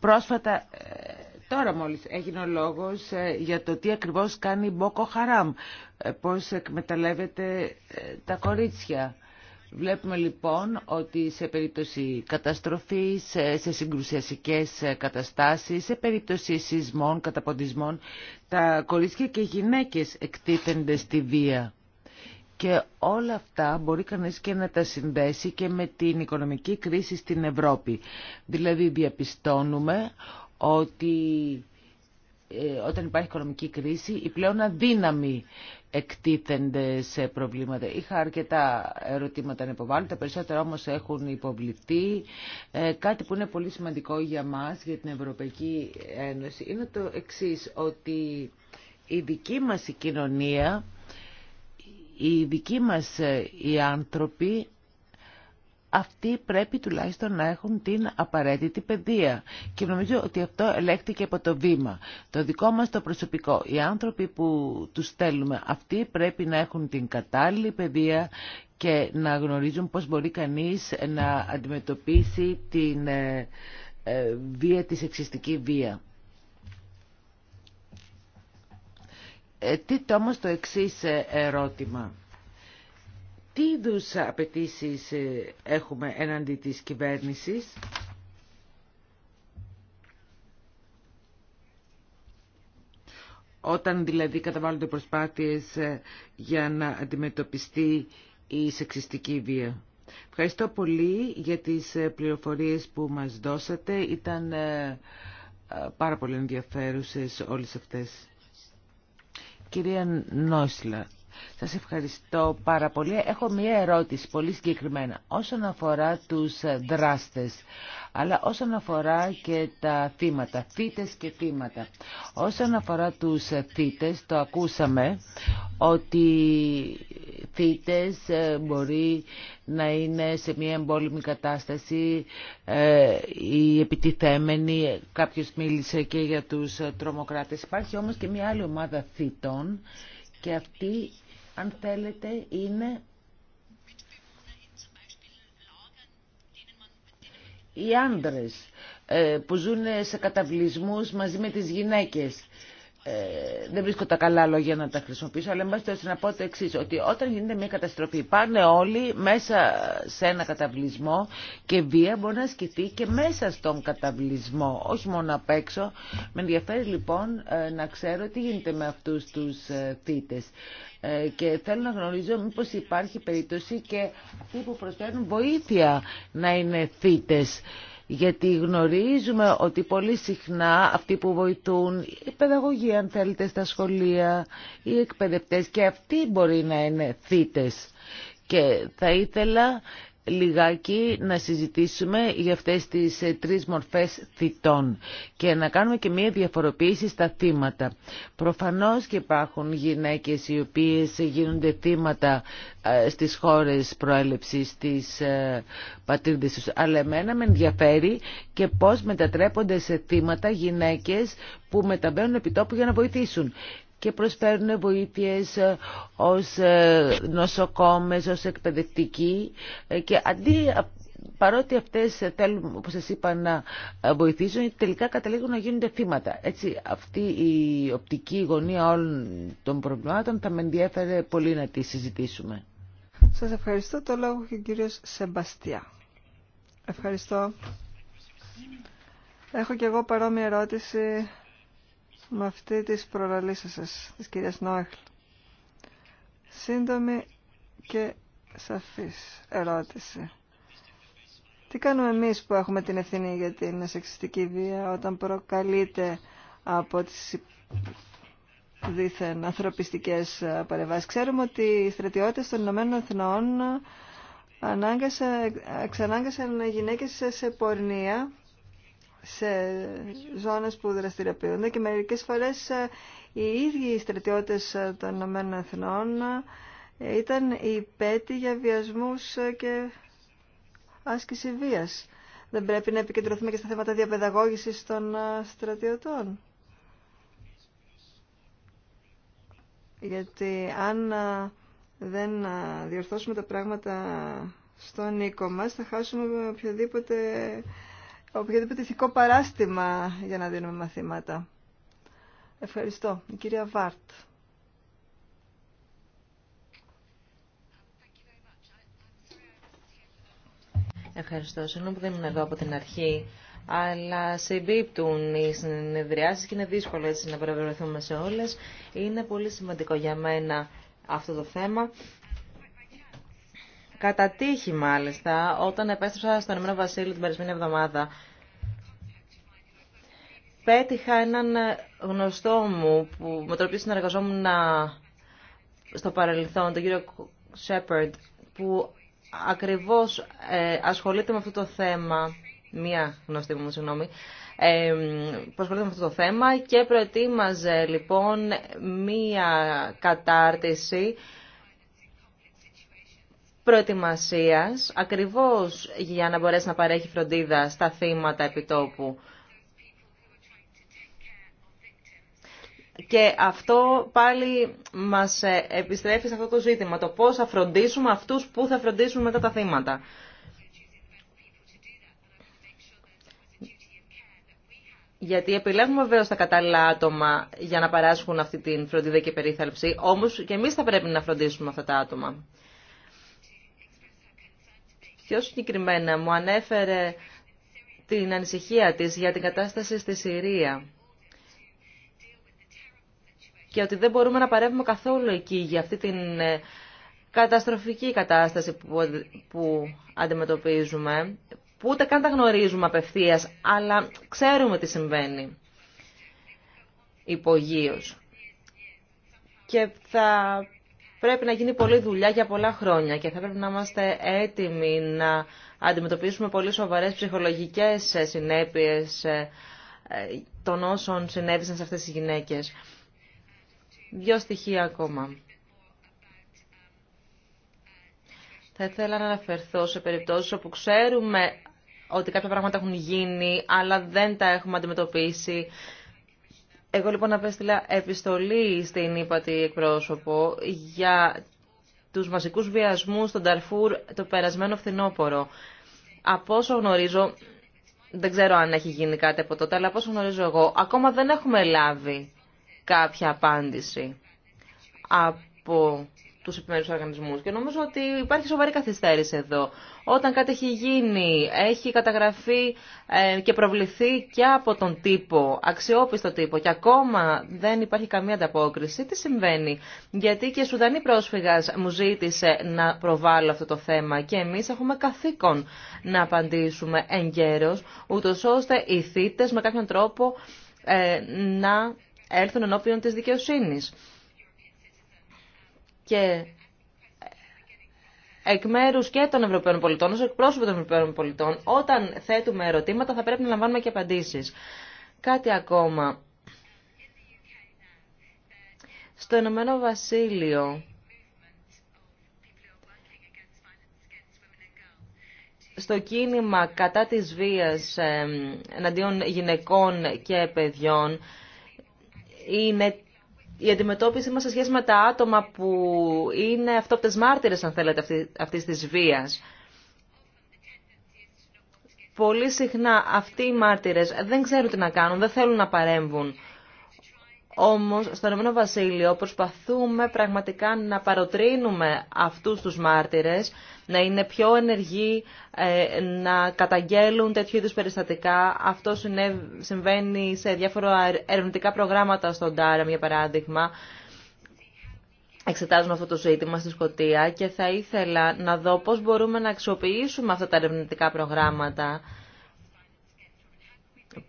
Πρόσφατα, ε, τώρα μόλις έγινε ο λόγος ε, για το τι ακριβώς κάνει η Μπόκο Χαράμ, πώς εκμεταλλεύεται τα κορίτσια. Βλέπουμε λοιπόν ότι σε περίπτωση καταστροφής, σε συγκρουσιασικές ε, καταστάσεις, σε περίπτωση σεισμών, καταποντισμών, τα κορίτσια και οι γυναίκες εκτίθενται στη βία. Και όλα αυτά μπορεί κανείς και να τα συνδέσει και με την οικονομική κρίση στην Ευρώπη. Δηλαδή διαπιστώνουμε ότι ε, όταν υπάρχει οικονομική κρίση οι πλέον αδύναμοι εκτίθενται σε προβλήματα. Είχα αρκετά ερωτήματα να υποβάλω, τα περισσότερα όμως έχουν υποβληθεί. Ε, κάτι που είναι πολύ σημαντικό για μας, για την Ευρωπαϊκή Ένωση, είναι το εξής, ότι η δική μας η κοινωνία, οι δικοί μας ε, οι άνθρωποι αυτοί πρέπει τουλάχιστον να έχουν την απαραίτητη παιδεία. Και νομίζω ότι αυτό ελέγχθηκε από το βήμα. Το δικό μας το προσωπικό, οι άνθρωποι που τους στέλνουμε, αυτοί πρέπει να έχουν την κατάλληλη παιδεία και να γνωρίζουν πώς μπορεί κανείς να αντιμετωπίσει την ε, ε, βία, τη σεξιστική βία. Ε, τι όμως το εξής ε, ερώτημα τι είδου απαιτήσει ε, έχουμε έναντι της κυβέρνησης. Όταν δηλαδή καταβάλλονται προσπάθειες ε, για να αντιμετωπιστεί η σεξιστική βία. Ευχαριστώ πολύ για τις ε, πληροφορίες που μας δώσατε. Ήταν πάρα πολύ ενδιαφέρουσες όλες αυτές. Κυρία Νόσλα, σας ευχαριστώ πάρα πολύ. Έχω μία ερώτηση πολύ συγκεκριμένα όσον αφορά τους δράστες, αλλά όσον αφορά και τα θύματα, θύτες και θύματα. Όσον αφορά τους θύτες, το ακούσαμε ότι θύτες ε, μπορεί να είναι σε μία εμπόλυμη κατάσταση, ε, οι επιτιθέμενοι, κάποιος μίλησε και για τους τρομοκράτες. Υπάρχει όμως και μία άλλη ομάδα θύτων και αυτή αν θέλετε, είναι οι άντρες ε, που ζουν σε καταβλισμούς μαζί με τις γυναίκες ε, δεν βρίσκω τα καλά λόγια να τα χρησιμοποιήσω, αλλά μπάστε να πω το εξή, ότι όταν γίνεται μια καταστροφή πάνε όλοι μέσα σε ένα καταβλισμό και βία μπορεί να ασκηθεί και μέσα στον καταβλισμό, όχι μόνο απ' έξω. Με ενδιαφέρει λοιπόν ε, να ξέρω τι γίνεται με αυτούς τους ε, θύτες και θέλω να γνωρίζω μήπως υπάρχει περίπτωση και αυτοί που προσφέρουν βοήθεια να είναι θύτες γιατί γνωρίζουμε ότι πολύ συχνά αυτοί που βοηθούν, η παιδαγωγή αν θέλετε στα σχολεία, οι εκπαιδευτές και αυτοί μπορεί να είναι θύτες. Και θα ήθελα λιγάκι να συζητήσουμε για αυτές τις ε, τρεις μορφές θητών και να κάνουμε και μία διαφοροποίηση στα θύματα. Προφανώς και υπάρχουν γυναίκες οι οποίες γίνονται θύματα ε, στις χώρες προέλευσης, της ε, πατρίδας τους. Αλλά εμένα με ενδιαφέρει και πώς μετατρέπονται σε θύματα γυναίκες που μεταβαίνουν επιτόπου για να βοηθήσουν και προσφέρουν βοήθειες ε, ως ε, νοσοκόμες, ως εκπαιδευτικοί ε, και αντί παρότι αυτές θέλουν, όπως σας είπα, να βοηθήσουν, τελικά καταλήγουν να γίνονται θύματα. Έτσι, αυτή η οπτική γωνία όλων των προβλημάτων θα με ενδιαφέρε πολύ να τη συζητήσουμε. Σας ευχαριστώ. Το λόγο και ο κύριος Σεμπαστιά. Ευχαριστώ. Έχω και εγώ παρόμοια ερώτηση με αυτή της προλαλήσεως σας, της κυρίας Νόεχλ. Σύντομη και σαφής ερώτηση. Τι κάνουμε εμείς που έχουμε την ευθύνη για την σεξιστική βία όταν προκαλείται από τις δίθεν ανθρωπιστικές παρεμβάσεις. Ξέρουμε ότι οι στρατιώτες των Ηνωμένων Εθνών εξανάγκασαν γυναίκες σε πορνεία σε ζώνες που δραστηριοποιούνται και μερικές φορές ε, οι ίδιοι οι στρατιώτες ε, των Ηνωμένων Εθνών ε, ήταν η υπέτη για βιασμούς και άσκηση βίας. Δεν πρέπει να επικεντρωθούμε και στα θέματα διαπαιδαγώγησης των στρατιωτών. Γιατί αν δεν διορθώσουμε τα πράγματα στον οίκο μας, θα χάσουμε οποιοδήποτε οποιοδήποτε ηθικό παράστημα για να δίνουμε μαθήματα. Ευχαριστώ. Η κυρία Βάρτ. Ευχαριστώ. Συγγνώμη που δεν ήμουν εδώ από την αρχή, αλλά σε συμπίπτουν οι συνεδριάσεις και είναι δύσκολο έτσι να προεβρεθούμε σε όλες. Είναι πολύ σημαντικό για μένα αυτό το θέμα. Κατά τύχη μάλιστα, όταν επέστρεψα στον Εμμένο Βασίλειο την περισμένη εβδομάδα, πέτυχα έναν γνωστό μου που, με τον οποίο συνεργαζόμουν στο παρελθόν, τον κύριο Σέπερντ, που ακριβώς ε, ασχολείται με αυτό το θέμα, μία γνωστή μου, συγγνώμη, ε, ασχολείται με αυτό το θέμα και προετοίμαζε λοιπόν μία κατάρτιση προετοιμασίας, ακριβώς για να μπορέσει να παρέχει φροντίδα στα θύματα επιτόπου. Και αυτό πάλι μας ε, επιστρέφει σε αυτό το ζήτημα, το πώς θα φροντίσουμε αυτούς που θα φροντίσουν μετά τα θύματα. Γιατί επιλέγουμε βέβαια τα κατάλληλα άτομα για να παράσχουν αυτή την φροντίδα και περίθαλψη, όμως και εμείς θα πρέπει να φροντίσουμε αυτά τα άτομα. Ποιο συγκεκριμένα μου ανέφερε την ανησυχία της για την κατάσταση στη Συρία και ότι δεν μπορούμε να παρεύουμε καθόλου εκεί για αυτή την ε, καταστροφική κατάσταση που αντιμετωπίζουμε, που ούτε καν τα γνωρίζουμε απευθείας, αλλά ξέρουμε τι συμβαίνει υπογείως. Και θα Πρέπει να γίνει πολλή δουλειά για πολλά χρόνια και θα πρέπει να είμαστε έτοιμοι να αντιμετωπίσουμε πολύ σοβαρές ψυχολογικές ε, συνέπειες ε, ε, των όσων συνέβησαν σε αυτές τις γυναίκες. Δύο στοιχεία ακόμα. Θα ήθελα να αναφερθώ σε περιπτώσεις όπου ξέρουμε ότι κάποια πράγματα έχουν γίνει, αλλά δεν τα έχουμε αντιμετωπίσει εγώ λοιπόν απέστειλα επιστολή στην ύπατη εκπρόσωπο για τους μαζικούς βιασμούς στον Ταρφούρ το περασμένο φθινόπωρο. Από όσο γνωρίζω, δεν ξέρω αν έχει γίνει κάτι από τότε, αλλά από όσο γνωρίζω εγώ, ακόμα δεν έχουμε λάβει κάποια απάντηση από του επιμέρου οργανισμού. Και νομίζω ότι υπάρχει σοβαρή καθυστέρηση εδώ. Όταν κάτι έχει γίνει, έχει καταγραφεί ε, και προβληθεί και από τον τύπο, αξιόπιστο τύπο και ακόμα δεν υπάρχει καμία ανταπόκριση, τι συμβαίνει. Γιατί και η Σουδανή πρόσφυγα μου ζήτησε να προβάλλω αυτό το θέμα και εμεί έχουμε καθήκον να απαντήσουμε εν γέρο, ούτω ώστε οι θήτε με κάποιον τρόπο ε, να έρθουν ενώπιον της δικαιοσύνης και εκ μέρου και των Ευρωπαίων πολιτών, ω εκπρόσωπο των Ευρωπαίων πολιτών, όταν θέτουμε ερωτήματα θα πρέπει να λαμβάνουμε και απαντήσει. Κάτι ακόμα. Στο Ηνωμένο Βασίλειο, στο κίνημα κατά της βίας εναντίον γυναικών και παιδιών, είναι η αντιμετώπιση μας σε σχέση με τα άτομα που είναι αυτόπτες μάρτυρες, αν θέλετε, αυτή, αυτής της βίας. Πολύ συχνά αυτοί οι μάρτυρες δεν ξέρουν τι να κάνουν, δεν θέλουν να παρέμβουν. Όμως, στον Ηνωμένο Βασίλειο προσπαθούμε πραγματικά να παροτρύνουμε αυτούς τους μάρτυρες να είναι πιο ενεργοί, ε, να καταγγέλουν τέτοιου είδους περιστατικά. Αυτό συμβαίνει σε διάφορα ερευνητικά προγράμματα στον Τάραμ, για παράδειγμα. Εξετάζουμε αυτό το ζήτημα στη Σκωτία και θα ήθελα να δω πώς μπορούμε να αξιοποιήσουμε αυτά τα ερευνητικά προγράμματα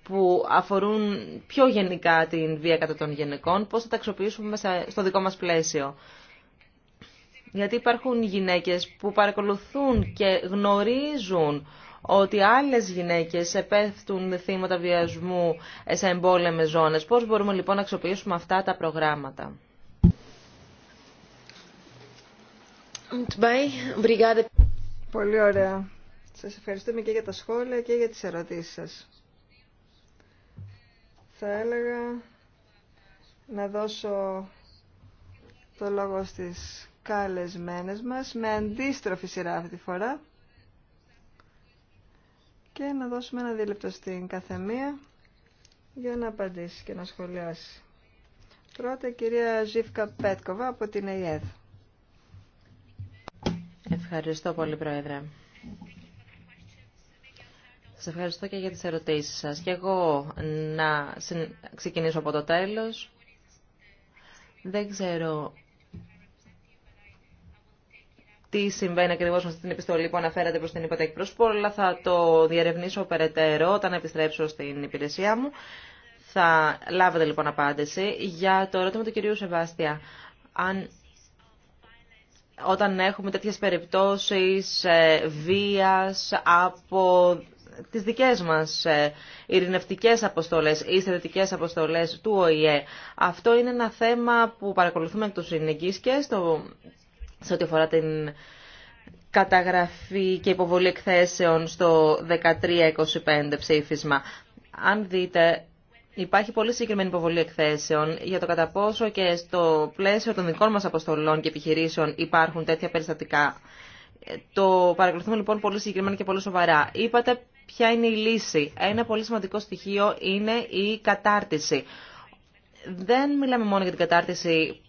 που αφορούν πιο γενικά την βία κατά των γυναικών, πώς θα τα αξιοποιήσουμε στο δικό μας πλαίσιο. Γιατί υπάρχουν γυναίκες που παρακολουθούν και γνωρίζουν ότι άλλες γυναίκες επέφτουν θύματα βιασμού σε εμπόλεμες ζώνες. Πώς μπορούμε λοιπόν να αξιοποιήσουμε αυτά τα προγράμματα. Πολύ ωραία. Σας ευχαριστούμε και για τα σχόλια και για τις ερωτήσεις σας θα έλεγα να δώσω το λόγο στις καλεσμένες μας με αντίστροφη σειρά αυτή τη φορά και να δώσουμε ένα δίλεπτο στην καθεμία για να απαντήσει και να σχολιάσει. Πρώτα η κυρία Ζήφκα Πέτκοβα από την ΕΙΕΔ. Ευχαριστώ πολύ Πρόεδρε. Σας ευχαριστώ και για τις ερωτήσεις σας. Και εγώ να ξεκινήσω από το τέλος. Δεν ξέρω τι συμβαίνει ακριβώ με αυτή την επιστολή που αναφέρατε προ την υποτέκη αλλά θα το διερευνήσω περαιτέρω όταν επιστρέψω στην υπηρεσία μου. Θα λάβετε λοιπόν απάντηση. Για το ερώτημα του κυρίου Σεβάστια, αν όταν έχουμε τέτοιες περιπτώσεις ε, βίας από τι δικέ μας ε, ειρηνευτικές αποστολέ, ή στρατιωτικές αποστολέ του ΟΗΕ. Αυτό είναι ένα θέμα που παρακολουθούμε εκ του συνεγγύς και στο, σε ό,τι αφορά την καταγραφή και υποβολή εκθέσεων στο 1325 ψήφισμα. Αν δείτε, υπάρχει πολύ συγκεκριμένη υποβολή εκθέσεων για το κατά πόσο και στο πλαίσιο των δικών μας αποστολών και επιχειρήσεων υπάρχουν τέτοια περιστατικά. Ε, το παρακολουθούμε λοιπόν πολύ συγκεκριμένα και πολύ σοβαρά. Είπατε ποια είναι η λύση. Ένα πολύ σημαντικό στοιχείο είναι η κατάρτιση. Δεν μιλάμε μόνο για την κατάρτιση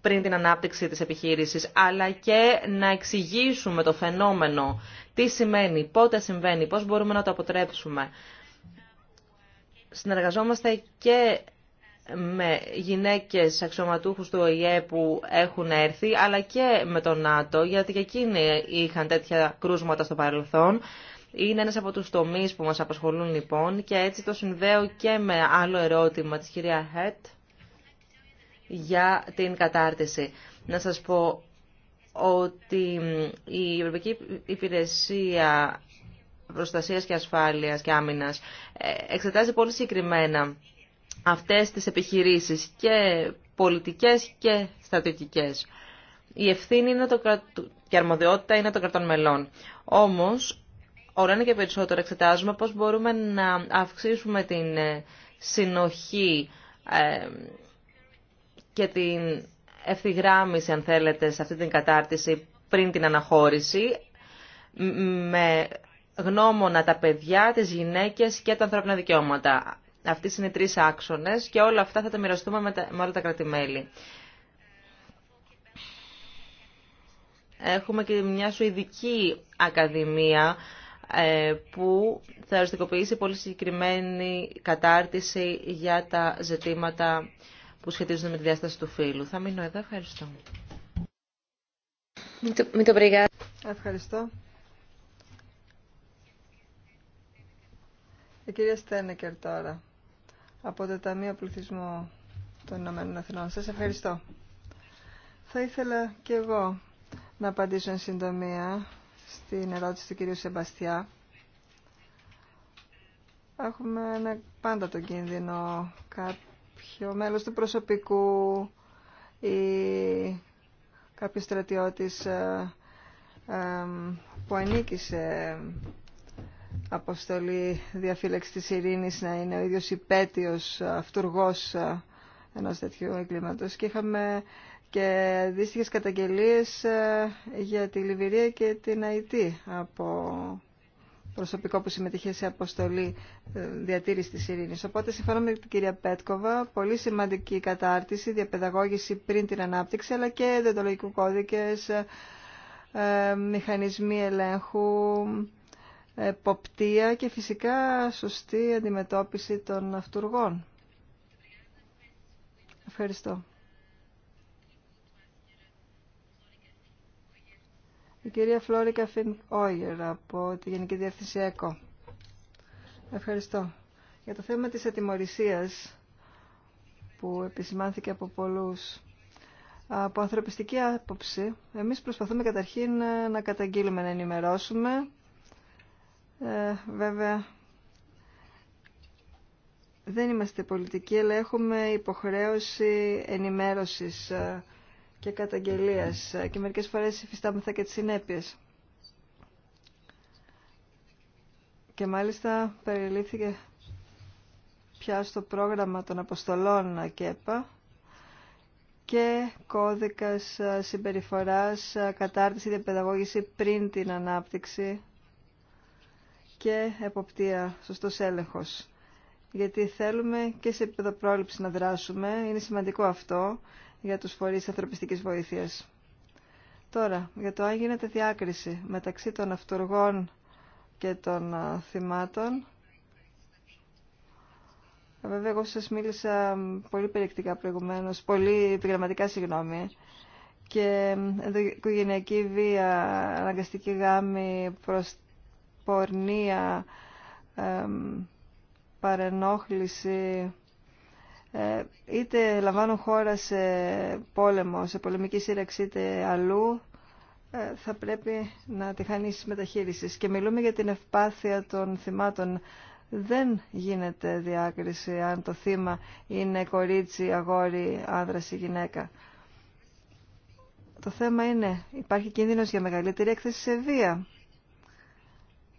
πριν την ανάπτυξη της επιχείρησης, αλλά και να εξηγήσουμε το φαινόμενο, τι σημαίνει, πότε συμβαίνει, πώς μπορούμε να το αποτρέψουμε. Συνεργαζόμαστε και με γυναίκες αξιωματούχους του ΟΗΕ που έχουν έρθει, αλλά και με τον ΝΑΤΟ, γιατί και εκείνοι είχαν τέτοια κρούσματα στο παρελθόν. Είναι ένας από τους τομείς που μας απασχολούν λοιπόν και έτσι το συνδέω και με άλλο ερώτημα της κυρία Χέτ για την κατάρτιση. Να σας πω ότι η Ευρωπαϊκή Υπηρεσία Προστασίας και Ασφάλειας και Άμυνας ε, εξετάζει πολύ συγκεκριμένα αυτές τις επιχειρήσεις και πολιτικές και στρατιωτικές. Η ευθύνη είναι το και η αρμοδιότητα είναι των κρατών μελών. Όμως, όλα και περισσότερο εξετάζουμε πώς μπορούμε να αυξήσουμε την ε, συνοχή ε, και την ευθυγράμμιση, αν θέλετε, σε αυτή την κατάρτιση πριν την αναχώρηση, με γνώμονα τα παιδιά, τις γυναίκες και τα ανθρώπινα δικαιώματα. Αυτοί είναι οι τρεις άξονες και όλα αυτά θα τα μοιραστούμε με, τα, όλα τα κρατημέλη. Έχουμε και μια σουηδική ακαδημία ε, που θα οριστικοποιήσει πολύ συγκεκριμένη κατάρτιση για τα ζητήματα που σχετίζονται με τη διάσταση του φύλου. Θα μείνω εδώ. Ευχαριστώ. Ευχαριστώ. Η κυρία Στένεκερ τώρα από το Ταμείο Πληθυσμού των Ηνωμένων Εθνών. Σας ευχαριστώ. Θα ήθελα και εγώ να απαντήσω εν συντομία στην ερώτηση του κυρίου Σεμπαστιά. Έχουμε ένα, πάντα τον κίνδυνο κάποιο μέλος του προσωπικού ή κάποιος στρατιώτης ε, ε, που ανήκει σε αποστολή διαφύλαξη της ειρήνης να είναι ο ίδιος υπέτειος αυτούργός ε, ενός τέτοιου εγκλήματος. Και είχαμε και δύστιχες καταγγελίες ε, για τη Λιβυρία και την Αϊτή από προσωπικό που συμμετείχε σε αποστολή ε, διατήρηση της ειρήνης. Οπότε συμφωνώ με την κυρία Πέτκοβα, πολύ σημαντική κατάρτιση, διαπαιδαγώγηση πριν την ανάπτυξη, αλλά και δεντολογικού κώδικες, μηχανισμοί ελέγχου, εποπτεία και φυσικά σωστή αντιμετώπιση των αυτούργων. Ευχαριστώ. Η κυρία Φλόρικα Φιν Όγερ από τη Γενική Διεύθυνση ΕΚΟ. Ευχαριστώ. Για το θέμα της ατιμορρησίας που επισημάνθηκε από πολλούς από ανθρωπιστική άποψη, εμείς προσπαθούμε καταρχήν να καταγγείλουμε, να ενημερώσουμε ε, βέβαια, δεν είμαστε πολιτικοί, αλλά έχουμε υποχρέωση ενημέρωσης ε, και καταγγελίας ε, και μερικές φορές υφιστάμεθα και τις συνέπειες. Και μάλιστα περιλήφθηκε πια στο πρόγραμμα των Αποστολών ΚΕΠΑ και κώδικας συμπεριφοράς, κατάρτιση, διαπαιδαγώγηση πριν την ανάπτυξη και εποπτεία, σωστός έλεγχος. Γιατί θέλουμε και σε επίπεδο πρόληψη να δράσουμε. Είναι σημαντικό αυτό για τους φορείς ανθρωπιστικής βοήθειας. Τώρα, για το αν γίνεται διάκριση μεταξύ των αυτοργών και των θυμάτων. Βέβαια, εγώ σας μίλησα πολύ περιεκτικά προηγουμένως, πολύ επιγραμματικά συγγνώμη και οικογενειακή βία, αναγκαστική γάμη προς πορνεία, παρενόχληση, ε, είτε λαμβάνουν χώρα σε πόλεμο, σε πολεμική σύραξη, είτε αλλού, ε, θα πρέπει να τη χάνει μεταχείριση. Και μιλούμε για την ευπάθεια των θυμάτων. Δεν γίνεται διάκριση αν το θύμα είναι κορίτσι, αγόρι, άνδρας ή γυναίκα. Το θέμα είναι, υπάρχει κίνδυνος για μεγαλύτερη έκθεση σε βία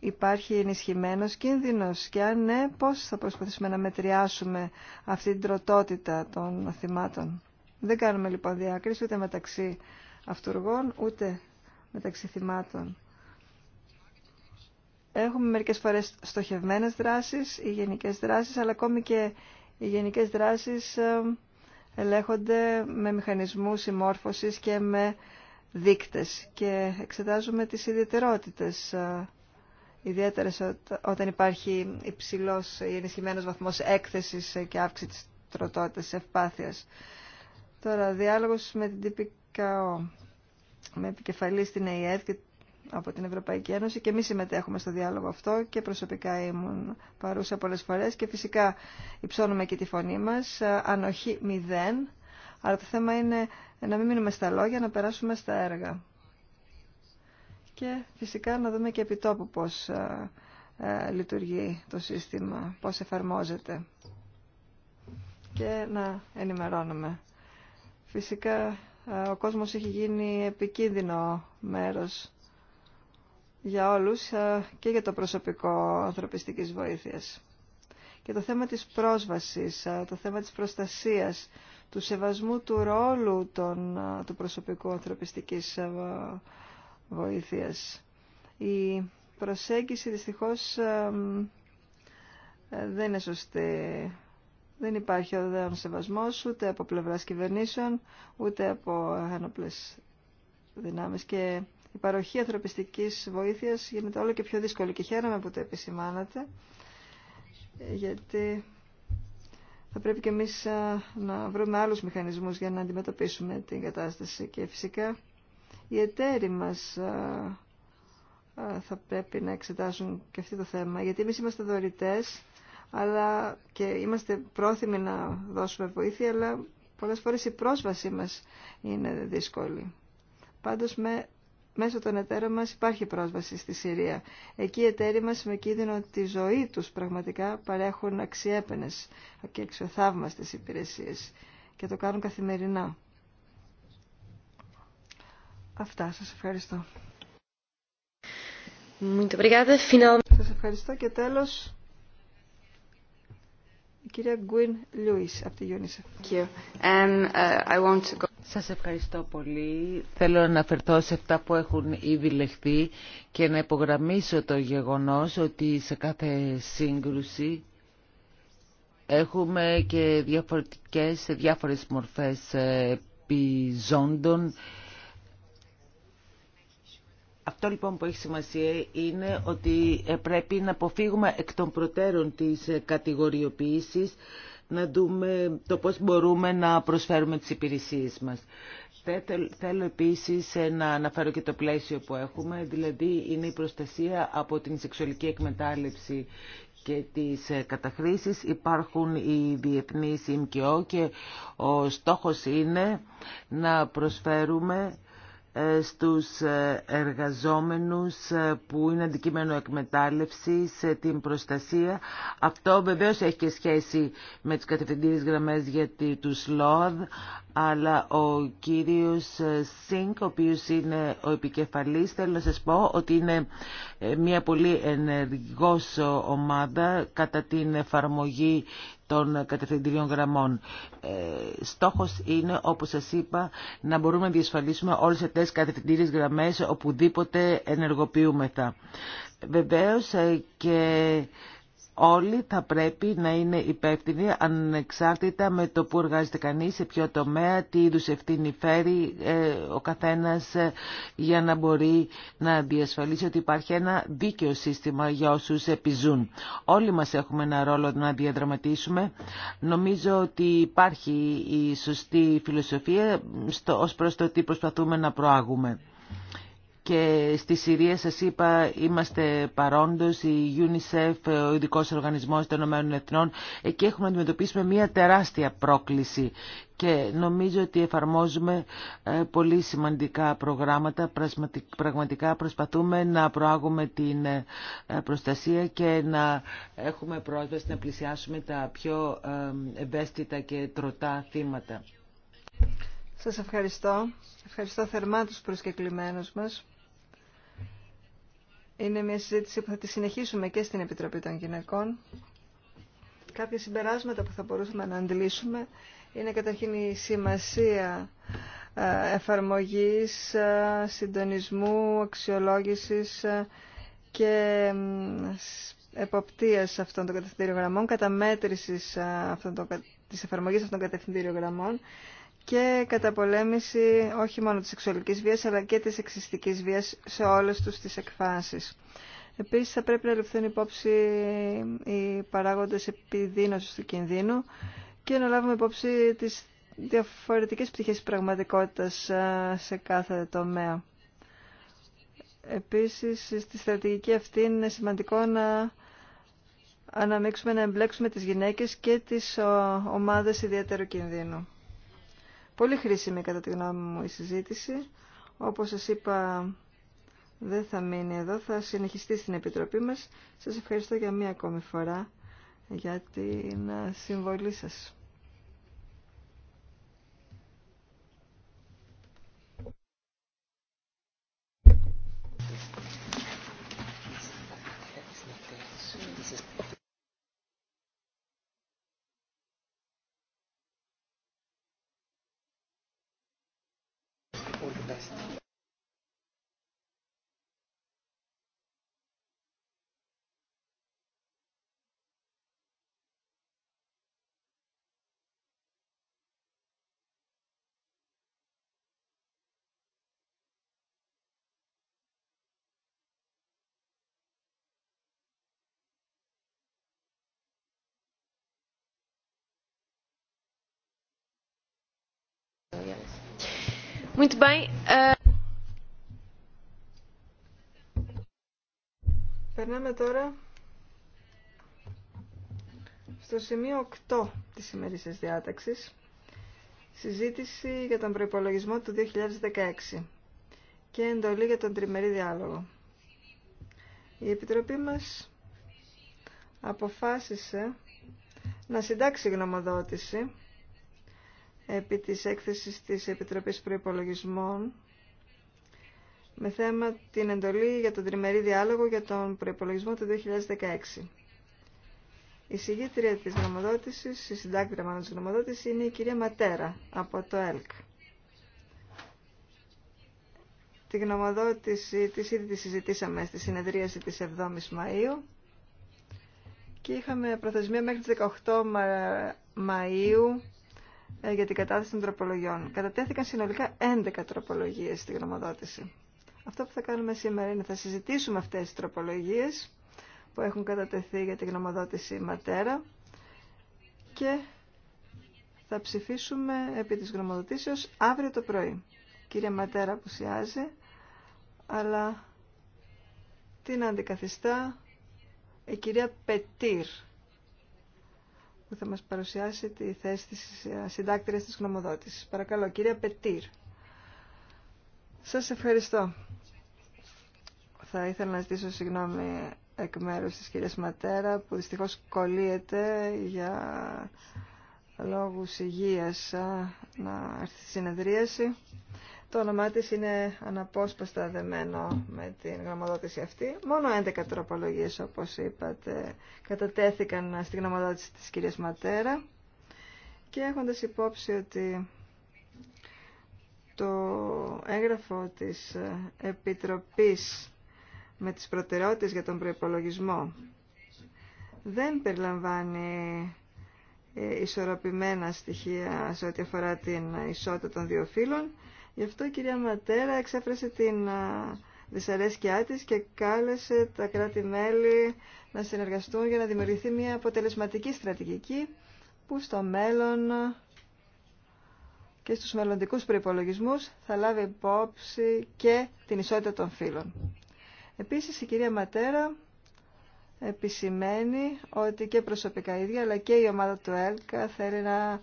υπάρχει ενισχυμένος κίνδυνος και αν ναι, πώς θα προσπαθήσουμε να μετριάσουμε αυτή την τροτότητα των θυμάτων. Δεν κάνουμε λοιπόν διάκριση ούτε μεταξύ αυτούργων, ούτε μεταξύ θυμάτων. Έχουμε μερικές φορές στοχευμένες δράσεις, οι γενικές δράσεις, αλλά ακόμη και οι γενικές δράσεις ε, ελέγχονται με μηχανισμούς συμμόρφωσης και με δείκτες και εξετάζουμε τις ιδιαιτερότητες ε, ιδιαίτερα όταν υπάρχει υψηλός ή ενισχυμένος βαθμός έκθεσης και αύξηση της τροτότητας, ευπάθειας. Τώρα, διάλογος με την ΤΠΚΟ, με επικεφαλή στην ΕΕ και από την Ευρωπαϊκή Ένωση και εμεί συμμετέχουμε στο διάλογο αυτό και προσωπικά ήμουν παρούσα πολλές φορές και φυσικά υψώνουμε και τη φωνή μας, ανοχή μηδέν, αλλά το θέμα είναι να μην μείνουμε στα λόγια, να περάσουμε στα έργα και φυσικά να δούμε και τόπου πώς ε, ε, λειτουργεί το σύστημα, πώς εφαρμόζεται και να ενημερώνουμε. Φυσικά ε, ο κόσμος έχει γίνει επικίνδυνο μέρος για όλους και για το προσωπικό ανθρωπιστικής βοήθειας. Και το θέμα της πρόσβασης, το θέμα της προστασίας, του σεβασμού του ρόλου των, του προσωπικού ανθρωπιστικής βοήθειας. Η προσέγγιση δυστυχώς ε, δεν είναι σωστή. Δεν υπάρχει ο ούτε από πλευράς κυβερνήσεων, ούτε από ένοπλες δυνάμεις. Και η παροχή ανθρωπιστική βοήθειας γίνεται όλο και πιο δύσκολη και χαίρομαι που το επισημάνατε, γιατί θα πρέπει και εμείς ε, να βρούμε άλλους μηχανισμούς για να αντιμετωπίσουμε την κατάσταση. Και φυσικά οι εταίροι μας θα πρέπει να εξετάσουν και αυτό το θέμα. Γιατί εμείς είμαστε δωρητές αλλά και είμαστε πρόθυμοι να δώσουμε βοήθεια, αλλά πολλές φορές η πρόσβασή μας είναι δύσκολη. Πάντως με, μέσω των εταίρων μας υπάρχει πρόσβαση στη Συρία. Εκεί οι εταίροι μας με κίνδυνο τη ζωή τους πραγματικά παρέχουν αξιέπαινες και αξιοθαύμαστες υπηρεσίες και το κάνουν καθημερινά. Αυτά. Σας ευχαριστώ. Σας ευχαριστώ και τέλος η κυρία Γκουίν Λιούις από τη uh, Σας ευχαριστώ πολύ. Θέλω να αναφερθώ σε αυτά που έχουν ήδη λεχθεί και να υπογραμμίσω το γεγονός ότι σε κάθε σύγκρουση έχουμε και διαφορετικές, διάφορες μορφές ε, επιζώντων αυτό λοιπόν που έχει σημασία είναι ότι ε, πρέπει να αποφύγουμε εκ των προτέρων της ε, κατηγοριοποίησης, να δούμε το πώς μπορούμε να προσφέρουμε τις υπηρεσίες μας. Θέλω επίσης ε, να αναφέρω και το πλαίσιο που έχουμε, δηλαδή είναι η προστασία από την σεξουαλική εκμετάλλευση και τις καταχρήσεις. Υπάρχουν οι διεθνείς ΙΜΚΟ και ο στόχος είναι να προσφέρουμε ε, στους ε, εργαζόμενους ε, που είναι αντικείμενο σε την προστασία. Αυτό βεβαίως έχει και σχέση με τις κατευθυντήριες γραμμές για τους ΛΟΑΔ αλλά ο κύριος Σίνκ, ο οποίος είναι ο επικεφαλής, θέλω να σας πω ότι είναι μια πολύ ενεργός ομάδα κατά την εφαρμογή των κατευθυντηρίων γραμμών. Ε, στόχος είναι, όπως σας είπα, να μπορούμε να διασφαλίσουμε όλες αυτές τις κατευθυντήριες γραμμές οπουδήποτε ενεργοποιούμεθα. Βεβαίως ε, και όλοι θα πρέπει να είναι υπεύθυνοι ανεξάρτητα με το που εργάζεται κανείς, σε ποιο τομέα, τι είδους ευθύνη φέρει ε, ο καθένας ε, για να μπορεί να διασφαλίσει ότι υπάρχει ένα δίκαιο σύστημα για όσους επιζούν. Όλοι μας έχουμε ένα ρόλο να διαδραματίσουμε. Νομίζω ότι υπάρχει η σωστή φιλοσοφία ως προς το τι προσπαθούμε να προάγουμε και στη Συρία σας είπα είμαστε παρόντος, η UNICEF, ο ειδικό Οργανισμός των Ηνωμένων Εθνών εκεί έχουμε να αντιμετωπίσουμε μια τεράστια πρόκληση και νομίζω ότι εφαρμόζουμε ε, πολύ σημαντικά προγράμματα, πραγματικά προσπαθούμε να προάγουμε την ε, προστασία και να έχουμε πρόσβαση να πλησιάσουμε τα πιο ε, ευαίσθητα και τροτά θύματα. Σας ευχαριστώ. Ευχαριστώ θερμά τους προσκεκλημένους μας. Είναι μια συζήτηση που θα τη συνεχίσουμε και στην Επιτροπή των Γυναικών. Κάποια συμπεράσματα που θα μπορούσαμε να αντιλήσουμε είναι καταρχήν η σημασία ε, εφαρμογής, ε, συντονισμού, αξιολόγησης ε, και εποπτείας αυτών των κατευθυντήριων γραμμών, καταμέτρησης αυτών των, της εφαρμογής αυτών των κατευθυντήριων γραμμών και καταπολέμηση όχι μόνο της σεξουαλικής βίας αλλά και της εξιστικής βίας σε όλες τους τις εκφάνσεις. Επίσης θα πρέπει να ληφθούν υπόψη οι παράγοντες επιδείνωσης του κινδύνου και να λάβουμε υπόψη τις διαφορετικές πτυχές της πραγματικότητας ε, σε κάθε τομέα. Επίσης, στη στρατηγική αυτή είναι σημαντικό να αναμίξουμε, να εμπλέξουμε τις γυναίκες και τις ε, ομάδες ιδιαίτερου κινδύνου. Πολύ χρήσιμη κατά τη γνώμη μου η συζήτηση. Όπως σας είπα δεν θα μείνει εδώ, θα συνεχιστεί στην Επιτροπή μας. Σας ευχαριστώ για μία ακόμη φορά για την συμβολή σας. aliás. Muito eh, Περνάμε τώρα στο σημείο 8 της σημερινής διάταξης. Συζήτηση για τον προϋπολογισμό του 2016 και εντολή για τον τριμερή διάλογο. Η Επιτροπή μας αποφάσισε να συντάξει γνωμοδότηση επί της έκθεσης της Επιτροπής Προϋπολογισμών με θέμα την εντολή για τον τριμερή διάλογο για τον προϋπολογισμό του 2016. Η συγγήτρια της γνωμοδότησης, η συντάκτρια μάλλον της γνωμοδότησης, είναι η κυρία Ματέρα από το ΕΛΚ. Τη γνωμοδότηση της ήδη τη συζητήσαμε στη συνεδρίαση της 7ης Μαΐου και είχαμε προθεσμία μέχρι τις 18 Μαΐου ε, για την κατάθεση των τροπολογιών. Κατατέθηκαν συνολικά 11 τροπολογίες στη γνωμοδότηση. Αυτό που θα κάνουμε σήμερα είναι θα συζητήσουμε αυτές τις τροπολογίες που έχουν κατατεθεί για τη γνωμοδότηση Ματέρα και θα ψηφίσουμε επί της γνωμοδοτήσεως αύριο το πρωί. Κυρία Ματέρα που αλλά την αντικαθιστά η κυρία Πετήρ που θα μας παρουσιάσει τη θέση της συντάκτηρας της γνωμοδότησης. Παρακαλώ, κυρία Πετήρ. Σας ευχαριστώ. Θα ήθελα να ζητήσω συγγνώμη εκ μέρους της κυρίας Ματέρα που δυστυχώς κολλείεται για λόγους υγείας να έρθει στη συνεδρίαση. Το όνομά της είναι αναπόσπαστα δεμένο με την γνωμοδότηση αυτή. Μόνο 11 τροπολογίες, όπως είπατε, κατατέθηκαν στην γνωμοδότηση της κυρίας Ματέρα. Και έχοντας υπόψη ότι το έγγραφο της Επιτροπής με τις προτεραιότητες για τον προϋπολογισμό δεν περιλαμβάνει ε, ισορροπημένα στοιχεία σε ό,τι αφορά την ισότητα των δύο φύλων, Γι' αυτό η κυρία Ματέρα εξέφρασε την δυσαρέσκειά της και κάλεσε τα κράτη-μέλη να συνεργαστούν για να δημιουργηθεί μια αποτελεσματική στρατηγική που στο μέλλον και στους μελλοντικούς προϋπολογισμούς θα λάβει υπόψη και την ισότητα των φύλων. Επίσης η κυρία Ματέρα επισημαίνει ότι και προσωπικά ίδια αλλά και η ομάδα του ΕΛΚΑ θέλει να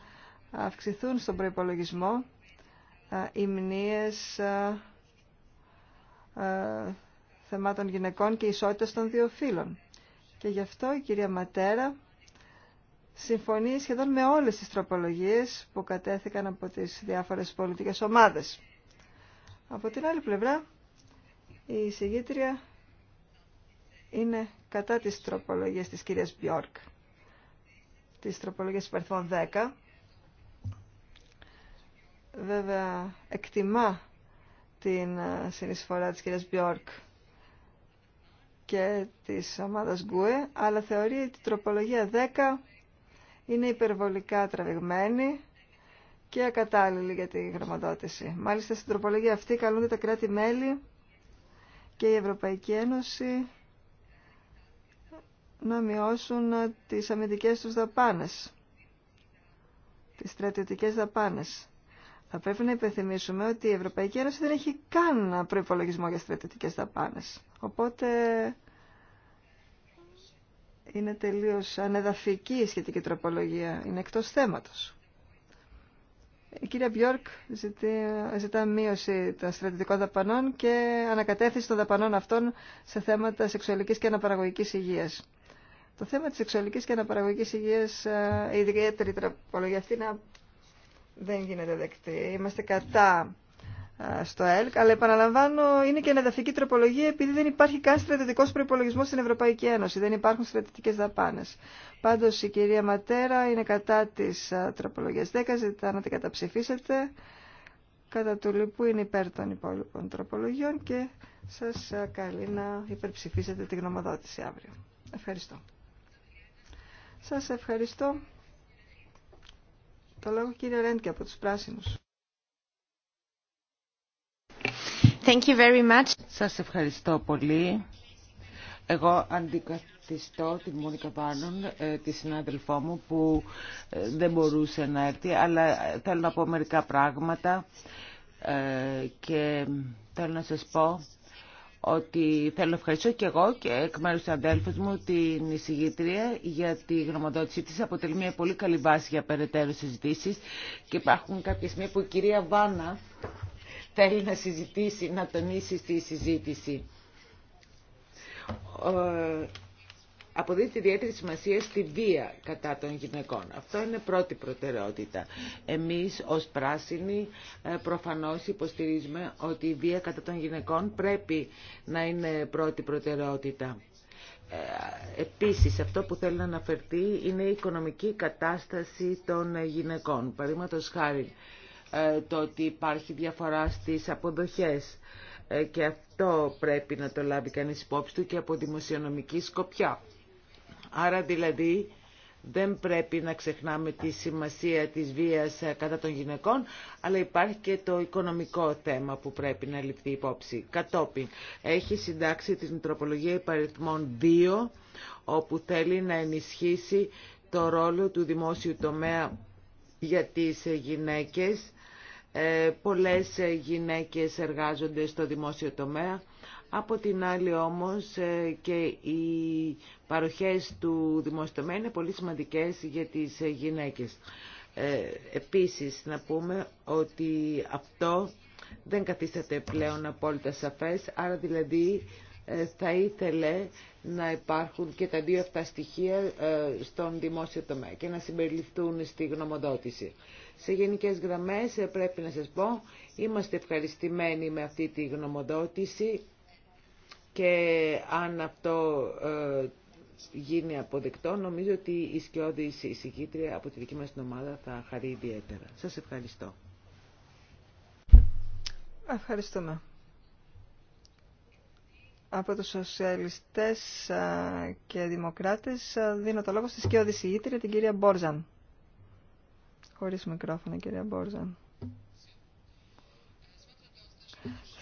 αυξηθούν στον προϋπολογισμό ημνίες θεμάτων γυναικών και ισότητας των δύο φύλων. Και γι' αυτό η κυρία Ματέρα συμφωνεί σχεδόν με όλες τις τροπολογίες που κατέθηκαν από τις διάφορες πολιτικές ομάδες. Από την άλλη πλευρά, η συγγήτρια είναι κατά τις τροπολογίες της κυρίας Μπιόρκ, τις τροπολογίες Περθών 10, Βέβαια, εκτιμά την ε, συνεισφορά της κυρίας Μπιόρκ και της ομάδας Γκουε, αλλά θεωρεί ότι η τροπολογία 10 είναι υπερβολικά τραβηγμένη και ακατάλληλη για τη γραμματότηση. Μάλιστα, στην τροπολογία αυτή καλούνται τα κράτη-μέλη και η Ευρωπαϊκή Ένωση να μειώσουν τις αμυντικές τους δαπάνες, τις στρατιωτικές δαπάνες. Θα πρέπει να υπενθυμίσουμε ότι η Ευρωπαϊκή Ένωση δεν έχει καν προπολογισμό για στρατιωτικέ δαπάνε. Οπότε είναι τελείω ανεδαφική η σχετική τροπολογία. Είναι εκτό θέματο. Η κυρία Μπιόρκ ζητά μείωση των στρατιωτικών δαπανών και ανακατεύθυνση των δαπανών αυτών σε θέματα σεξουαλικής και αναπαραγωγικής υγείας. Το θέμα της σεξουαλικής και αναπαραγωγικής υγείας, η ε, ιδιαίτερη τροπολογία αυτή είναι δεν γίνεται δεκτή. Είμαστε κατά στο ΕΛΚ, αλλά επαναλαμβάνω, είναι και αναδαφική τροπολογία επειδή δεν υπάρχει καν στρατιωτικό προπολογισμό στην Ευρωπαϊκή Ένωση. Δεν υπάρχουν στρατιωτικέ δαπάνε. Πάντω η κυρία Ματέρα είναι κατά τη τροπολογία 10, ζητά να την καταψηφίσετε. Κατά του λοιπού είναι υπέρ των υπόλοιπων τροπολογιών και σα καλεί να υπερψηφίσετε τη γνωμοδότηση αύριο. Ευχαριστώ. Σας ευχαριστώ. Το λόγο κύριε Ρέντκε από τους Πράσινους. Σας ευχαριστώ πολύ. Εγώ αντικαθιστώ την Μόνικα Βάνων, ε, τη συνάδελφό μου, που ε, δεν μπορούσε να έρθει, αλλά ε, θέλω να πω μερικά πράγματα και θέλω να σας πω ότι θέλω να ευχαριστώ και εγώ και εκ μέρους του αδέλφου μου την εισηγήτρια για τη γνωμοδότησή της. Αποτελεί μια πολύ καλή βάση για περαιτέρω συζητήσεις και υπάρχουν κάποια σημεία που η κυρία Βάνα θέλει να συζητήσει, να τονίσει στη συζήτηση. Ε, αποδίδεται ιδιαίτερη σημασία στη βία κατά των γυναικών. Αυτό είναι πρώτη προτεραιότητα. Εμείς ως πράσινοι ε, προφανώς υποστηρίζουμε ότι η βία κατά των γυναικών πρέπει να είναι πρώτη προτεραιότητα. Ε, επίσης, αυτό που θέλω να αναφερθεί είναι η οικονομική κατάσταση των γυναικών. Παραδείγματος χάρη, ε, το ότι υπάρχει διαφορά στις αποδοχές και αυτό πρέπει να το λάβει κανείς υπόψη του και από δημοσιονομική σκοπιά. Άρα δηλαδή δεν πρέπει να ξεχνάμε τη σημασία της βίας ε, κατά των γυναικών, αλλά υπάρχει και το οικονομικό θέμα που πρέπει να ληφθεί υπόψη. Κατόπιν, έχει συντάξει την τροπολογία υπαριθμών 2, όπου θέλει να ενισχύσει το ρόλο του δημόσιου τομέα για τις ε, γυναίκες. Ε, πολλές γυναίκες εργάζονται στο δημόσιο τομέα, από την άλλη όμως ε, και οι παροχές του δημοσιοτομέα είναι πολύ σημαντικές για τις ε, γυναίκες. Ε, επίσης να πούμε ότι αυτό δεν καθίσταται πλέον απόλυτα σαφές, άρα δηλαδή θα ήθελε να υπάρχουν και τα δύο αυτά στοιχεία στον δημόσιο τομέα και να συμπεριληφθούν στη γνωμοδότηση. Σε γενικές γραμμές πρέπει να σας πω, είμαστε ευχαριστημένοι με αυτή τη γνωμοδότηση και αν αυτό ε, γίνει αποδεκτό, νομίζω ότι η σκιώδη εισηγήτρια από τη δική μας ομάδα θα χαρεί ιδιαίτερα. Σας ευχαριστώ. Ευχαριστούμε. Από τους σοσιαλιστές ε, και δημοκράτες ε, δίνω το λόγο στη σκιώδη εισηγήτρια την κυρία Μπόρζαν. Χωρίς μικρόφωνο κυρία Μπόρζαν.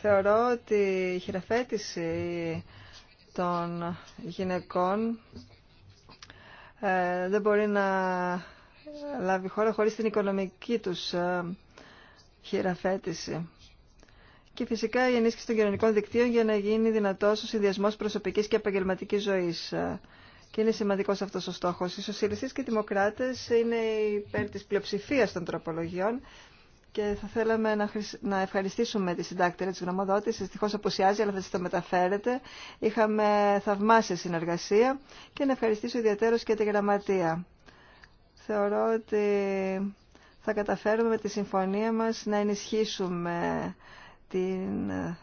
Θεωρώ ότι η χειραφέτηση των γυναικών ε, δεν μπορεί να λάβει χώρα χωρίς την οικονομική τους ε, χειραφέτηση. Και φυσικά η ενίσχυση των κοινωνικών δικτύων για να γίνει δυνατός ο συνδυασμός προσωπικής και επαγγελματικής ζωής. Ε. Και είναι σημαντικός αυτός ο στόχος. Οι σοσιαλιστές και οι δημοκράτε είναι υπέρ τη πλειοψηφίας των τροπολογιών και θα θέλαμε να, να ευχαριστήσουμε τη συντάκτηρα της γνωμοδότησης. Ευτυχώς αποσιάζει, αλλά θα σας το μεταφέρετε. Είχαμε θαυμάσια συνεργασία και να ευχαριστήσω ιδιαίτερως και τη γραμματεία. Θεωρώ ότι θα καταφέρουμε με τη συμφωνία μας να ενισχύσουμε την ε,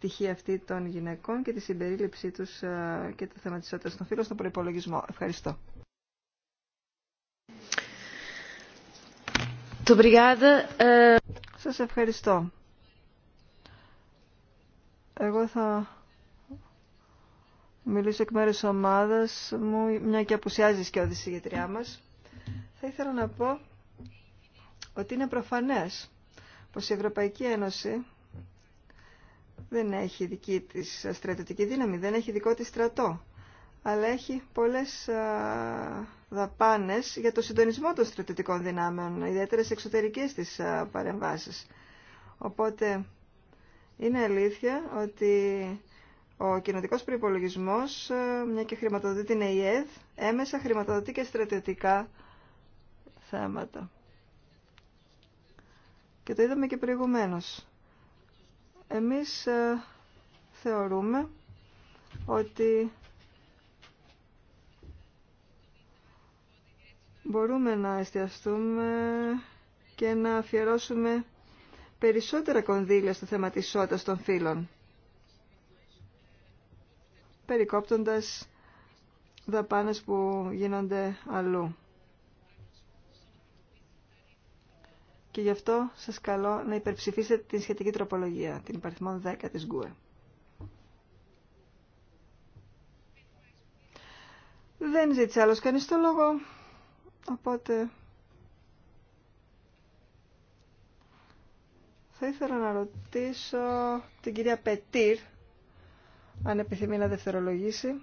τυχή αυτή των γυναικών και τη συμπερίληψή τους ε, και τη θεματισότητα των φίλων στον προϋπολογισμό. Ευχαριστώ. Eh, Σας ευχαριστώ. Εγώ θα μιλήσω εκ μέρους ομάδας μου, μια και απουσιάζει και ο δισηγητριά μας. Θα ήθελα να πω ότι είναι προφανές πως η Ευρωπαϊκή Ένωση δεν έχει δική της στρατιωτική δύναμη, δεν έχει δικό της στρατό αλλά έχει πολλές δαπάνες για το συντονισμό των στρατιωτικών δυνάμεων, ιδιαίτερα σε εξωτερικές της παρεμβάσεις. Οπότε είναι αλήθεια ότι ο κοινοτικός προϋπολογισμός, μια και χρηματοδοτεί την ΕΙΕΔ, έμεσα χρηματοδοτεί και στρατιωτικά θέματα. Και το είδαμε και προηγουμένως. Εμείς θεωρούμε ότι μπορούμε να εστιαστούμε και να αφιερώσουμε περισσότερα κονδύλια στο θέμα της ισότητας των φύλων, περικόπτοντας δαπάνες που γίνονται αλλού. Και γι' αυτό σας καλώ να υπερψηφίσετε την σχετική τροπολογία, την υπαριθμό 10 της ΓΚΟΕ. Δεν ζήτησε άλλος κανείς το λόγο. Οπότε θα ήθελα να ρωτήσω την κυρία Πετήρ αν επιθυμεί να δευτερολογήσει.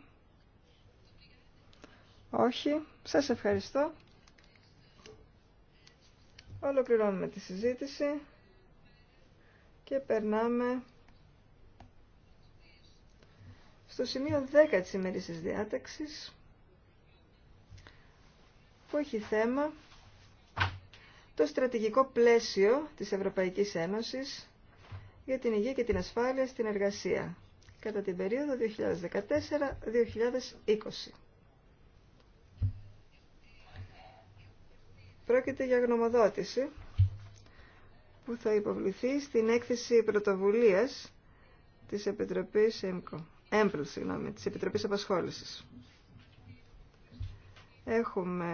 Όχι. Σας ευχαριστώ. Ολοκληρώνουμε τη συζήτηση και περνάμε στο σημείο 10 της της διάταξης που έχει θέμα το στρατηγικό πλαίσιο της Ευρωπαϊκής Ένωσης για την υγεία και την ασφάλεια στην εργασία κατά την περίοδο 2014-2020. Πρόκειται για γνωμοδότηση που θα υποβληθεί στην έκθεση πρωτοβουλίας της Επιτροπής ΕΜΚΟ, της Επιτροπής Απασχόλησης. Έχουμε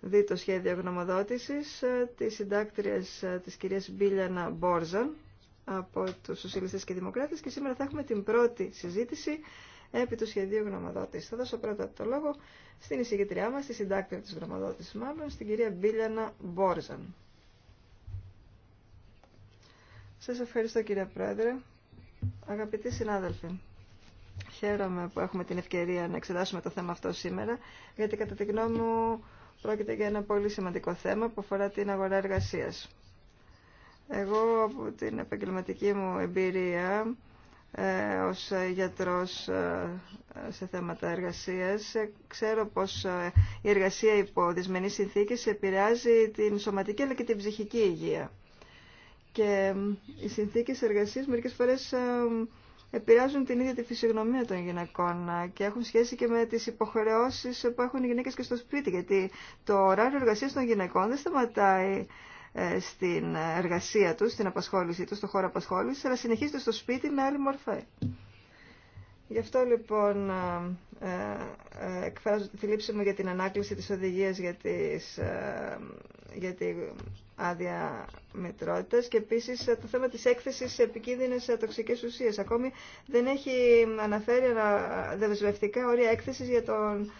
δει το σχέδιο γνωμοδότησης ε, της συντάκτριας ε, της κυρίας Μπίλιανα Μπόρζαν από τους Σοσιαλιστές και Δημοκράτες και σήμερα θα έχουμε την πρώτη συζήτηση επί του σχεδίου γνωμοδότησης. Θα δώσω πρώτα το λόγο στην εισηγητριά μας, τη συντάκτρια της γνωμοδότησης μάλλον, στην κυρία Μπίλιανα Μπόρζαν. Σας ευχαριστώ κύριε Πρόεδρε. Αγαπητοί συνάδελφοι, Χαίρομαι που έχουμε την ευκαιρία να εξετάσουμε το θέμα αυτό σήμερα, γιατί κατά τη γνώμη μου πρόκειται για ένα πολύ σημαντικό θέμα που αφορά την αγορά εργασίας. Εγώ από την επαγγελματική μου εμπειρία ε, ως γιατρός ε, σε θέματα εργασίας. Ε, ξέρω πως ε, η εργασία υπό δυσμενείς συνθήκες επηρεάζει την σωματική αλλά και την ψυχική υγεία. Και οι συνθήκες εργασίας μερικές φορές επηρεάζουν την ίδια τη φυσιογνωμία των γυναικών και έχουν σχέση και με τις υποχρεώσει που έχουν οι γυναίκες και στο σπίτι, γιατί το ωράριο εργασία των γυναικών δεν σταματάει ε, στην εργασία τους, στην απασχόλησή του, στο χώρο απασχόλησης, αλλά συνεχίζεται στο σπίτι με άλλη μορφή. Γι' αυτό λοιπόν ε, ε, εκφράζω τη θλίψη μου για την ανάκληση της οδηγίας για, τις, για άδεια μετρότητα και επίση ε, το θέμα τη έκθεση σε επικίνδυνε ε, τοξικέ ουσίε. Ακόμη δεν έχει αναφέρει ε, δεσμευτικά όρια έκθεση για τον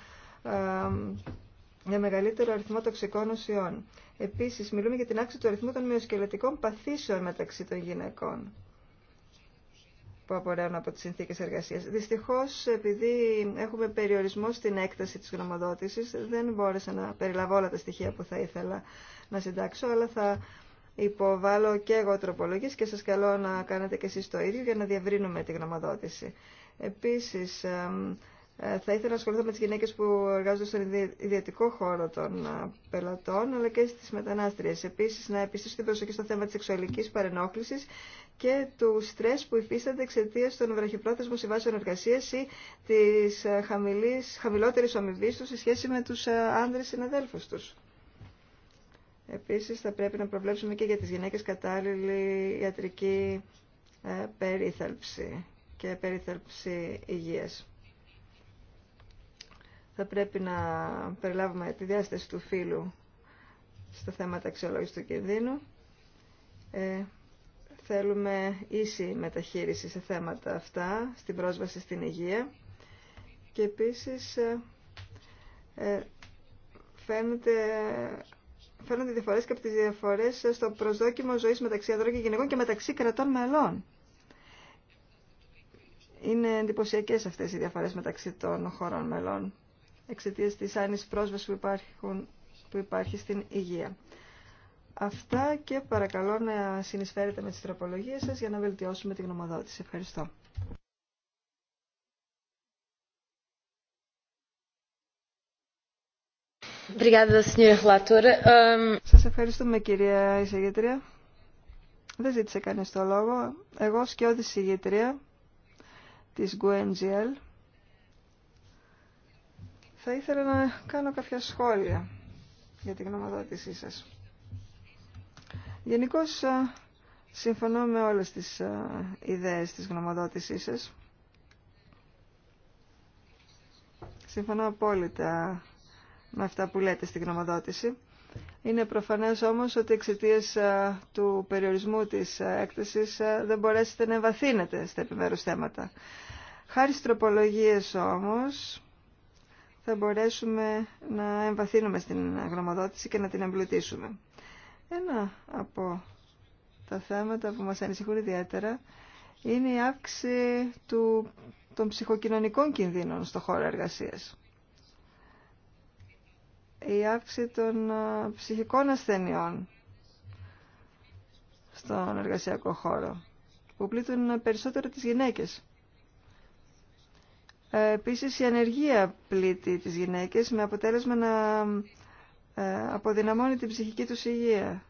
για μεγαλύτερο αριθμό τοξικών ουσιών. Επίση, μιλούμε για την αύξηση του αριθμού των μειοσκελετικών παθήσεων μεταξύ των γυναικών που απορρέουν από τι συνθήκε εργασία. Δυστυχώ, επειδή έχουμε περιορισμό στην έκταση τη γνωμοδότησης, δεν μπόρεσα να περιλαβώ όλα τα στοιχεία που θα ήθελα να συντάξω, αλλά θα υποβάλω και εγώ τροπολογίες και σας καλώ να κάνετε και εσείς το ίδιο για να διαβρύνουμε τη γνωμοδότηση. Επίσης, ε, θα ήθελα να ασχοληθώ με τις γυναίκες που εργάζονται στον ιδιωτικό χώρο των ε, πελατών, αλλά και στις μετανάστριες. Επίσης, να επιστήσω την προσοχή στο θέμα της σεξουαλικής παρενόχλησης και του στρες που υφίστανται εξαιτία των βραχυπρόθεσμων συμβάσεων εργασία ή της ε, χαμηλής, χαμηλότερης ομοιβής σε σχέση με τους άνδρες συναδέλφους τους. Επίσης θα πρέπει να προβλέψουμε και για τις γυναίκες κατάλληλη ιατρική ε, περίθαλψη και περίθαλψη υγείας. Θα πρέπει να περιλάβουμε τη διάσταση του φύλου στα θέματα αξιολόγηση του κινδύνου. Ε, θέλουμε ίση μεταχείριση σε θέματα αυτά, στην πρόσβαση στην υγεία. Και επίσης ε, ε φαίνεται φαίνονται διαφορές και από τις διαφορές στο προσδόκιμο ζωής μεταξύ ανδρών και γυναικών και μεταξύ κρατών μελών. Είναι εντυπωσιακέ αυτές οι διαφορές μεταξύ των χωρών μελών εξαιτίας της άνης πρόσβασης που, υπάρχουν, που υπάρχει στην υγεία. Αυτά και παρακαλώ να συνεισφέρετε με τις τροπολογίες σας για να βελτιώσουμε τη γνωμοδότηση. Ευχαριστώ. Σας ευχαριστούμε κυρία εισηγήτρια. Δεν ζήτησε κανείς το λόγο. Εγώ σκιώδη εισηγήτρια της GUNGL. Θα ήθελα να κάνω κάποια σχόλια για την γνωμοδότησή σας. Γενικώ συμφωνώ με όλες τις ιδέες της γνωμοδότησής σας. Συμφωνώ απόλυτα με αυτά που λέτε στην γνωμοδότηση. Είναι προφανές όμως ότι εξαιτία ε, του περιορισμού της ε, έκτασης ε, δεν μπορέσετε να εμβαθύνετε στα επιμέρους θέματα. Χάρη στις όμως θα μπορέσουμε να εμβαθύνουμε στην γνωμοδότηση και να την εμπλουτίσουμε. Ένα από τα θέματα που μας ανησυχούν ιδιαίτερα είναι η αύξηση του, των ψυχοκοινωνικών κινδύνων στο χώρο εργασίας η αύξηση των ψυχικών ασθενειών στον εργασιακό χώρο, που πλήττουν περισσότερο τις γυναίκες. Ε, επίσης, η ανεργία πλήττει τις γυναίκες με αποτέλεσμα να ε, αποδυναμώνει την ψυχική τους υγεία.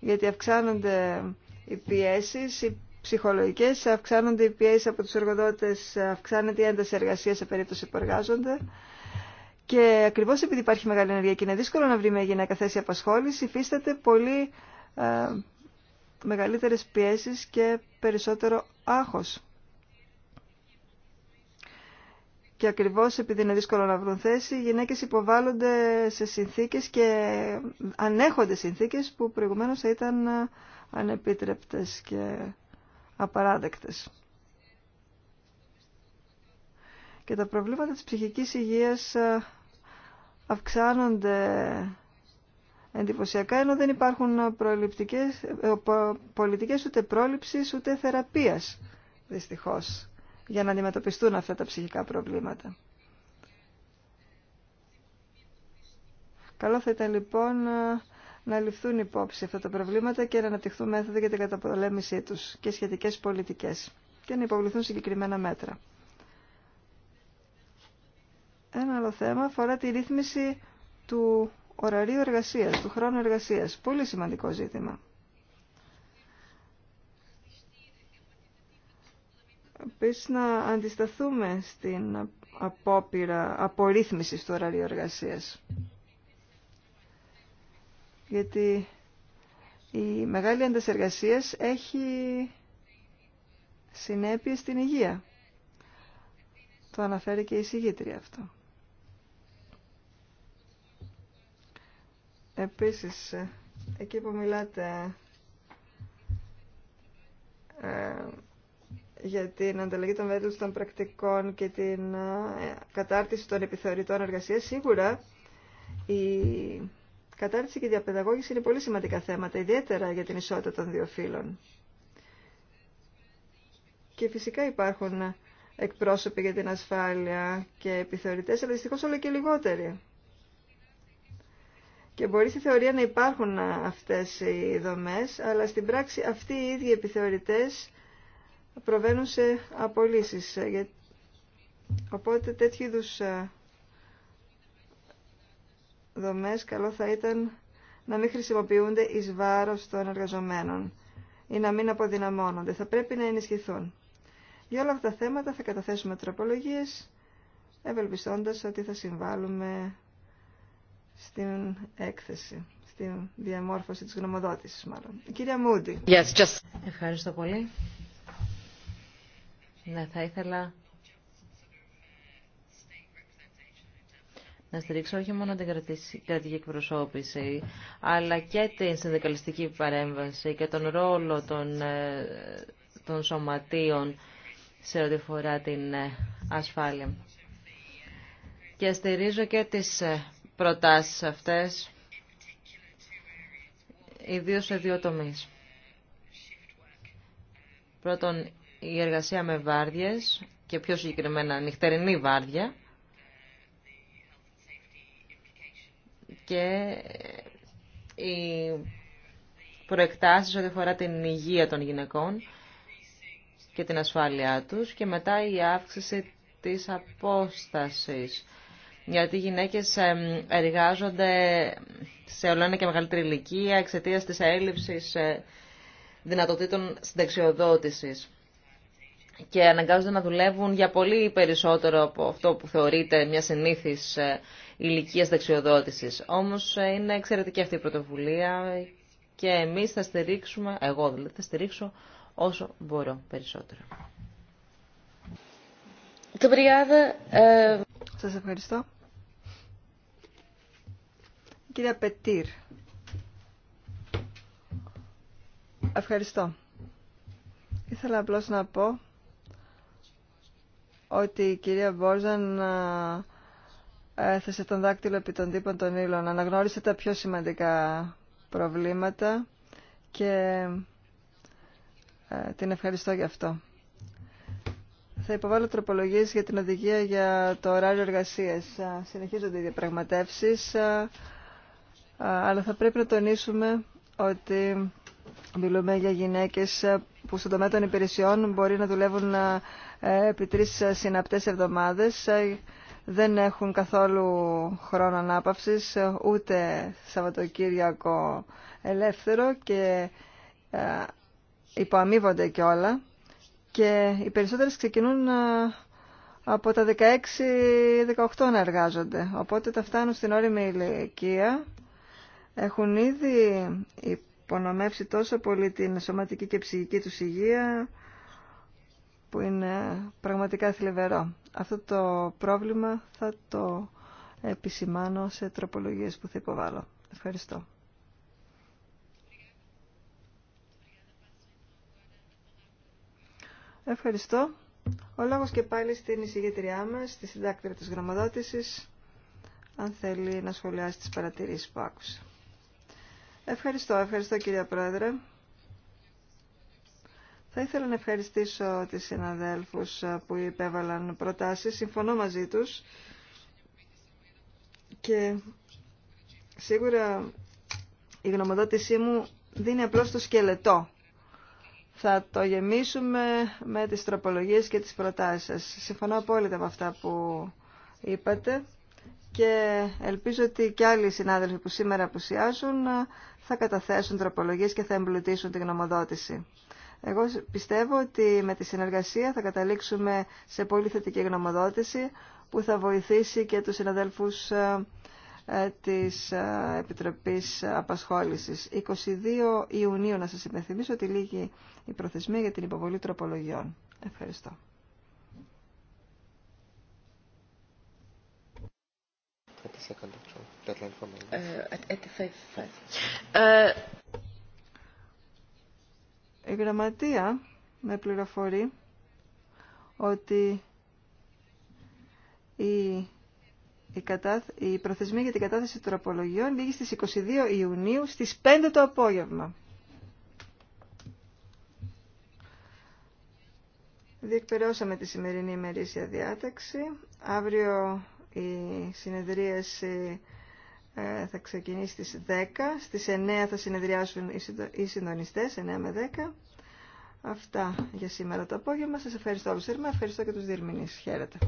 Γιατί αυξάνονται οι πιέσεις, οι ψυχολογικές, αυξάνονται οι πιέσεις από τους εργοδότες, αυξάνεται η ένταση εργασίας σε περίπτωση που εργάζονται και ακριβώς επειδή υπάρχει μεγάλη ενέργεια και είναι δύσκολο να βρει μια γυναίκα θέση απασχόληση, υφίσταται πολύ ε, μεγαλύτερες πιέσεις και περισσότερο άγχος. Και ακριβώς επειδή είναι δύσκολο να βρουν θέση, οι γυναίκες υποβάλλονται σε συνθήκες και ανέχονται συνθήκες που προηγουμένως ήταν ε, ανεπίτρεπτες και απαράδεκτες. Και τα προβλήματα της ψυχικής υγείας ε, αυξάνονται εντυπωσιακά ενώ δεν υπάρχουν προληπτικές, ε, πολιτικές ούτε πρόληψης ούτε θεραπείας δυστυχώς για να αντιμετωπιστούν αυτά τα ψυχικά προβλήματα. Καλό θα ήταν λοιπόν ε, να ληφθούν υπόψη αυτά τα προβλήματα και να αναπτυχθούν μέθοδοι για την καταπολέμησή τους και σχετικές πολιτικές και να υποβληθούν συγκεκριμένα μέτρα. Ένα άλλο θέμα αφορά τη ρύθμιση του ωραρίου εργασίας, του χρόνου εργασίας. Πολύ σημαντικό ζήτημα. Επίσης να αντισταθούμε στην απόπειρα απορρίθμισης του ωραρίου εργασίας. Γιατί η μεγάλη αντασεργασία έχει συνέπειες στην υγεία. Το αναφέρει και η συγγήτρια αυτό. Επίσης, εκεί που μιλάτε ε, για την ανταλλαγή των μέτρων των πρακτικών και την ε, κατάρτιση των επιθεωρητών εργασία. σίγουρα η κατάρτιση και η διαπαιδαγώγηση είναι πολύ σημαντικά θέματα, ιδιαίτερα για την ισότητα των δύο φύλων. Και φυσικά υπάρχουν εκπρόσωποι για την ασφάλεια και επιθεωρητές, αλλά δυστυχώς όλο και λιγότεροι. Και μπορεί στη θεωρία να υπάρχουν αυτές οι δομές, αλλά στην πράξη αυτοί οι ίδιοι επιθεωρητές προβαίνουν σε απολύσεις. Οπότε τέτοιου είδου ε, δομές καλό θα ήταν να μην χρησιμοποιούνται εις βάρος των εργαζομένων ή να μην αποδυναμώνονται. Θα πρέπει να ενισχυθούν. Για όλα αυτά τα θέματα θα καταθέσουμε τροπολογίες, ευελπιστώντας ότι θα συμβάλλουμε στην έκθεση, στην διαμόρφωση της γνωμοδότησης μάλλον. Η κυρία Μούντι. Yes, just... Ευχαριστώ πολύ. Ναι, θα ήθελα να στηρίξω όχι μόνο την κρατική εκπροσώπηση, αλλά και την συνδικαλιστική παρέμβαση και τον ρόλο των, ε, των σωματείων σε ό,τι αφορά την ε, ασφάλεια. Και στηρίζω και τις ε, προτάσεις αυτές, ιδίως σε δύο τομείς. Πρώτον, η εργασία με βάρδιες και πιο συγκεκριμένα νυχτερινή βάρδια και οι προεκτάσεις ό,τι αφορά την υγεία των γυναικών και την ασφάλειά τους και μετά η αύξηση της απόστασης γιατί οι γυναίκες εργάζονται σε όλα και μεγαλύτερη ηλικία εξαιτία της έλλειψη ε, δυνατοτήτων συνταξιοδότηση. και αναγκάζονται να δουλεύουν για πολύ περισσότερο από αυτό που θεωρείται μια συνήθι ε, ηλικία συνταξιοδότηση. Όμως ε, είναι εξαιρετική αυτή η πρωτοβουλία και εμείς θα στηρίξουμε, εγώ δηλαδή, θα στηρίξω όσο μπορώ περισσότερο. Σας ευχαριστώ. Κυρία Πετήρ. Ευχαριστώ. Ήθελα απλώς να πω ότι η κυρία Μπόρζαν έθεσε τον δάκτυλο επί των τύπων των ήλων. Αναγνώρισε τα πιο σημαντικά προβλήματα και ε, την ευχαριστώ γι' αυτό. Θα υποβάλω τροπολογίες για την οδηγία για το ωράριο εργασίας. Συνεχίζονται οι διαπραγματεύσεις, αλλά θα πρέπει να τονίσουμε ότι μιλούμε για γυναίκες που στον τομέα των υπηρεσιών μπορεί να δουλεύουν ε, επί τρεις συναπτές εβδομάδες, δεν έχουν καθόλου χρόνο ανάπαυσης, ούτε Σαββατοκύριακο ελεύθερο και υποαμείβονται και όλα και οι περισσότερες ξεκινούν ε, από τα 16-18 να εργάζονται. Οπότε τα φτάνουν στην όριμη ηλικία. Έχουν ήδη υπονομεύσει τόσο πολύ την σωματική και ψυχική τους υγεία που είναι πραγματικά θλιβερό. Αυτό το πρόβλημα θα το επισημάνω σε τροπολογίες που θα υποβάλω. Ευχαριστώ. Ευχαριστώ. Ο λόγος και πάλι στην εισηγήτριά μας, στη συντάκτρια της γραμματότησης, αν θέλει να σχολιάσει τις παρατηρήσεις που άκουσα. Ευχαριστώ, ευχαριστώ κυρία Πρόεδρε. Θα ήθελα να ευχαριστήσω τις συναδέλφους που υπέβαλαν προτάσεις. Συμφωνώ μαζί τους και σίγουρα η γνωμοδότησή μου δίνει απλώς το σκελετό θα το γεμίσουμε με τις τροπολογίες και τις προτάσεις σας. Συμφωνώ απόλυτα με αυτά που είπατε και ελπίζω ότι και άλλοι συνάδελφοι που σήμερα απουσιάζουν θα καταθέσουν τροπολογίες και θα εμπλουτίσουν την γνωμοδότηση. Εγώ πιστεύω ότι με τη συνεργασία θα καταλήξουμε σε πολύ θετική γνωμοδότηση που θα βοηθήσει και τους συναδέλφους ε, ε, της ε, Επιτροπής Απασχόλησης. 22 Ιουνίου να σας υπενθυμίσω ότι λύγει η προθεσμία για την υποβολή τροπολογιών. Ευχαριστώ. Ε, η Γραμματεία με πληροφορεί ότι η η, κατάθ... η προθεσμία για την κατάθεση των τροπολογιών λήγει στις 22 Ιουνίου στις 5 το απόγευμα. Διεκπαιρεώσαμε τη σημερινή ημερήσια διάταξη. Αύριο η συνεδρίαση ε, θα ξεκινήσει στις 10. Στις 9 θα συνεδριάσουν οι συντονιστές, 9 με 10. Αυτά για σήμερα το απόγευμα. Σας ευχαριστώ όλους. Ευχαριστώ και τους διερμηνείς. Χαίρετε.